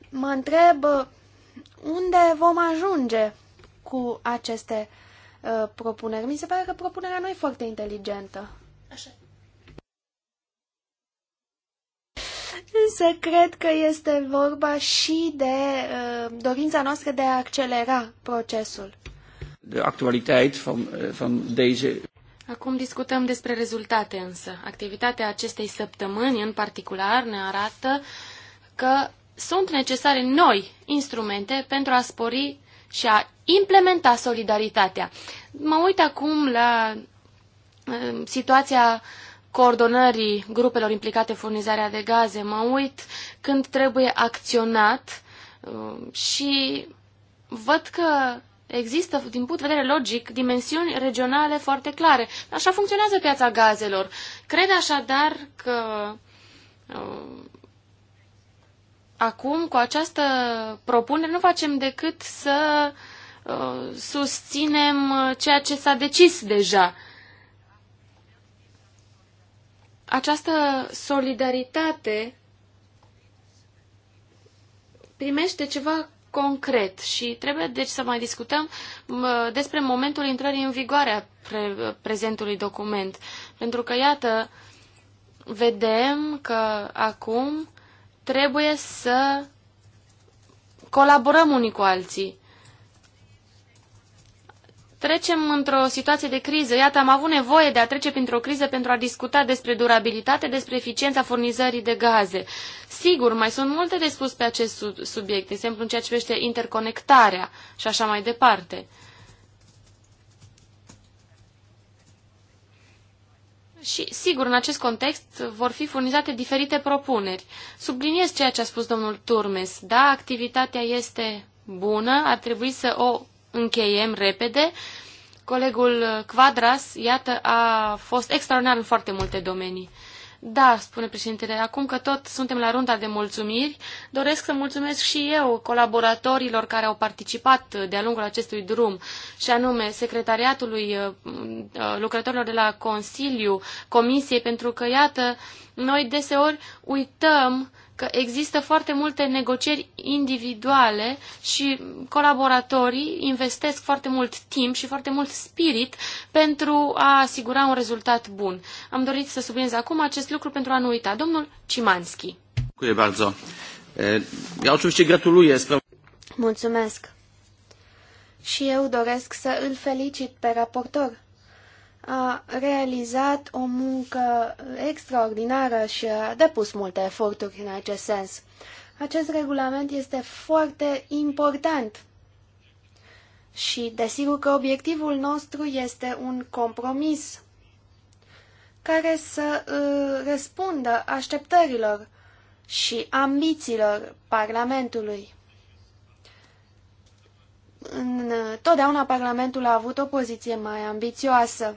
mă întreb uh, unde vom ajunge cu aceste uh, propuneri. Mi se pare că propunerea nu e foarte inteligentă. Așa. însă cred că este vorba și de uh, dorința noastră de a accelera procesul. De actualitate van, uh, van deze... Acum discutăm despre rezultate însă. Activitatea acestei săptămâni în particular ne arată că sunt necesare noi instrumente pentru a spori și a implementa solidaritatea. Mă uit acum la uh, situația uh, coordonării grupelor implicate în furnizarea de gaze, mă uit când trebuie acționat uh, și văd că există, din punct de vedere logic, dimensiuni regionale foarte clare. Așa funcționează piața gazelor. Cred așadar că uh, acum, cu această propunere, nu facem decât să uh, susținem ceea ce s-a decis deja această solidaritate primește ceva concret și trebuie deci să mai discutăm despre momentul intrării în vigoare a pre prezentului document. Pentru că, iată, vedem că acum trebuie să colaborăm unii cu alții trecem într-o situație de criză. Iată, am avut nevoie de a trece printr-o criză pentru a discuta despre durabilitate, despre eficiența furnizării de gaze. Sigur, mai sunt multe de spus pe acest subiect, de exemplu în ceea ce privește interconectarea și așa mai departe. Și, sigur, în acest context vor fi furnizate diferite propuneri. Subliniez ceea ce a spus domnul Turmes. Da, activitatea este bună, ar trebui să o încheiem repede. Colegul Quadras, iată, a fost extraordinar în foarte multe domenii. Da, spune președintele, acum că tot suntem la runda de mulțumiri, doresc să mulțumesc și eu colaboratorilor care au participat de-a lungul acestui drum, și anume secretariatului uh, uh, lucrătorilor de la Consiliu, Comisiei, pentru că, iată, noi deseori uităm că există foarte multe negocieri individuale și colaboratorii investesc foarte mult timp și foarte mult spirit pentru a asigura un rezultat bun. Am dorit să subliniez acum acest lucru pentru a nu uita. Domnul Cimanski. Mulțumesc. Și eu doresc să îl felicit pe raportor a realizat o muncă extraordinară și a depus multe eforturi în acest sens. Acest regulament este foarte important și desigur că obiectivul nostru este un compromis care să uh, răspundă așteptărilor și ambițiilor Parlamentului. totdeauna Parlamentul a avut o poziție mai ambițioasă.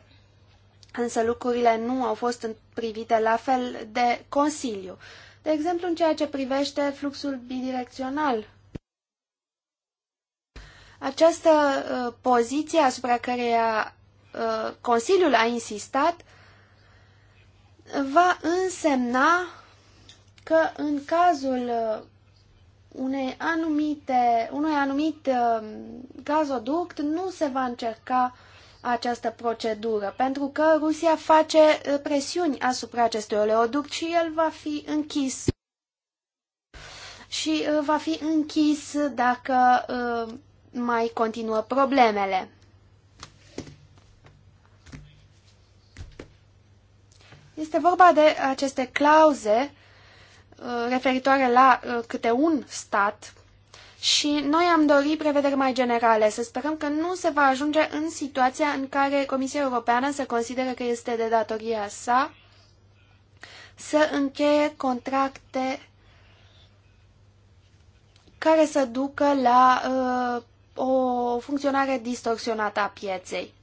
Însă lucrurile nu au fost privite la fel de Consiliu. De exemplu, în ceea ce privește fluxul bidirecțional. Această uh, poziție asupra căreia uh, Consiliul a insistat va însemna că în cazul uh, unei anumite, unui anumit uh, gazoduct nu se va încerca uh, această procedură, pentru că Rusia face eh, presiuni asupra acestui oleoduct și el va fi închis. Și eh, va fi închis dacă eh, mai continuă problemele. Este vorba de aceste clauze referitoare la câte un stat și noi am dorit prevederi mai generale. Să sperăm că nu se va ajunge în situația în care Comisia Europeană se consideră că este de datoria sa să încheie contracte care să ducă la uh, o funcționare distorsionată a pieței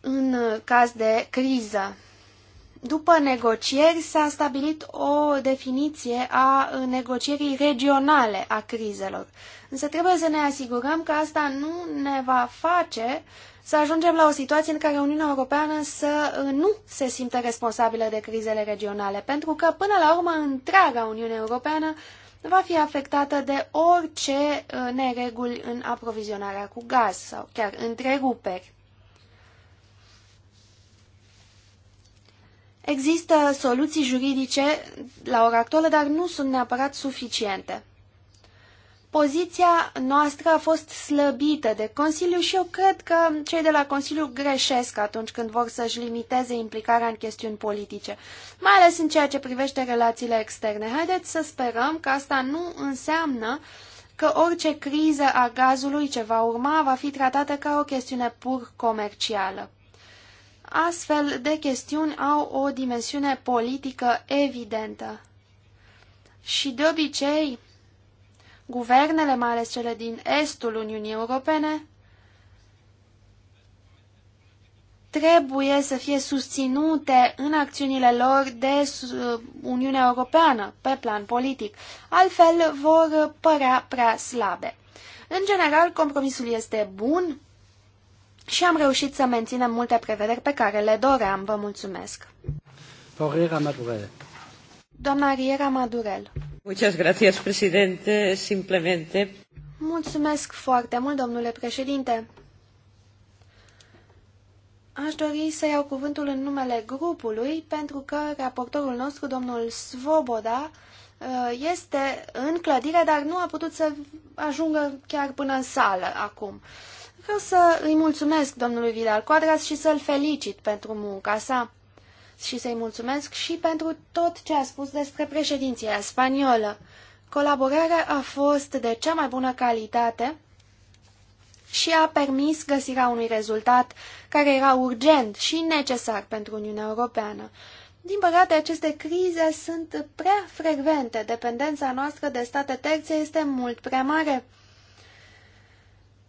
în caz de criză. După negocieri s-a stabilit o definiție a negocierii regionale a crizelor. Însă trebuie să ne asigurăm că asta nu ne va face să ajungem la o situație în care Uniunea Europeană să uh, nu se simtă responsabilă de crizele regionale, pentru că până la urmă întreaga Uniune Europeană va fi afectată de orice uh, nereguli în aprovizionarea cu gaz sau chiar întreruperi. Există soluții juridice la ora actuală, dar nu sunt neapărat suficiente. Poziția noastră a fost slăbită de Consiliu și eu cred că cei de la Consiliu greșesc atunci când vor să-și limiteze implicarea în chestiuni politice, mai ales în ceea ce privește relațiile externe. Haideți să sperăm că asta nu înseamnă că orice criză a gazului ce va urma va fi tratată ca o chestiune pur comercială. Astfel de chestiuni au o dimensiune politică evidentă. Și de obicei, guvernele, mai ales cele din estul Uniunii Europene, trebuie să fie susținute în acțiunile lor de Uniunea Europeană pe plan politic, altfel vor părea prea slabe. În general, compromisul este bun, și am reușit să menținem multe prevederi pe care le doream. Vă mulțumesc. Doamna Riera Madurel. Muchas gracias, presidente. Simplemente. Mulțumesc foarte mult, domnule președinte. Aș dori să iau cuvântul în numele grupului, pentru că raportorul nostru, domnul Svoboda, uh, este în clădire, dar nu a putut să ajungă chiar până în sală acum. Vreau să îi mulțumesc domnului vidal Quadras și să-l felicit pentru munca sa și să-i mulțumesc și pentru tot ce a spus despre președinția spaniolă. Colaborarea a fost de cea mai bună calitate și a permis găsirea unui rezultat care era urgent și necesar pentru Uniunea Europeană. Din păcate, aceste crize sunt prea frecvente, dependența noastră de state terțe este mult prea mare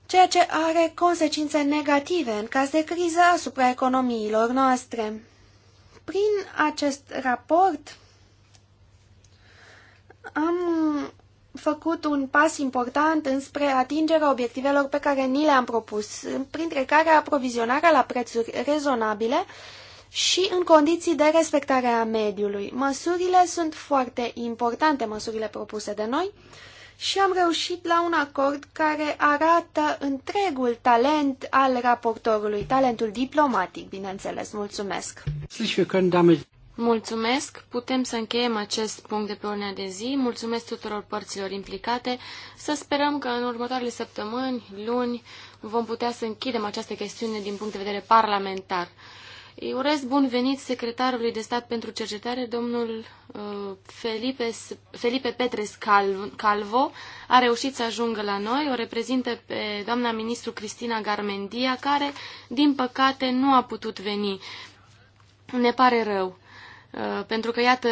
ceea ce are consecințe negative în caz de criză asupra economiilor noastre. Prin acest raport am făcut un pas important înspre atingerea obiectivelor pe care ni le-am propus, printre care aprovizionarea la prețuri rezonabile și în condiții de respectare a mediului. Măsurile sunt foarte importante, măsurile propuse de noi, și am reușit la un acord care arată întregul talent al raportorului, talentul diplomatic, bineînțeles. Mulțumesc! Mulțumesc! Putem să încheiem acest punct de pe ordinea de zi. Mulțumesc tuturor părților implicate. Să sperăm că în următoarele săptămâni, luni, vom putea să închidem această chestiune din punct de vedere parlamentar. Îi urez bun venit secretarului de stat pentru cercetare, domnul uh, Felipe, Felipe Petres Calvo. A reușit să ajungă la noi. O reprezintă pe doamna ministru Cristina Garmendia, care, din păcate, nu a putut veni. Ne pare rău. Uh, pentru că, iată,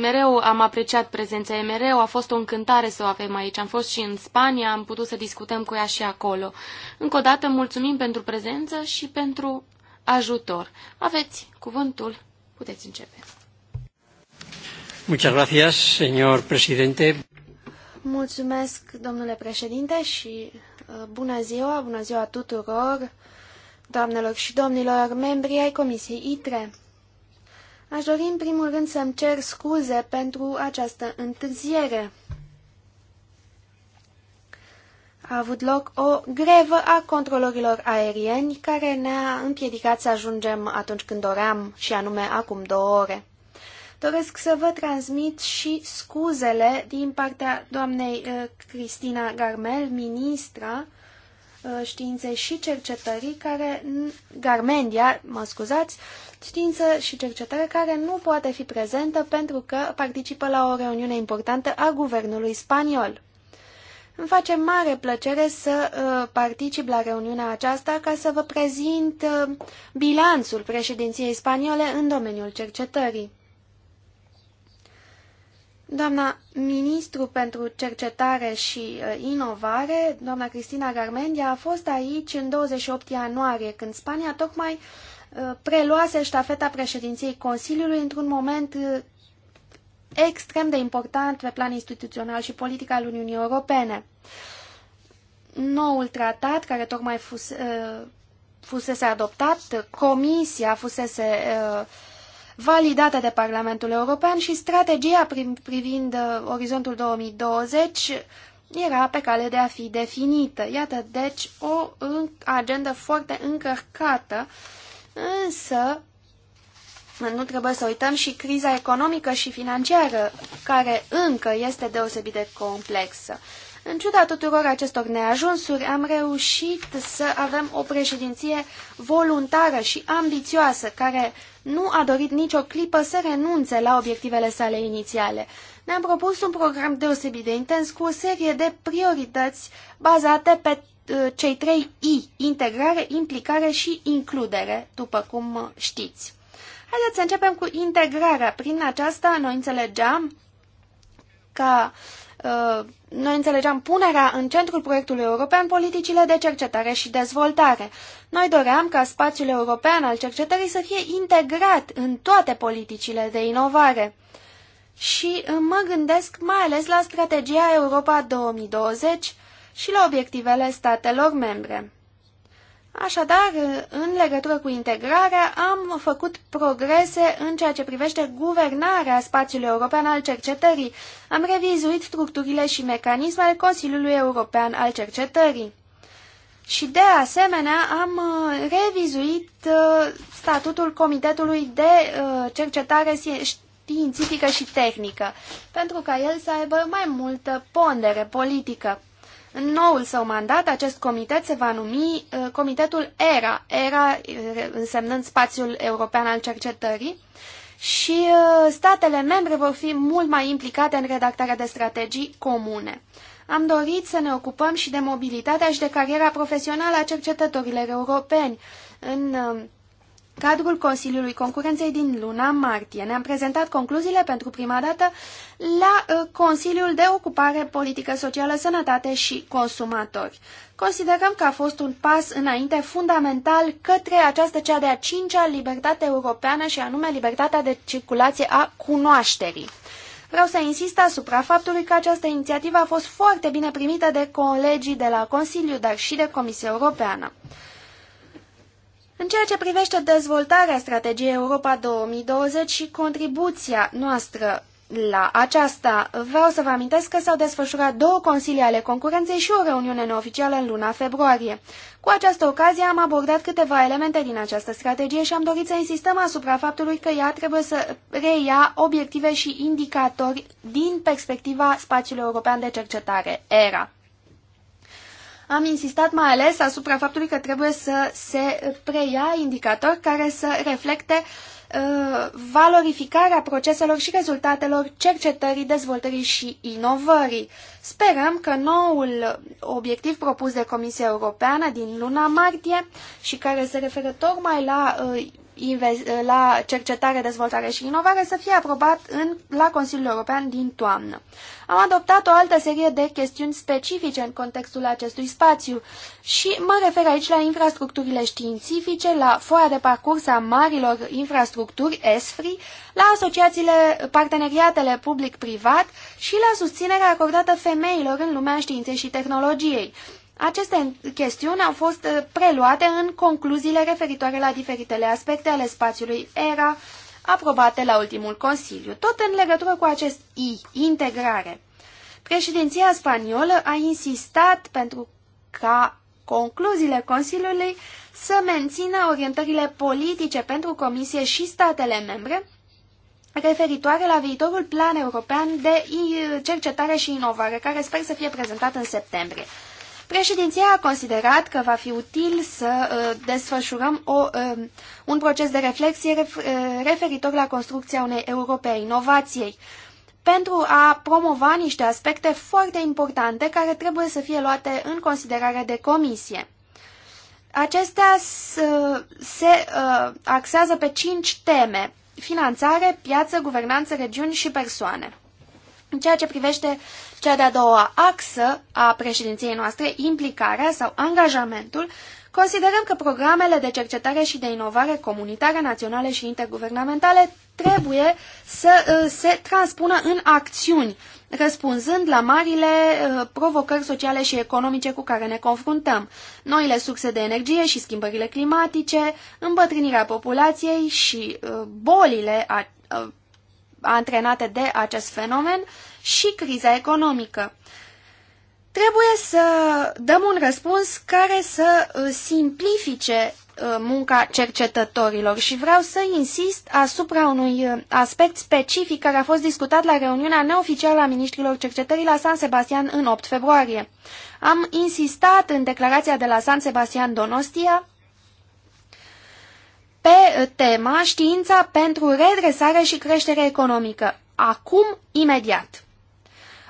mereu am apreciat prezența ei, mereu a fost o încântare să o avem aici. Am fost și în Spania, am putut să discutăm cu ea și acolo. Încă o dată, mulțumim pentru prezență și pentru ajutor. Aveți cuvântul, puteți începe. Muchas gracias, señor presidente. Mulțumesc, domnule președinte, și uh, bună ziua, bună ziua tuturor, doamnelor și domnilor, membri ai Comisiei ITRE. Aș dori în primul rând să-mi cer scuze pentru această întârziere a avut loc o grevă a controlorilor aerieni care ne-a împiedicat să ajungem atunci când doream, și anume acum două ore. Doresc să vă transmit și scuzele din partea doamnei uh, Cristina Garmel, ministra uh, științei și cercetării, care, Garmendia, mă scuzați, știință și cercetare care nu poate fi prezentă pentru că participă la o reuniune importantă a guvernului spaniol. Îmi face mare plăcere să uh, particip la reuniunea aceasta ca să vă prezint uh, bilanțul președinției spaniole în domeniul cercetării. Doamna ministru pentru cercetare și uh, inovare, doamna Cristina Garmendia, a fost aici în 28 ianuarie, când Spania tocmai preluase ștafeta președinției Consiliului într-un moment extrem de important pe plan instituțional și politic al Uniunii Europene. Noul tratat, care tocmai fus, uh, fusese adoptat, comisia fusese uh, validată de Parlamentul European și strategia privind uh, orizontul 2020 era pe cale de a fi definită. Iată, deci, o agendă foarte încărcată, însă nu trebuie să uităm și criza economică și financiară, care încă este deosebit de complexă. În ciuda tuturor acestor neajunsuri, am reușit să avem o președinție voluntară și ambițioasă, care nu a dorit nicio clipă să renunțe la obiectivele sale inițiale. Ne-am propus un program deosebit de intens cu o serie de priorități bazate pe ă, cei trei I, integrare, implicare și includere, după cum știți. Haideți să începem cu integrarea. Prin aceasta noi înțelegeam ca uh, noi înțelegeam punerea în centrul proiectului european politicile de cercetare și dezvoltare. Noi doream ca spațiul european al cercetării să fie integrat în toate politicile de inovare. Și uh, mă gândesc mai ales la strategia Europa 2020 și la obiectivele statelor membre. Așadar, în legătură cu integrarea, am făcut progrese în ceea ce privește guvernarea spațiului european al cercetării. Am revizuit structurile și mecanismele Consiliului European al Cercetării. Și de asemenea am uh, revizuit uh, statutul Comitetului de uh, Cercetare Științifică și Tehnică, pentru ca el să aibă mai multă pondere politică. În noul său mandat, acest comitet se va numi uh, Comitetul ERA, ERA uh, însemnând Spațiul European al Cercetării, și uh, statele membre vor fi mult mai implicate în redactarea de strategii comune. Am dorit să ne ocupăm și de mobilitatea și de cariera profesională a cercetătorilor europeni în uh, cadrul Consiliului Concurenței din luna martie. Ne-am prezentat concluziile pentru prima dată la uh, Consiliul de Ocupare, Politică Socială, Sănătate și Consumatori. Considerăm că a fost un pas înainte fundamental către această cea de-a cincea libertate europeană și anume libertatea de circulație a cunoașterii. Vreau să insist asupra faptului că această inițiativă a fost foarte bine primită de colegii de la Consiliu, dar și de Comisia Europeană. În ceea ce privește dezvoltarea strategiei Europa 2020 și contribuția noastră la aceasta, vreau să vă amintesc că s-au desfășurat două consilii ale concurenței și o reuniune neoficială în luna februarie. Cu această ocazie am abordat câteva elemente din această strategie și am dorit să insistăm asupra faptului că ea trebuie să reia obiective și indicatori din perspectiva spațiului european de cercetare, ERA. Am insistat mai ales asupra faptului că trebuie să se preia indicatori care să reflecte uh, valorificarea proceselor și rezultatelor cercetării, dezvoltării și inovării. Sperăm că noul obiectiv propus de Comisia Europeană din luna martie și care se referă tocmai la uh, la cercetare, dezvoltare și inovare să fie aprobat în, la Consiliul European din toamnă. Am adoptat o altă serie de chestiuni specifice în contextul acestui spațiu și mă refer aici la infrastructurile științifice, la foaia de parcurs a marilor infrastructuri, ESFRI, la asociațiile, parteneriatele public-privat și la susținerea acordată femeilor în lumea științei și tehnologiei. Aceste chestiuni au fost uh, preluate în concluziile referitoare la diferitele aspecte ale spațiului ERA, aprobate la ultimul Consiliu, tot în legătură cu acest I, integrare. Președinția spaniolă a insistat pentru ca concluziile Consiliului să mențină orientările politice pentru Comisie și statele membre referitoare la viitorul plan european de uh, cercetare și inovare, care sper să fie prezentat în septembrie. Președinția a considerat că va fi util să uh, desfășurăm o, um, un proces de reflexie uh, referitor la construcția unei Europe a inovației pentru a promova niște aspecte foarte importante care trebuie să fie luate în considerare de comisie. Acestea se uh, axează pe cinci teme. Finanțare, piață, guvernanță, regiuni și persoane. În ceea ce privește cea de-a doua axă a președinției noastre, implicarea sau angajamentul, considerăm că programele de cercetare și de inovare comunitare, naționale și interguvernamentale trebuie să uh, se transpună în acțiuni, răspunzând la marile uh, provocări sociale și economice cu care ne confruntăm, noile surse de energie și schimbările climatice, îmbătrânirea populației și uh, bolile antrenate de acest fenomen, și criza economică. Trebuie să dăm un răspuns care să uh, simplifice uh, munca cercetătorilor și vreau să insist asupra unui uh, aspect specific care a fost discutat la reuniunea neoficială a ministrilor cercetării la San Sebastian în 8 februarie. Am insistat în declarația de la San Sebastian Donostia pe tema știința pentru redresare și creștere economică, acum imediat.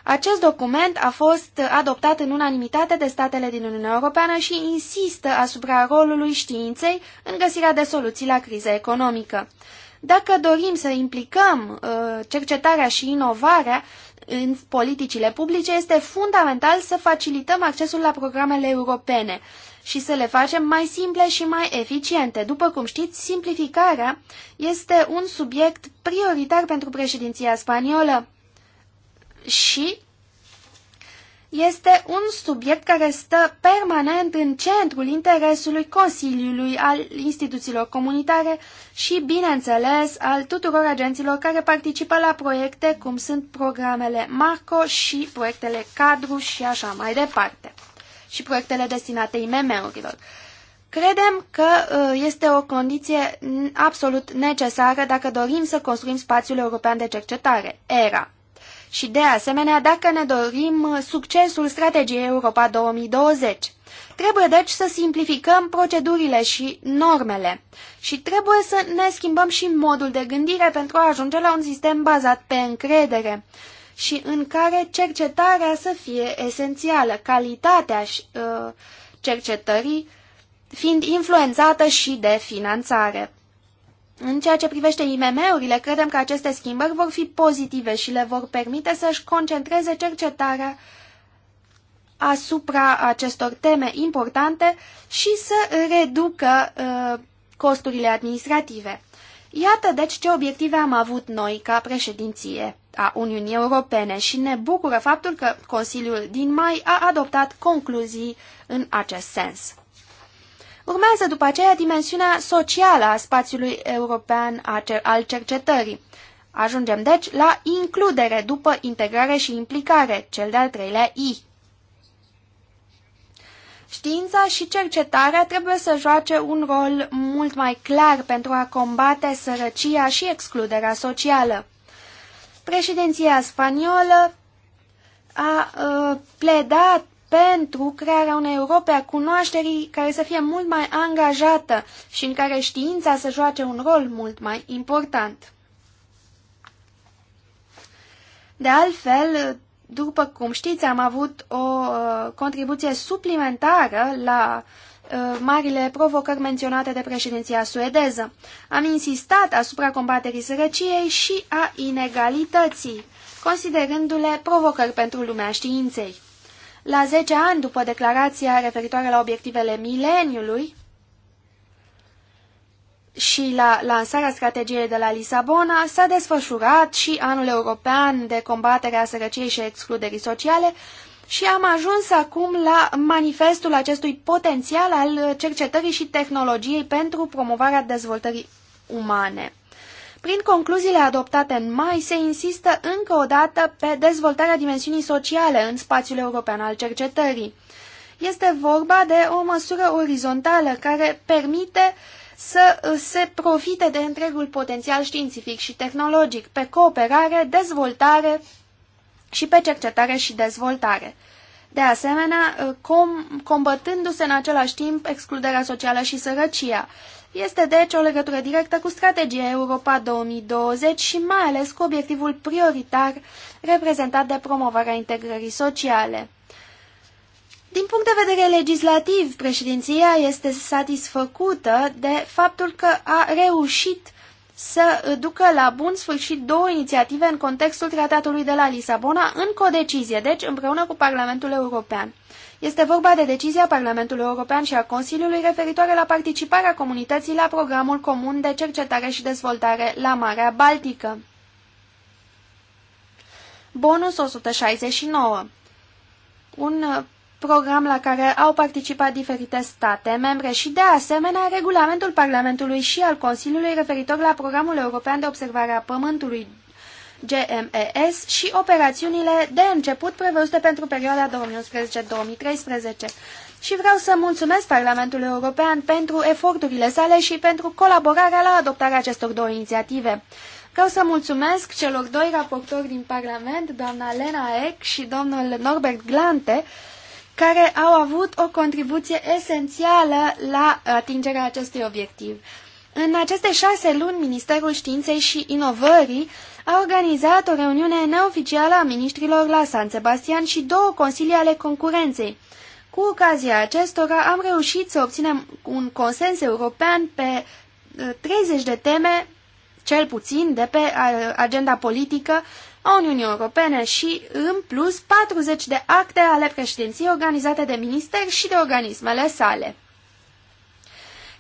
Acest document a fost adoptat în unanimitate de statele din Uniunea Europeană și insistă asupra rolului științei în găsirea de soluții la criza economică. Dacă dorim să implicăm uh, cercetarea și inovarea în politicile publice, este fundamental să facilităm accesul la programele europene și să le facem mai simple și mai eficiente. După cum știți, simplificarea este un subiect prioritar pentru președinția spaniolă și este un subiect care stă permanent în centrul interesului Consiliului al instituțiilor comunitare și, bineînțeles, al tuturor agenților care participă la proiecte cum sunt programele Marco și proiectele Cadru și așa mai departe și proiectele destinate IMM-urilor. Credem că uh, este o condiție absolut necesară dacă dorim să construim spațiul european de cercetare, ERA. Și de asemenea, dacă ne dorim succesul strategiei Europa 2020. Trebuie deci să simplificăm procedurile și normele și trebuie să ne schimbăm și modul de gândire pentru a ajunge la un sistem bazat pe încredere și în care cercetarea să fie esențială, calitatea și, uh, cercetării fiind influențată și de finanțare. În ceea ce privește IMM-urile, credem că aceste schimbări vor fi pozitive și le vor permite să-și concentreze cercetarea asupra acestor teme importante și să reducă uh, costurile administrative. Iată deci ce obiective am avut noi ca președinție a Uniunii Europene și ne bucură faptul că Consiliul din mai a adoptat concluzii în acest sens. Urmează după aceea dimensiunea socială a spațiului european al cercetării. Ajungem deci la includere după integrare și implicare, cel de-al treilea I. Știința și cercetarea trebuie să joace un rol mult mai clar pentru a combate sărăcia și excluderea socială. Președinția spaniolă a a uh, pledat pentru crearea unei Europe a cunoașterii care să fie mult mai angajată și în care știința să joace un rol mult mai important. De altfel, după cum știți, am avut o uh, contribuție suplimentară la uh, marile provocări menționate de președinția suedeză. Am insistat asupra combaterii sărăciei și a inegalității, considerându-le provocări pentru lumea științei la 10 ani după declarația referitoare la obiectivele mileniului și la lansarea strategiei de la Lisabona, s-a desfășurat și anul european de combatere a sărăciei și excluderii sociale și am ajuns acum la manifestul acestui potențial al cercetării și tehnologiei pentru promovarea dezvoltării umane. Prin concluziile adoptate în mai, se insistă încă o dată pe dezvoltarea dimensiunii sociale în spațiul european al cercetării. Este vorba de o măsură orizontală care permite să se profite de întregul potențial științific și tehnologic pe cooperare, dezvoltare și pe cercetare și dezvoltare. De asemenea, uh, com, combătându-se în același timp excluderea socială și sărăcia. Este deci o legătură directă cu strategia Europa 2020 și mai ales cu obiectivul prioritar reprezentat de promovarea integrării sociale. Din punct de vedere legislativ, președinția este satisfăcută de faptul că a reușit să ducă la bun sfârșit două inițiative în contextul tratatului de la Lisabona în codecizie, deci împreună cu Parlamentul European. Este vorba de decizia Parlamentului European și a Consiliului referitoare la participarea comunității la programul comun de cercetare și dezvoltare la Marea Baltică. Bonus 169 Un program la care au participat diferite state membre și, de asemenea, regulamentul Parlamentului și al Consiliului referitor la Programul European de Observare a Pământului GMES și operațiunile de început prevăzute pentru perioada 2011-2013. Și vreau să mulțumesc Parlamentului European pentru eforturile sale și pentru colaborarea la adoptarea acestor două inițiative. Vreau să mulțumesc celor doi raportori din Parlament, doamna Lena Eck și domnul Norbert Glante, care au avut o contribuție esențială la atingerea acestui obiectiv. În aceste șase luni, Ministerul Științei și Inovării a organizat o reuniune neoficială a ministrilor la San Sebastian și două consilii ale concurenței. Cu ocazia acestora am reușit să obținem un consens european pe 30 eh, de teme, cel puțin, de pe eh, agenda politică a Uniunii Europene și, în plus, 40 de acte ale președinției organizate de minister și de organismele sale.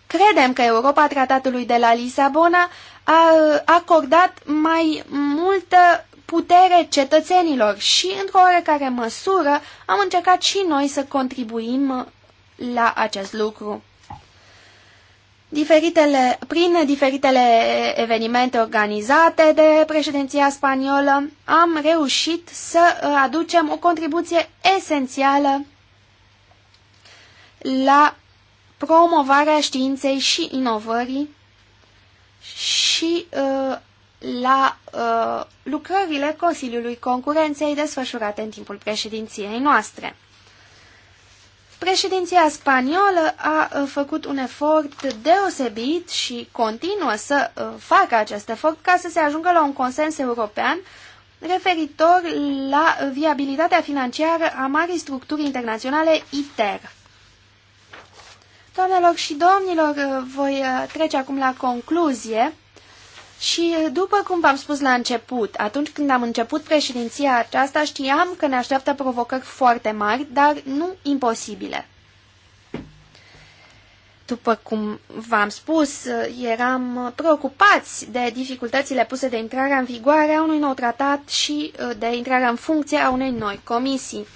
Credem că Europa Tratatului de la Lisabona a acordat mai multă putere cetățenilor și, într-o oarecare măsură, am încercat și noi să contribuim la acest lucru diferitele, prin diferitele evenimente organizate de președinția spaniolă, am reușit să uh, aducem o contribuție esențială la promovarea științei și inovării și uh, la uh, lucrările Consiliului Concurenței desfășurate în timpul președinției noastre. Președinția spaniolă a făcut un efort deosebit și continuă să facă acest efort ca să se ajungă la un consens european referitor la viabilitatea financiară a marii structuri internaționale ITER. Doamnelor și domnilor, voi trece acum la concluzie. Și după cum v-am spus la început, atunci când am început președinția aceasta, știam că ne așteaptă provocări foarte mari, dar nu imposibile. După cum v-am spus, eram preocupați de dificultățile puse de intrarea în vigoare a unui nou tratat și uh, de intrarea în funcție a unei noi comisii.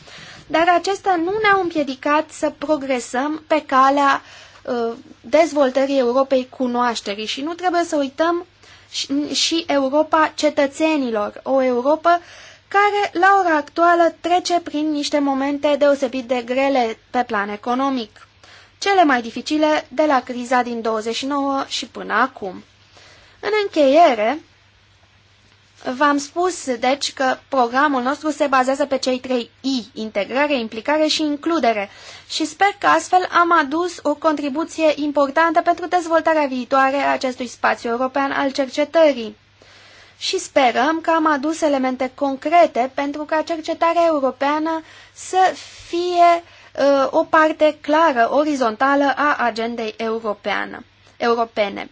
Dar acestea nu ne-au împiedicat să progresăm pe calea uh, dezvoltării Europei cunoașterii și nu trebuie să uităm și, Europa cetățenilor, o Europa care la ora actuală trece prin niște momente deosebit de grele pe plan economic, cele mai dificile de la criza din 29 și până acum. În încheiere, V-am spus, deci, că programul nostru se bazează pe cei trei I, integrare, implicare și includere, și sper că astfel am adus o contribuție importantă pentru dezvoltarea viitoare a acestui spațiu european al cercetării. Și sperăm că am adus elemente concrete pentru ca cercetarea europeană să fie uh, o parte clară, orizontală a agendei europeană, europene.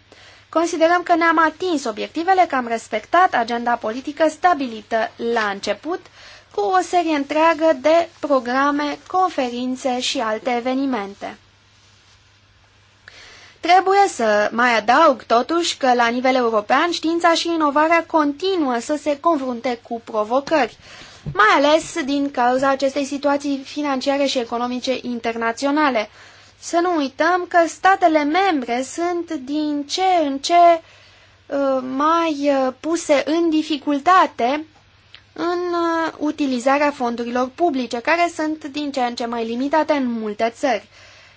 Considerăm că ne-am atins obiectivele, că am respectat agenda politică stabilită la început, cu o serie întreagă de programe, conferințe și alte evenimente. Trebuie să mai adaug totuși că la nivel european știința și inovarea continuă să se confrunte cu provocări, mai ales din cauza acestei situații financiare și economice internaționale, să nu uităm că statele membre sunt din ce în ce uh, mai uh, puse în dificultate în uh, utilizarea fondurilor publice, care sunt din ce în ce mai limitate în multe țări.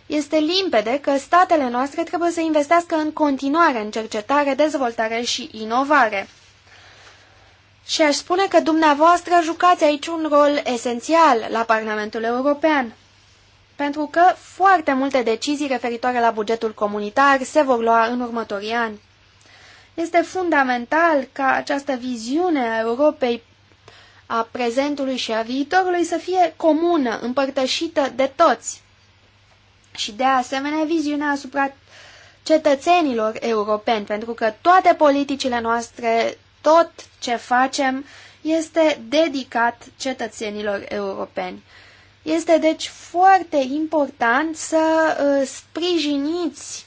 Este limpede că statele noastre trebuie să investească în continuare în cercetare, dezvoltare și inovare. Și aș spune că dumneavoastră jucați aici un rol esențial la Parlamentul European pentru că foarte multe decizii referitoare la bugetul comunitar se vor lua în următorii ani. Este fundamental ca această viziune a Europei a prezentului și a viitorului să fie comună, împărtășită de toți. Și de asemenea viziunea asupra cetățenilor europeni, pentru că toate politicile noastre, tot ce facem, este dedicat cetățenilor europeni. Este deci foarte important să uh, sprijiniți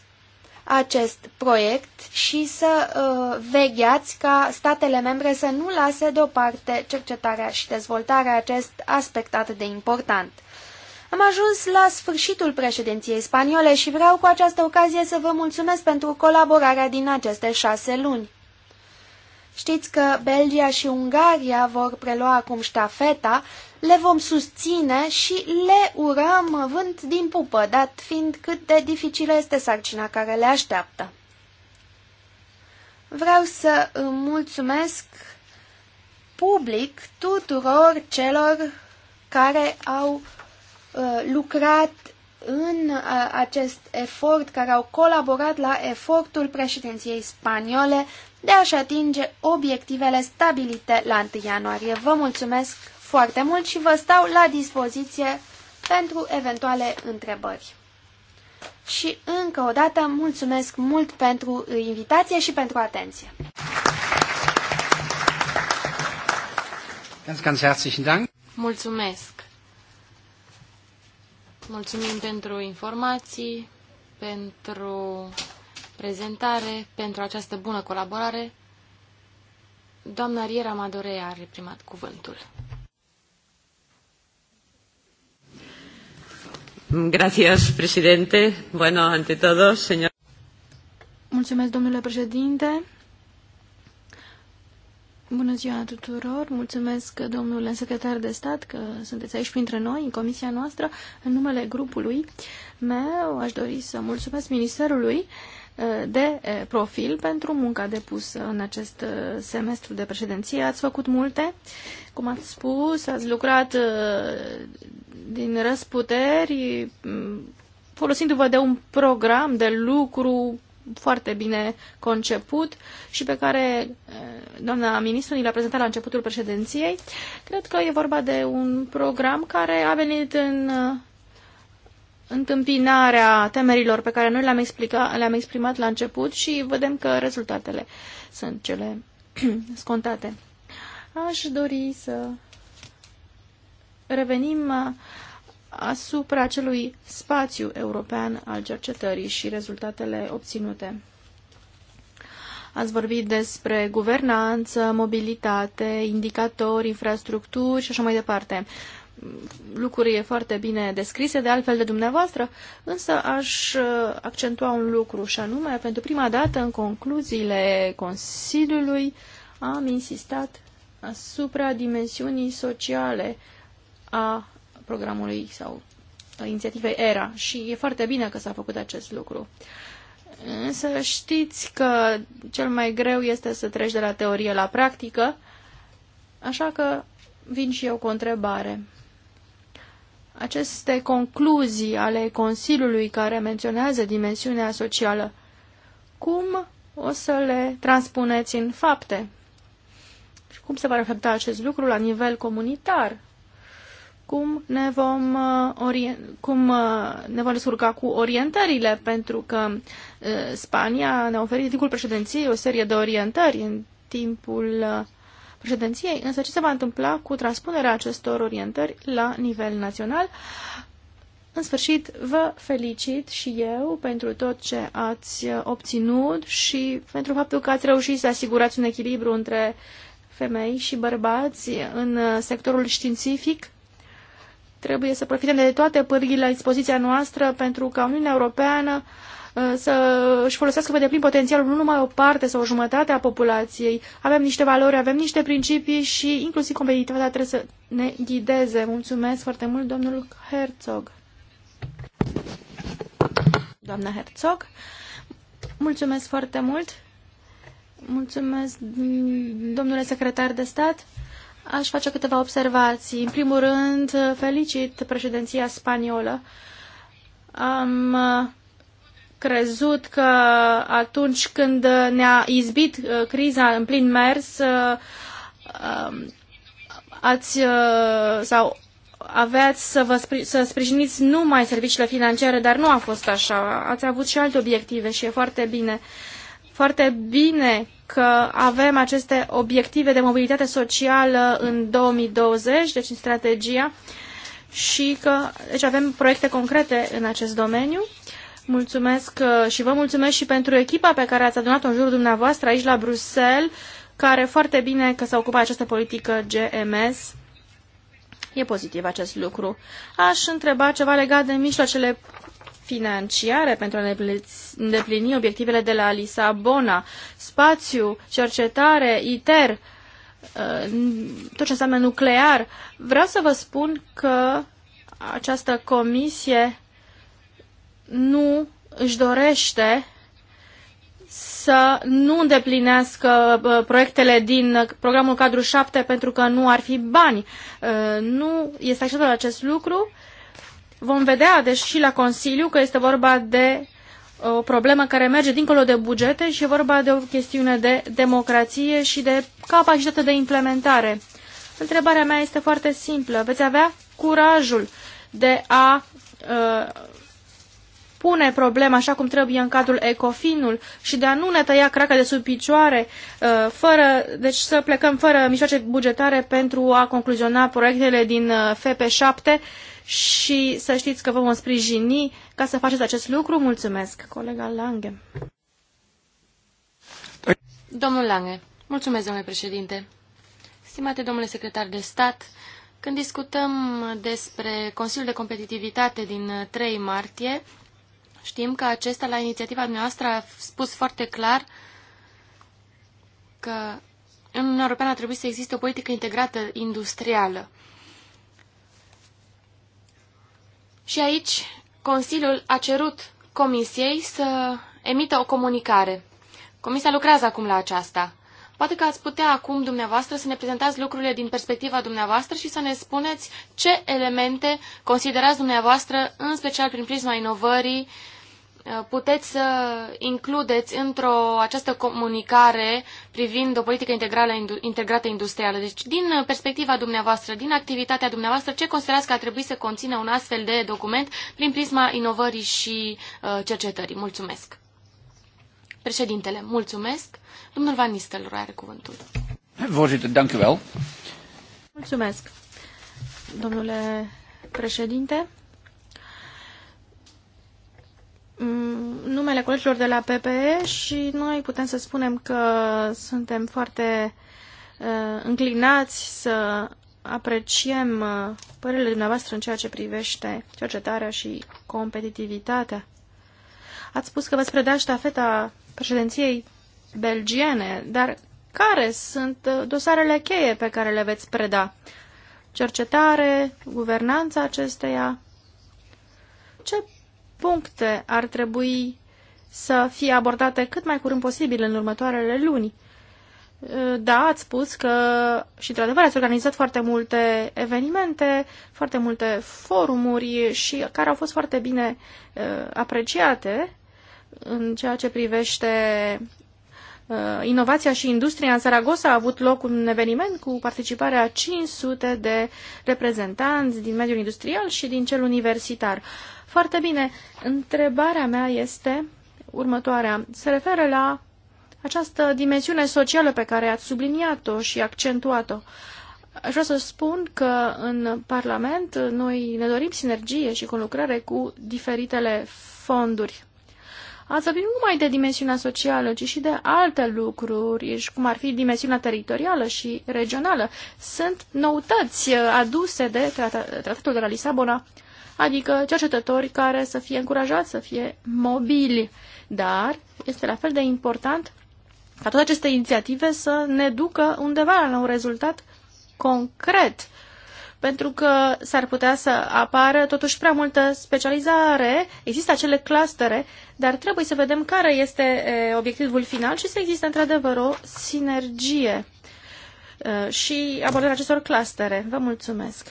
acest proiect și să uh, vegheați ca statele membre să nu lase deoparte cercetarea și dezvoltarea acest aspect atât de important. Am ajuns la sfârșitul președinției spaniole și vreau cu această ocazie să vă mulțumesc pentru colaborarea din aceste șase luni. Știți că Belgia și Ungaria vor prelua acum ștafeta le vom susține și le urăm vânt din pupă, dat fiind cât de dificilă este sarcina care le așteaptă. Vreau să mulțumesc public tuturor celor care au uh, lucrat în uh, acest efort, care au colaborat la efortul președinției spaniole de a-și atinge obiectivele stabilite la 1 ianuarie. Vă mulțumesc foarte mult și vă stau la dispoziție pentru eventuale întrebări. Și încă o dată mulțumesc mult pentru invitație și pentru atenție. Ganz, ganz herzlichen Dank. Mulțumesc. Mulțumim pentru informații, pentru prezentare, pentru această bună colaborare. Doamna Riera Madorea are primat cuvântul. Gracias, presidente. Bueno, ante todo, señor... Mulțumesc, domnule președinte. Bună ziua tuturor! Mulțumesc, domnule secretar de stat, că sunteți aici printre noi, în comisia noastră. În numele grupului meu aș dori să mulțumesc Ministerului uh, de eh, profil pentru munca depusă în acest eh, semestru de președinție. Ați făcut multe, cum ați spus, ați lucrat eh, din răsputeri, mm, folosindu-vă de un program de lucru foarte bine conceput și pe care doamna ministru ni l-a prezentat la începutul președinției. Cred că e vorba de un program care a venit în întâmpinarea temerilor pe care noi le-am, le exprimat la început și vedem că rezultatele sunt cele scontate. Aș dori să revenim asupra acelui spațiu european al cercetării și rezultatele obținute. Ați vorbit despre guvernanță, mobilitate, indicatori, infrastructuri și așa mai departe lucruri foarte bine descrise, de altfel de dumneavoastră, însă aș uh, accentua un lucru și anume, pentru prima dată în concluziile Consiliului am insistat asupra dimensiunii sociale a programului sau a inițiativei ERA și e foarte bine că s-a făcut acest lucru. Însă știți că cel mai greu este să treci de la teorie la practică, așa că vin și eu cu o întrebare aceste concluzii ale Consiliului care menționează dimensiunea socială, cum o să le transpuneți în fapte? Și cum se va reflecta acest lucru la nivel comunitar? Cum ne vom, uh, cum uh, ne vom descurca cu orientările? Pentru că uh, Spania ne-a oferit timpul președinției o serie de orientări în timpul uh, președinției, însă ce se va întâmpla cu transpunerea acestor orientări la nivel național? În sfârșit, vă felicit și eu pentru tot ce ați obținut și pentru faptul că ați reușit să asigurați un echilibru între femei și bărbați în sectorul științific. Trebuie să profităm de toate pârghile la dispoziția noastră pentru ca Uniunea Europeană uh, să își folosească pe deplin potențialul nu numai o parte sau o jumătate a populației. Avem niște valori, avem niște principii și inclusiv competitivitatea trebuie să ne ghideze. Mulțumesc foarte mult, domnul Herzog. Doamna Herzog, mulțumesc foarte mult. Mulțumesc, domnule secretar de stat. Aș face câteva observații. În primul rând, felicit președinția spaniolă. Am crezut că atunci când ne-a izbit uh, criza în plin mers, uh, um, ați uh, sau aveați să, vă spri, să sprijiniți numai serviciile financiare, dar nu a fost așa. Ați avut și alte obiective și e foarte bine. Foarte bine că avem aceste obiective de mobilitate socială în 2020, deci în strategia, și că deci avem proiecte concrete în acest domeniu. Mulțumesc uh, și vă mulțumesc și pentru echipa pe care ați adunat-o în jurul dumneavoastră aici la Bruxelles, care foarte bine că s-a ocupat această politică GMS. E pozitiv acest lucru. Aș întreba ceva legat de mijloacele financiare pentru a îndeplini obiectivele de la Lisabona, spațiu, cercetare, ITER, uh, tot ce înseamnă nuclear. Vreau să vă spun că această comisie nu își dorește să nu îndeplinească proiectele din programul cadru 7 pentru că nu ar fi bani. Ă, nu este acceptat acest lucru. Vom vedea, deci și la Consiliu, că este vorba de ă, o problemă care merge dincolo de bugete și e vorba de o chestiune de democrație și de capacitate de implementare. Întrebarea mea este foarte simplă. Veți avea curajul de a uh, pune problema așa cum trebuie în cadrul ecofinul și de a nu ne tăia craca de sub picioare, uh, fără, deci să plecăm fără mijloace bugetare pentru a concluziona proiectele din uh, FP7 și să știți că vă vom sprijini ca să faceți acest lucru. Mulțumesc, colega Lange. Domnul Lange, mulțumesc, domnule președinte. Stimate domnule secretar de stat, când discutăm despre Consiliul de Competitivitate din 3 martie, Știm că acesta, la inițiativa noastră, a spus foarte clar că în Uniunea Europeană ar trebui să existe o politică integrată industrială. Și aici Consiliul a cerut Comisiei să emită o comunicare. Comisia lucrează acum la aceasta. Poate că ați putea acum dumneavoastră să ne prezentați lucrurile din perspectiva dumneavoastră și să ne spuneți ce elemente considerați dumneavoastră, în special prin prisma inovării, uh, puteți să includeți într-o această comunicare privind o politică integrală, integrată industrială. Deci, din perspectiva dumneavoastră, din activitatea dumneavoastră, ce considerați că ar trebui să conțină un astfel de document prin prisma inovării și uh, cercetării? Mulțumesc! Președintele, mulțumesc. Domnul Van Nistelrooy are cuvântul. Voorzitter, dank u wel. Mulțumesc. Domnule președinte, mm, numele colegilor de la PPE și noi putem să spunem că suntem foarte uh, înclinați să apreciem uh, părerile dumneavoastră în ceea ce privește cercetarea și competitivitatea. Ați spus că veți preda ștafeta președinției belgiene, dar care sunt uh, dosarele cheie pe care le veți preda? Cercetare, guvernanța acesteia? Ce puncte ar trebui să fie abordate cât mai curând posibil în următoarele luni? Uh, da, ați spus că și într-adevăr ați organizat foarte multe evenimente, foarte multe forumuri și care au fost foarte bine uh, apreciate în ceea ce privește uh, inovația și industria în Saragossa a avut loc un eveniment cu participarea a 500 de reprezentanți din mediul industrial și din cel universitar. Foarte bine, întrebarea mea este următoarea. Se referă la această dimensiune socială pe care ați subliniat-o și accentuat-o. Aș vrea să spun că în Parlament noi ne dorim sinergie și conlucrare cu diferitele fonduri. Ați vorbit nu numai de dimensiunea socială, ci și de alte lucruri, cum ar fi dimensiunea teritorială și regională. Sunt noutăți uh, aduse de Tratatul de la Lisabona, adică cercetători care să fie încurajați să fie mobili. Dar este la fel de important ca toate aceste inițiative să ne ducă undeva la un rezultat concret pentru că s-ar putea să apară totuși prea multă specializare, există acele clustere, dar trebuie să vedem care este e, obiectivul final și să există într-adevăr o sinergie e, și abordarea acestor clustere. Vă mulțumesc,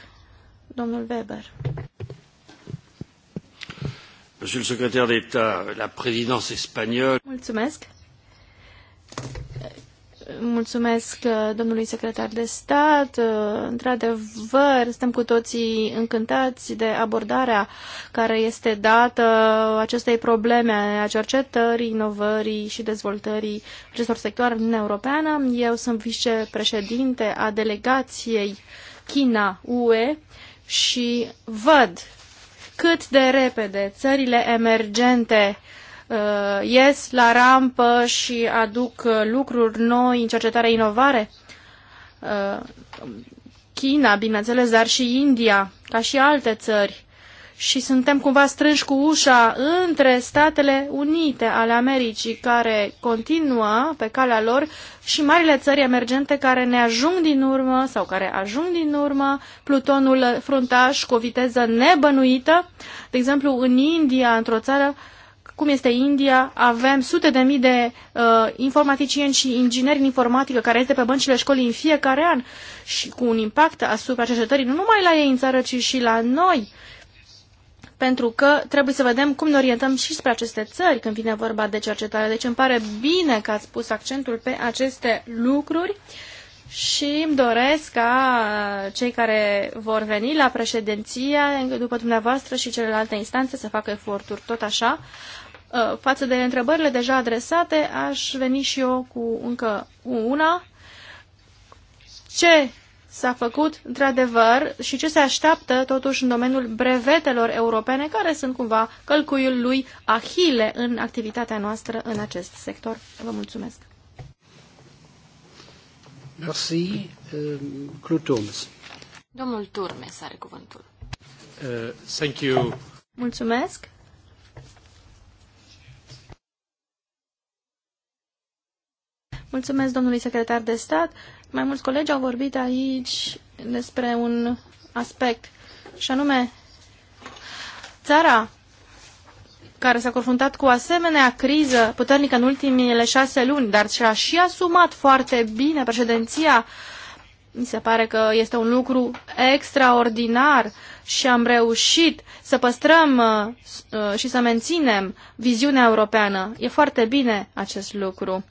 domnul Weber. Monsieur le secrétaire d'État, la présidence espagnole. Mulțumesc. Mulțumesc uh, domnului secretar de stat. Uh, într-adevăr, suntem cu toții încântați de abordarea care este dată acestei probleme a cercetării, inovării și dezvoltării acestor sectoare în Europeană. Eu sunt vicepreședinte a delegației China-UE și văd cât de repede țările emergente uh, uh, ies la rampă și aduc uh, lucruri noi în cercetare inovare. Uh, China, bineînțeles, dar și India, ca și alte țări. Și suntem cumva strânși cu ușa între Statele Unite ale Americii, care continuă pe calea lor, și marile țări emergente care ne ajung din urmă sau care ajung din urmă, plutonul fruntaș cu o viteză nebănuită. De exemplu, în India, într-o țară uh, cum este India, avem sute de mii de uh, informaticieni și ingineri în informatică care este pe băncile școlii în fiecare an și cu un impact asupra cercetării nu numai la ei în țară, ci și la noi. Pentru că trebuie să vedem cum ne orientăm și spre aceste țări când vine vorba de cercetare. Deci îmi pare bine că ați pus accentul pe aceste lucruri și îmi doresc ca cei care vor veni la președinția după dumneavoastră și celelalte instanțe să facă eforturi tot așa, Uh, față de întrebările deja adresate, aș veni și eu cu încă una. Ce s-a făcut într-adevăr și ce se așteaptă totuși în domeniul brevetelor europene, care sunt cumva călcuiul lui Ahile în activitatea noastră în acest sector. Vă mulțumesc! Merci, um, Clut Turmes. Domnul Turmes are cuvântul. Uh, thank you. Mulțumesc. Mulțumesc domnului secretar de stat. Mai mulți colegi au vorbit aici despre un aspect și anume țara care s-a confruntat cu o asemenea criză puternică în ultimele șase luni, dar și-a și asumat foarte bine președinția. Mi se pare că este un lucru extraordinar și am reușit să păstrăm uh, uh, și să menținem viziunea europeană. E foarte bine acest lucru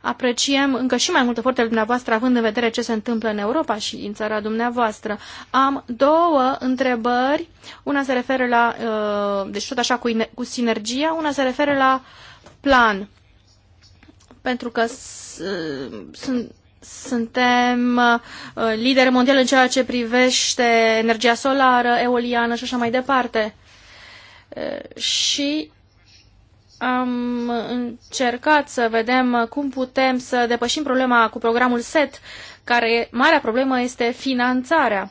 apreciem încă și mai mult efortele dumneavoastră, având în vedere ce se întâmplă în Europa și în țara dumneavoastră. Am două întrebări. Una se referă la, uh, deci tot așa cu, cu sinergia, una se referă la plan. Pentru că uh, sunt suntem uh, lideri mondial în ceea ce privește energia solară, eoliană și așa mai departe. Și am încercat să vedem cum putem să depășim problema cu programul SET, care marea problemă este finanțarea.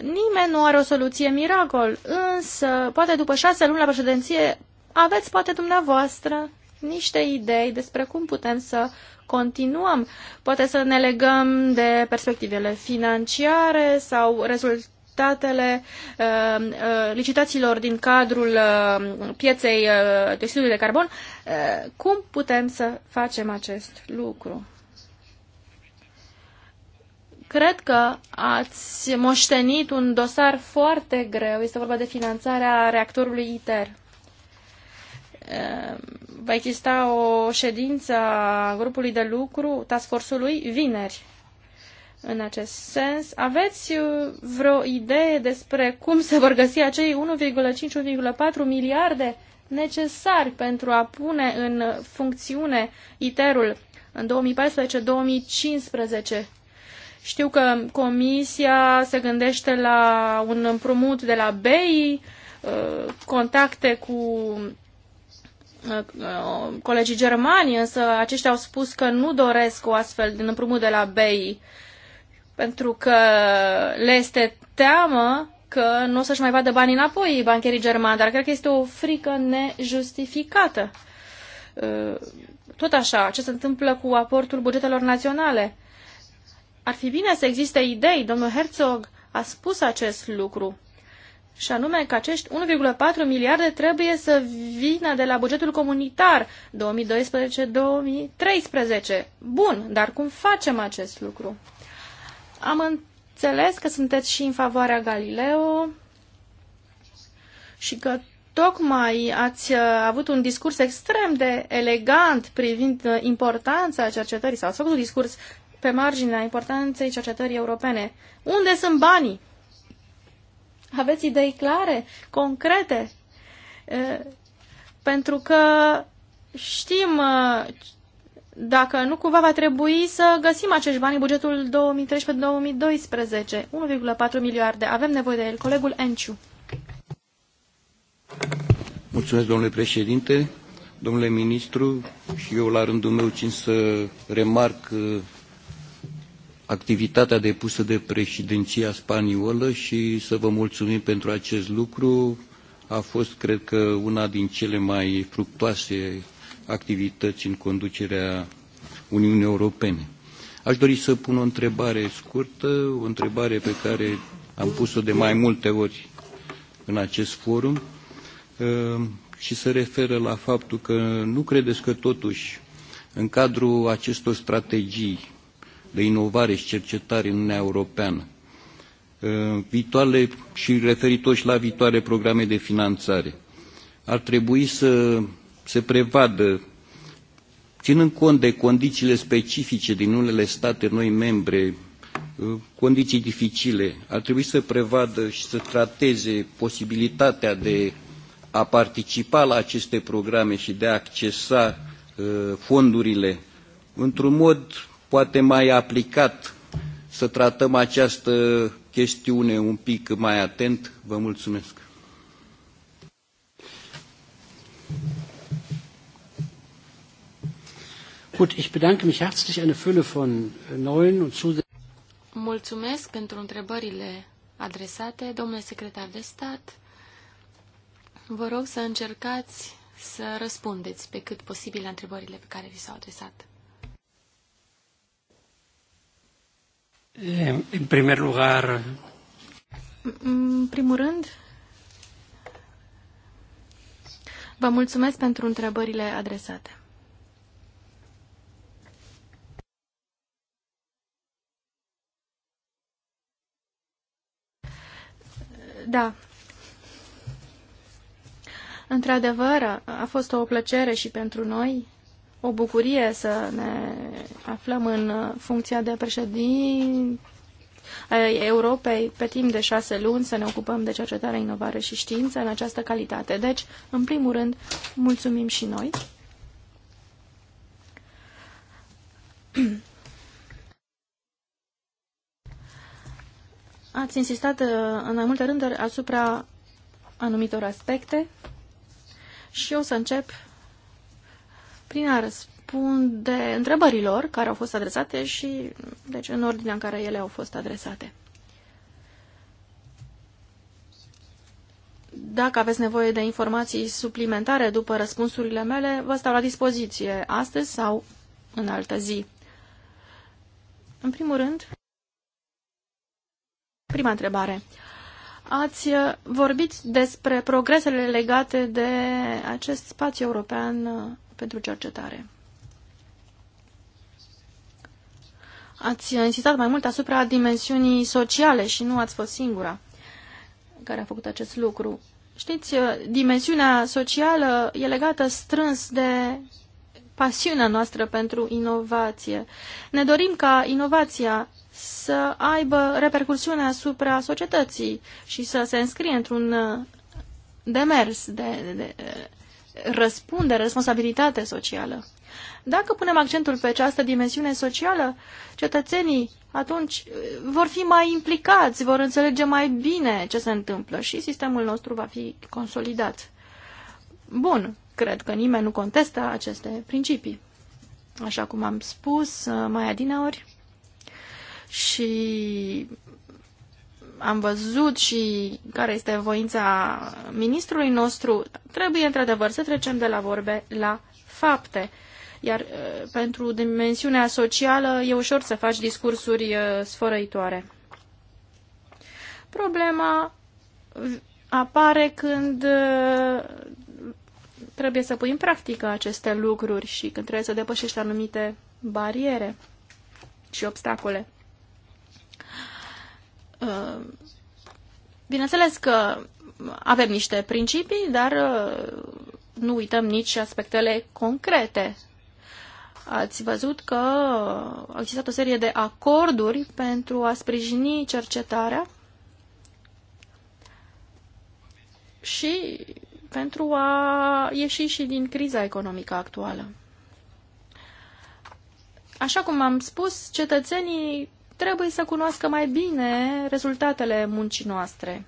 Nimeni nu are o soluție miracol, însă poate după șase luni la președinție aveți poate dumneavoastră niște idei despre cum putem să continuăm. Poate să ne legăm de perspectivele financiare sau rezultate rezultatele uh, uh, licitațiilor din cadrul uh, pieței textilului de carbon, cum putem să facem acest lucru? Cred că ați moștenit un dosar foarte greu. Este vorba de finanțarea reactorului ITER va exista o ședință a grupului de lucru, task force-ului, vineri în acest sens. Aveți uh, vreo idee despre cum se vor găsi acei 1,5-1,4 miliarde necesari pentru a pune în funcțiune ITER-ul în 2014-2015? Știu că Comisia se gândește la un împrumut de la BEI, uh, contacte cu uh, colegii germani, însă aceștia au spus că nu doresc o astfel de împrumut de la BEI pentru că le este teamă că nu o să-și mai vadă banii înapoi bancherii germani, dar cred că este o frică nejustificată. Uh, tot așa, ce se întâmplă cu aportul bugetelor naționale? Ar fi bine să existe idei, domnul Herzog a spus acest lucru, și anume că acești 1,4 miliarde trebuie să vină de la bugetul comunitar 2012-2013. Bun, dar cum facem acest lucru? Am înțeles că sunteți și în favoarea Galileo și că tocmai ați uh, avut un discurs extrem de elegant privind uh, importanța cercetării sau ați făcut un discurs pe marginea importanței cercetării europene. Unde sunt banii? Aveți idei clare, concrete? Uh, pentru că știm dacă nu cumva va trebui să găsim acești bani în bugetul 2013-2012. 1,4 miliarde. Avem nevoie de el. Colegul Enciu. Mulțumesc, domnule președinte, domnule ministru, și eu la rândul meu țin să remarc uh, activitatea depusă de președinția spaniolă și să vă mulțumim pentru acest lucru. A fost, cred că, una din cele mai fructoase activități în conducerea Uniunii Europene. Aș dori să pun o întrebare scurtă, o întrebare pe care am pus-o de mai multe ori în acest forum uh, și se referă la faptul că nu credeți că totuși în cadrul acestor strategii de inovare și cercetare în Uniunea Europeană uh, viitoare și referitor și la viitoare programe de finanțare. Ar trebui să se prevadă, ținând cont de condițiile specifice din unele state noi membre, uh, condiții dificile, ar trebui să prevadă și să trateze posibilitatea de a participa la aceste programe și de a accesa uh, fondurile într-un mod poate mai aplicat să tratăm această chestiune un pic mai atent. Vă mulțumesc. Gut, ich bedanke mich herzlich eine Fülle von äh, neuen und zusätzlichen. Mulțumesc pentru întrebările adresate, domnule secretar de stat. Vă rog să încercați să răspundeți pe cât posibil la întrebările pe care vi s-au adresat. În eh, primul lugar... Mm, în primul rând, vă mulțumesc pentru întrebările adresate. Da. Într-adevăr, a fost o plăcere și pentru noi, o bucurie să ne aflăm în funcția de președinte Europei pe timp de șase luni să ne ocupăm de cercetare, inovare și știință în această calitate. Deci, în primul rând, mulțumim și noi. Ați insistat uh, în mai multe rânduri asupra anumitor aspecte și eu să încep prin a răspunde întrebărilor care au fost adresate și deci în ordinea în care ele au fost adresate. Dacă aveți nevoie de informații suplimentare după răspunsurile mele, vă stau la dispoziție astăzi sau în altă zi. În primul rând, Prima întrebare. Ați uh, vorbit despre progresele legate de acest spațiu european uh, pentru cercetare. Ați insistat mai mult asupra dimensiunii sociale și nu ați fost singura care a făcut acest lucru. Știți, uh, dimensiunea socială e legată strâns de pasiunea noastră pentru inovație. Ne dorim ca inovația să aibă repercursiune asupra societății și să se înscrie într-un uh, demers de, de uh, răspundere, responsabilitate socială. Dacă punem accentul pe această dimensiune socială, cetățenii atunci uh, vor fi mai implicați, vor înțelege mai bine ce se întâmplă și sistemul nostru va fi consolidat. Bun, cred că nimeni nu contestă aceste principii. Așa cum am spus mai adineori, și am văzut și care este voința ministrului nostru, trebuie într-adevăr să trecem de la vorbe la fapte. Iar uh, pentru dimensiunea socială e ușor să faci discursuri uh, sfărăitoare. Problema apare când uh, trebuie să pui în practică aceste lucruri și când trebuie să depășești anumite bariere și obstacole. Uh, bineînțeles că avem niște principii, dar uh, nu uităm nici aspectele concrete. Ați văzut că au existat o serie de acorduri pentru a sprijini cercetarea și pentru a ieși și din criza economică actuală. Așa cum am spus, cetățenii trebuie să cunoască mai bine rezultatele muncii noastre.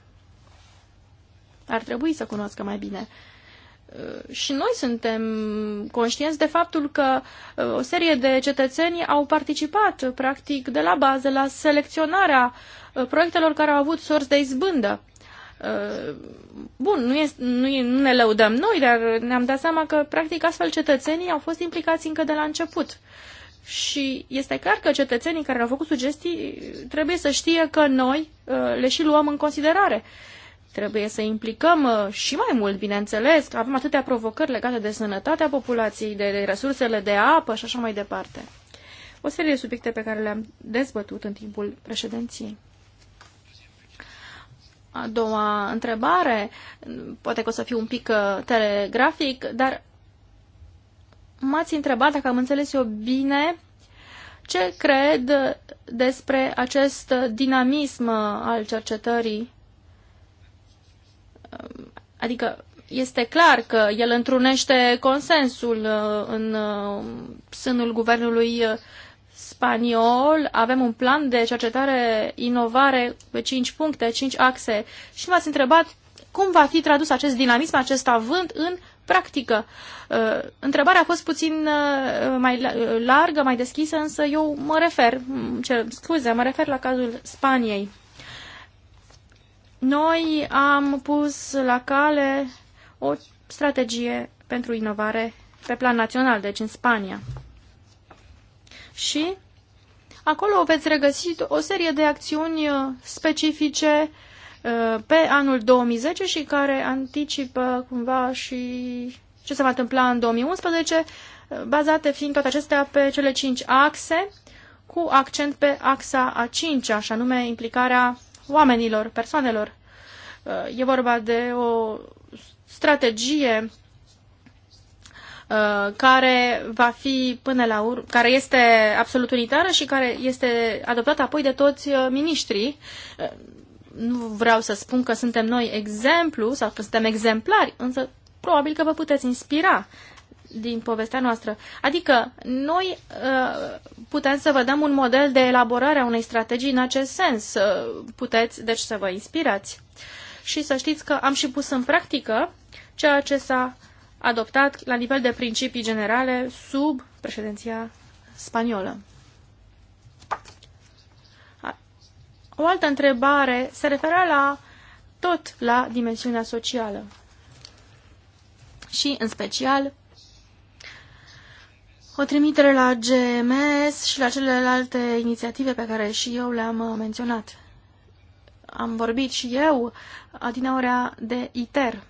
Ar trebui să cunoască mai bine. Uh, și noi suntem conștienți de faptul că uh, o serie de cetățeni au participat, practic, de la bază la selecționarea uh, proiectelor care au avut sorți de izbândă. Bun, nu, este, nu, nu ne lăudăm noi, dar ne-am dat seama că, practic, astfel cetățenii au fost implicați încă de la început. Uh, și este clar că cetățenii care au făcut sugestii trebuie să știe că noi uh, le și luăm în considerare. Trebuie să implicăm uh, și mai mult, bineînțeles, că avem atâtea provocări legate de sănătatea populației, de resursele de apă și așa mai departe. O serie de subiecte pe care le-am dezbătut în timpul președinției. A doua întrebare, poate că o să fiu un pic uh, telegrafic, dar m-ați întrebat, dacă am înțeles eu bine, ce cred despre acest dinamism al cercetării. Adică este clar că el întrunește consensul uh, în uh, sânul guvernului uh, spaniol. Avem un plan de cercetare, inovare pe 5 puncte, 5 axe și m-ați întrebat cum va fi tradus acest dinamism, acest avânt în practică. Uh, întrebarea a fost puțin uh, mai uh, largă, mai deschisă, însă eu mă refer, cer scuze, mă refer la cazul Spaniei. Noi am pus la cale o strategie pentru inovare pe plan național, deci în Spania. Și acolo veți regăsi o serie de acțiuni specifice uh, Uh, pe anul 2010 și care anticipă cumva și ce se va întâmpla în 2011, uh, bazate fiind toate acestea pe cele cinci axe, cu accent pe axa a cincea, așa nume, implicarea oamenilor, persoanelor. Uh, e vorba de o strategie care va fi până la urmă, care este absolut unitară și care este adoptată apoi de toți miniștrii nu vreau să spun că suntem noi exemplu sau că suntem exemplari, însă probabil că vă puteți inspira din povestea noastră. Adică noi uh, putem să vă dăm un model de elaborare a unei strategii în acest sens. Uh, puteți, deci, să vă inspirați. Și să știți că am și pus în practică ceea ce s-a adoptat la nivel de principii generale sub președinția spaniolă. O altă întrebare se referă la tot la dimensiunea socială și, în special, o trimitere la GMS și la celelalte inițiative pe care și eu le-am uh, menționat. Am vorbit și eu adineaurea de ITER.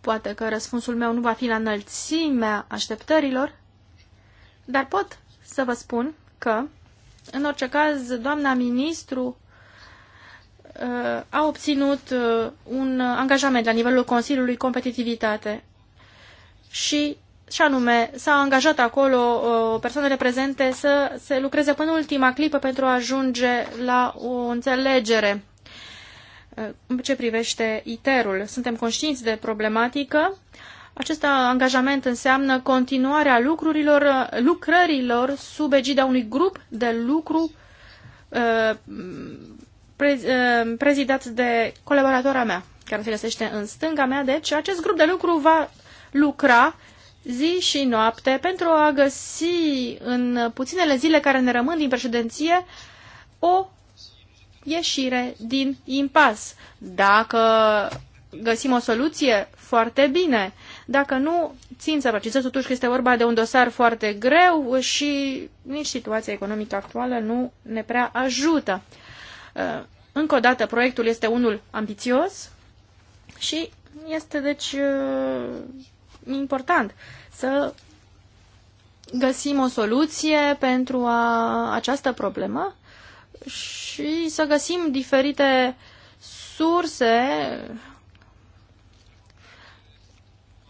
Poate că răspunsul meu nu va fi la înălțimea așteptărilor, dar pot să vă spun că în orice caz, doamna ministru uh, a obținut uh, un angajament la nivelul Consiliului Competitivitate și și anume, s-a angajat acolo uh, persoanele prezente să se lucreze până ultima clipă pentru a ajunge la o înțelegere în ce privește ITER-ul. Suntem conștienți de problematică, acest angajament înseamnă continuarea lucrurilor, lucrărilor sub egida unui grup de lucru uh, uh, prezidat de colaboratora mea, care se găsește în stânga mea. Deci, acest grup de lucru va lucra zi și noapte pentru a găsi în puținele zile care ne rămân din președinție o ieșire din impas. Dacă găsim o soluție, foarte bine. Dacă nu, țin să precizez totuși că este vorba de un dosar foarte greu și nici situația economică actuală nu ne prea ajută. Uh, încă o dată, proiectul este unul ambițios și este deci uh, important să găsim o soluție pentru a, această problemă și să găsim diferite surse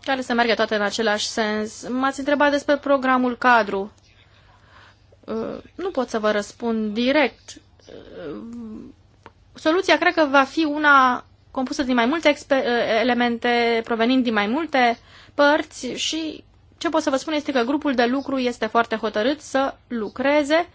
care se meargă toate în același sens. M-ați întrebat despre programul cadru. Uh, nu pot să vă răspund direct. Uh, soluția cred că va fi una compusă din mai multe uh, elemente, provenind din mai multe părți și ce pot să vă spun este că grupul de lucru este foarte hotărât să lucreze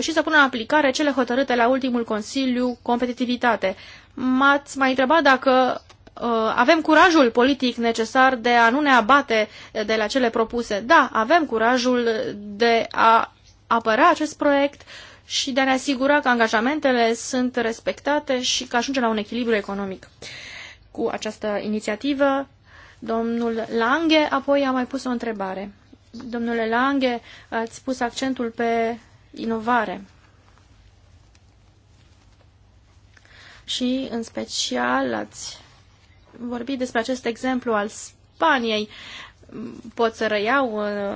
și să pună în aplicare cele hotărâte la ultimul Consiliu Competitivitate. M-ați mai întrebat dacă Uh, avem curajul politic necesar de a nu ne abate de la cele propuse. Da, avem curajul de a apăra acest proiect și de a ne asigura că angajamentele sunt respectate și că ajungem la un echilibru economic. Cu această inițiativă, domnul Lange apoi a mai pus o întrebare. Domnule Lange, ați pus accentul pe inovare. Și, în special, ați vorbit despre acest exemplu al Spaniei, pot să răiau uh,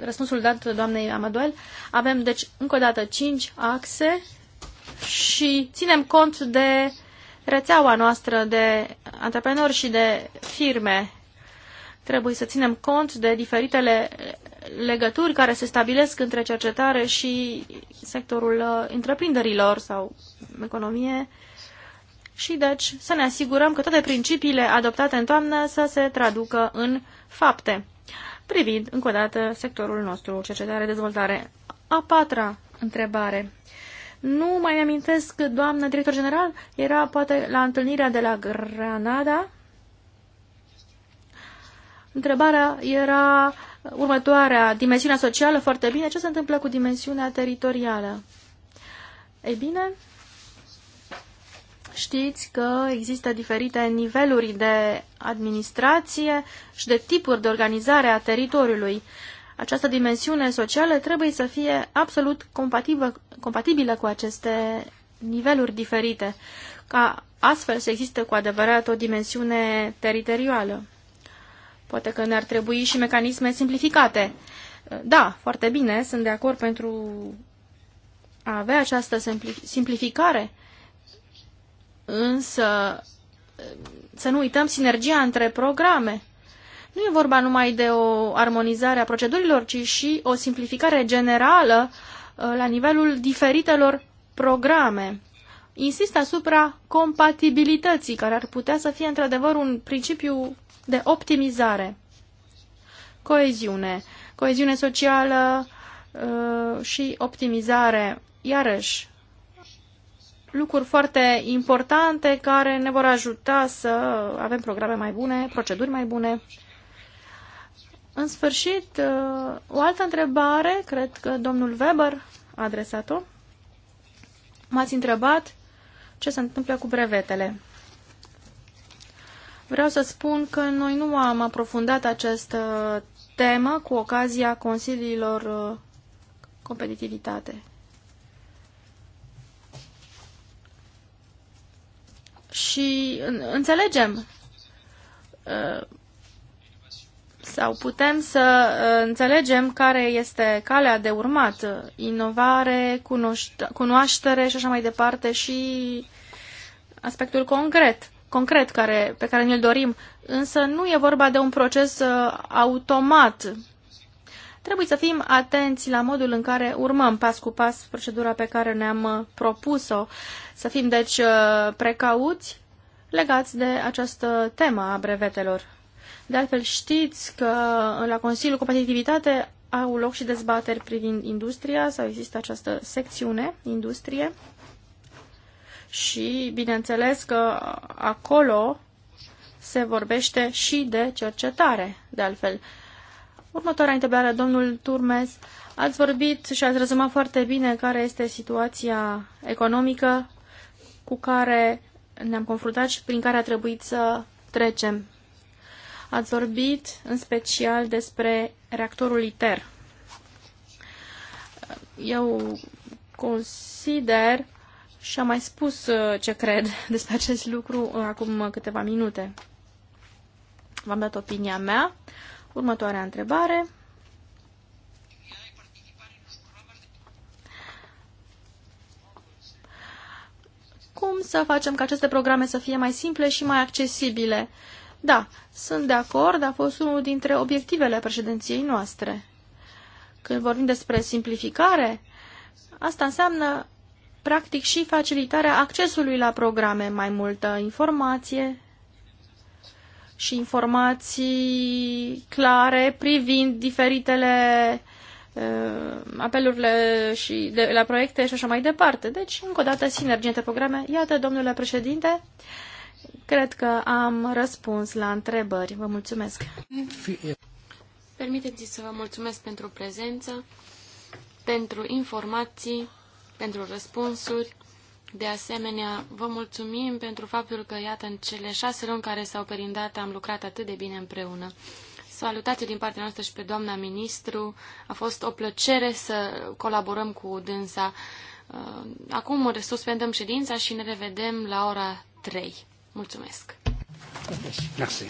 răspunsul dat doamnei Amaduel. Avem, deci, încă o dată, cinci axe și ținem cont de rețeaua noastră de antreprenori și de firme. Trebuie să ținem cont de diferitele legături care se stabilesc între cercetare și sectorul uh, întreprinderilor sau economie și deci să ne asigurăm că toate principiile adoptate în toamnă să se traducă în fapte, privind încă o dată sectorul nostru, cercetare-dezvoltare. A patra întrebare. Nu mai amintesc, doamnă director general, era poate la întâlnirea de la Granada. Întrebarea era următoarea, dimensiunea socială, foarte bine, ce se întâmplă cu dimensiunea teritorială? Ei bine, știți că există diferite niveluri de administrație și de tipuri de organizare a teritoriului. Această dimensiune socială trebuie să fie absolut compatibilă cu aceste niveluri diferite, ca astfel să existe cu adevărat o dimensiune teritorială. Poate că ne-ar trebui și mecanisme simplificate. Da, foarte bine, sunt de acord pentru a avea această simplificare, însă să nu uităm sinergia între programe. Nu e vorba numai de o armonizare a procedurilor, ci și o simplificare generală uh, la nivelul diferitelor programe. Insist asupra compatibilității, care ar putea să fie într-adevăr un principiu de optimizare. Coeziune. Coeziune socială uh, și optimizare. Iarăși, lucruri foarte importante care ne vor ajuta să avem programe mai bune, proceduri mai bune. În sfârșit, uh, o altă întrebare, cred că domnul Weber a adresat-o. M-ați întrebat ce se întâmplă cu brevetele. Vreau să spun că noi nu am aprofundat această uh, temă cu ocazia Consiliilor uh, Competitivitate și înțelegem uh, sau putem să uh, înțelegem care este calea de urmat, uh, inovare, cunoaștere și așa mai departe și aspectul concret, concret care, pe care ne-l dorim. Însă nu e vorba de un proces automat. Trebuie să fim atenți la modul în care urmăm pas cu pas procedura pe care ne-am propus-o. Să fim, deci, uh, precauți legați de această temă a brevetelor. De altfel, știți că uh, la Consiliul Competitivitate au loc și dezbateri privind industria sau există această secțiune, industrie, și bineînțeles că acolo se vorbește și de cercetare, de altfel. Următoarea întrebare, domnul Turmes, ați vorbit și ați rezumat foarte bine care este situația economică cu care ne-am confruntat și prin care a trebuit să trecem. Ați vorbit în special despre reactorul ITER. Eu consider și am mai spus uh, ce cred despre acest lucru uh, acum câteva minute. V-am dat opinia mea. Următoarea întrebare. cum să facem ca aceste programe să fie mai simple și mai accesibile. Da, sunt de acord, a fost unul dintre obiectivele președinției noastre. Când vorbim despre simplificare, asta înseamnă practic și facilitarea accesului la programe, mai multă informație și informații clare privind diferitele Uh, apelurile și de, la proiecte și așa mai departe. Deci, încă o dată, sinergie între programe. Iată, domnule președinte, cred că am răspuns la întrebări. Vă mulțumesc. Permiteți să vă mulțumesc pentru prezență, pentru informații, pentru răspunsuri. De asemenea, vă mulțumim pentru faptul că, iată, în cele șase luni care s-au perindat, am lucrat atât de bine împreună. Salutații din partea noastră și pe doamna ministru. A fost o plăcere să colaborăm cu dânsa. Uh, acum suspendăm ședința și ne revedem la ora 3. Mulțumesc! Merci.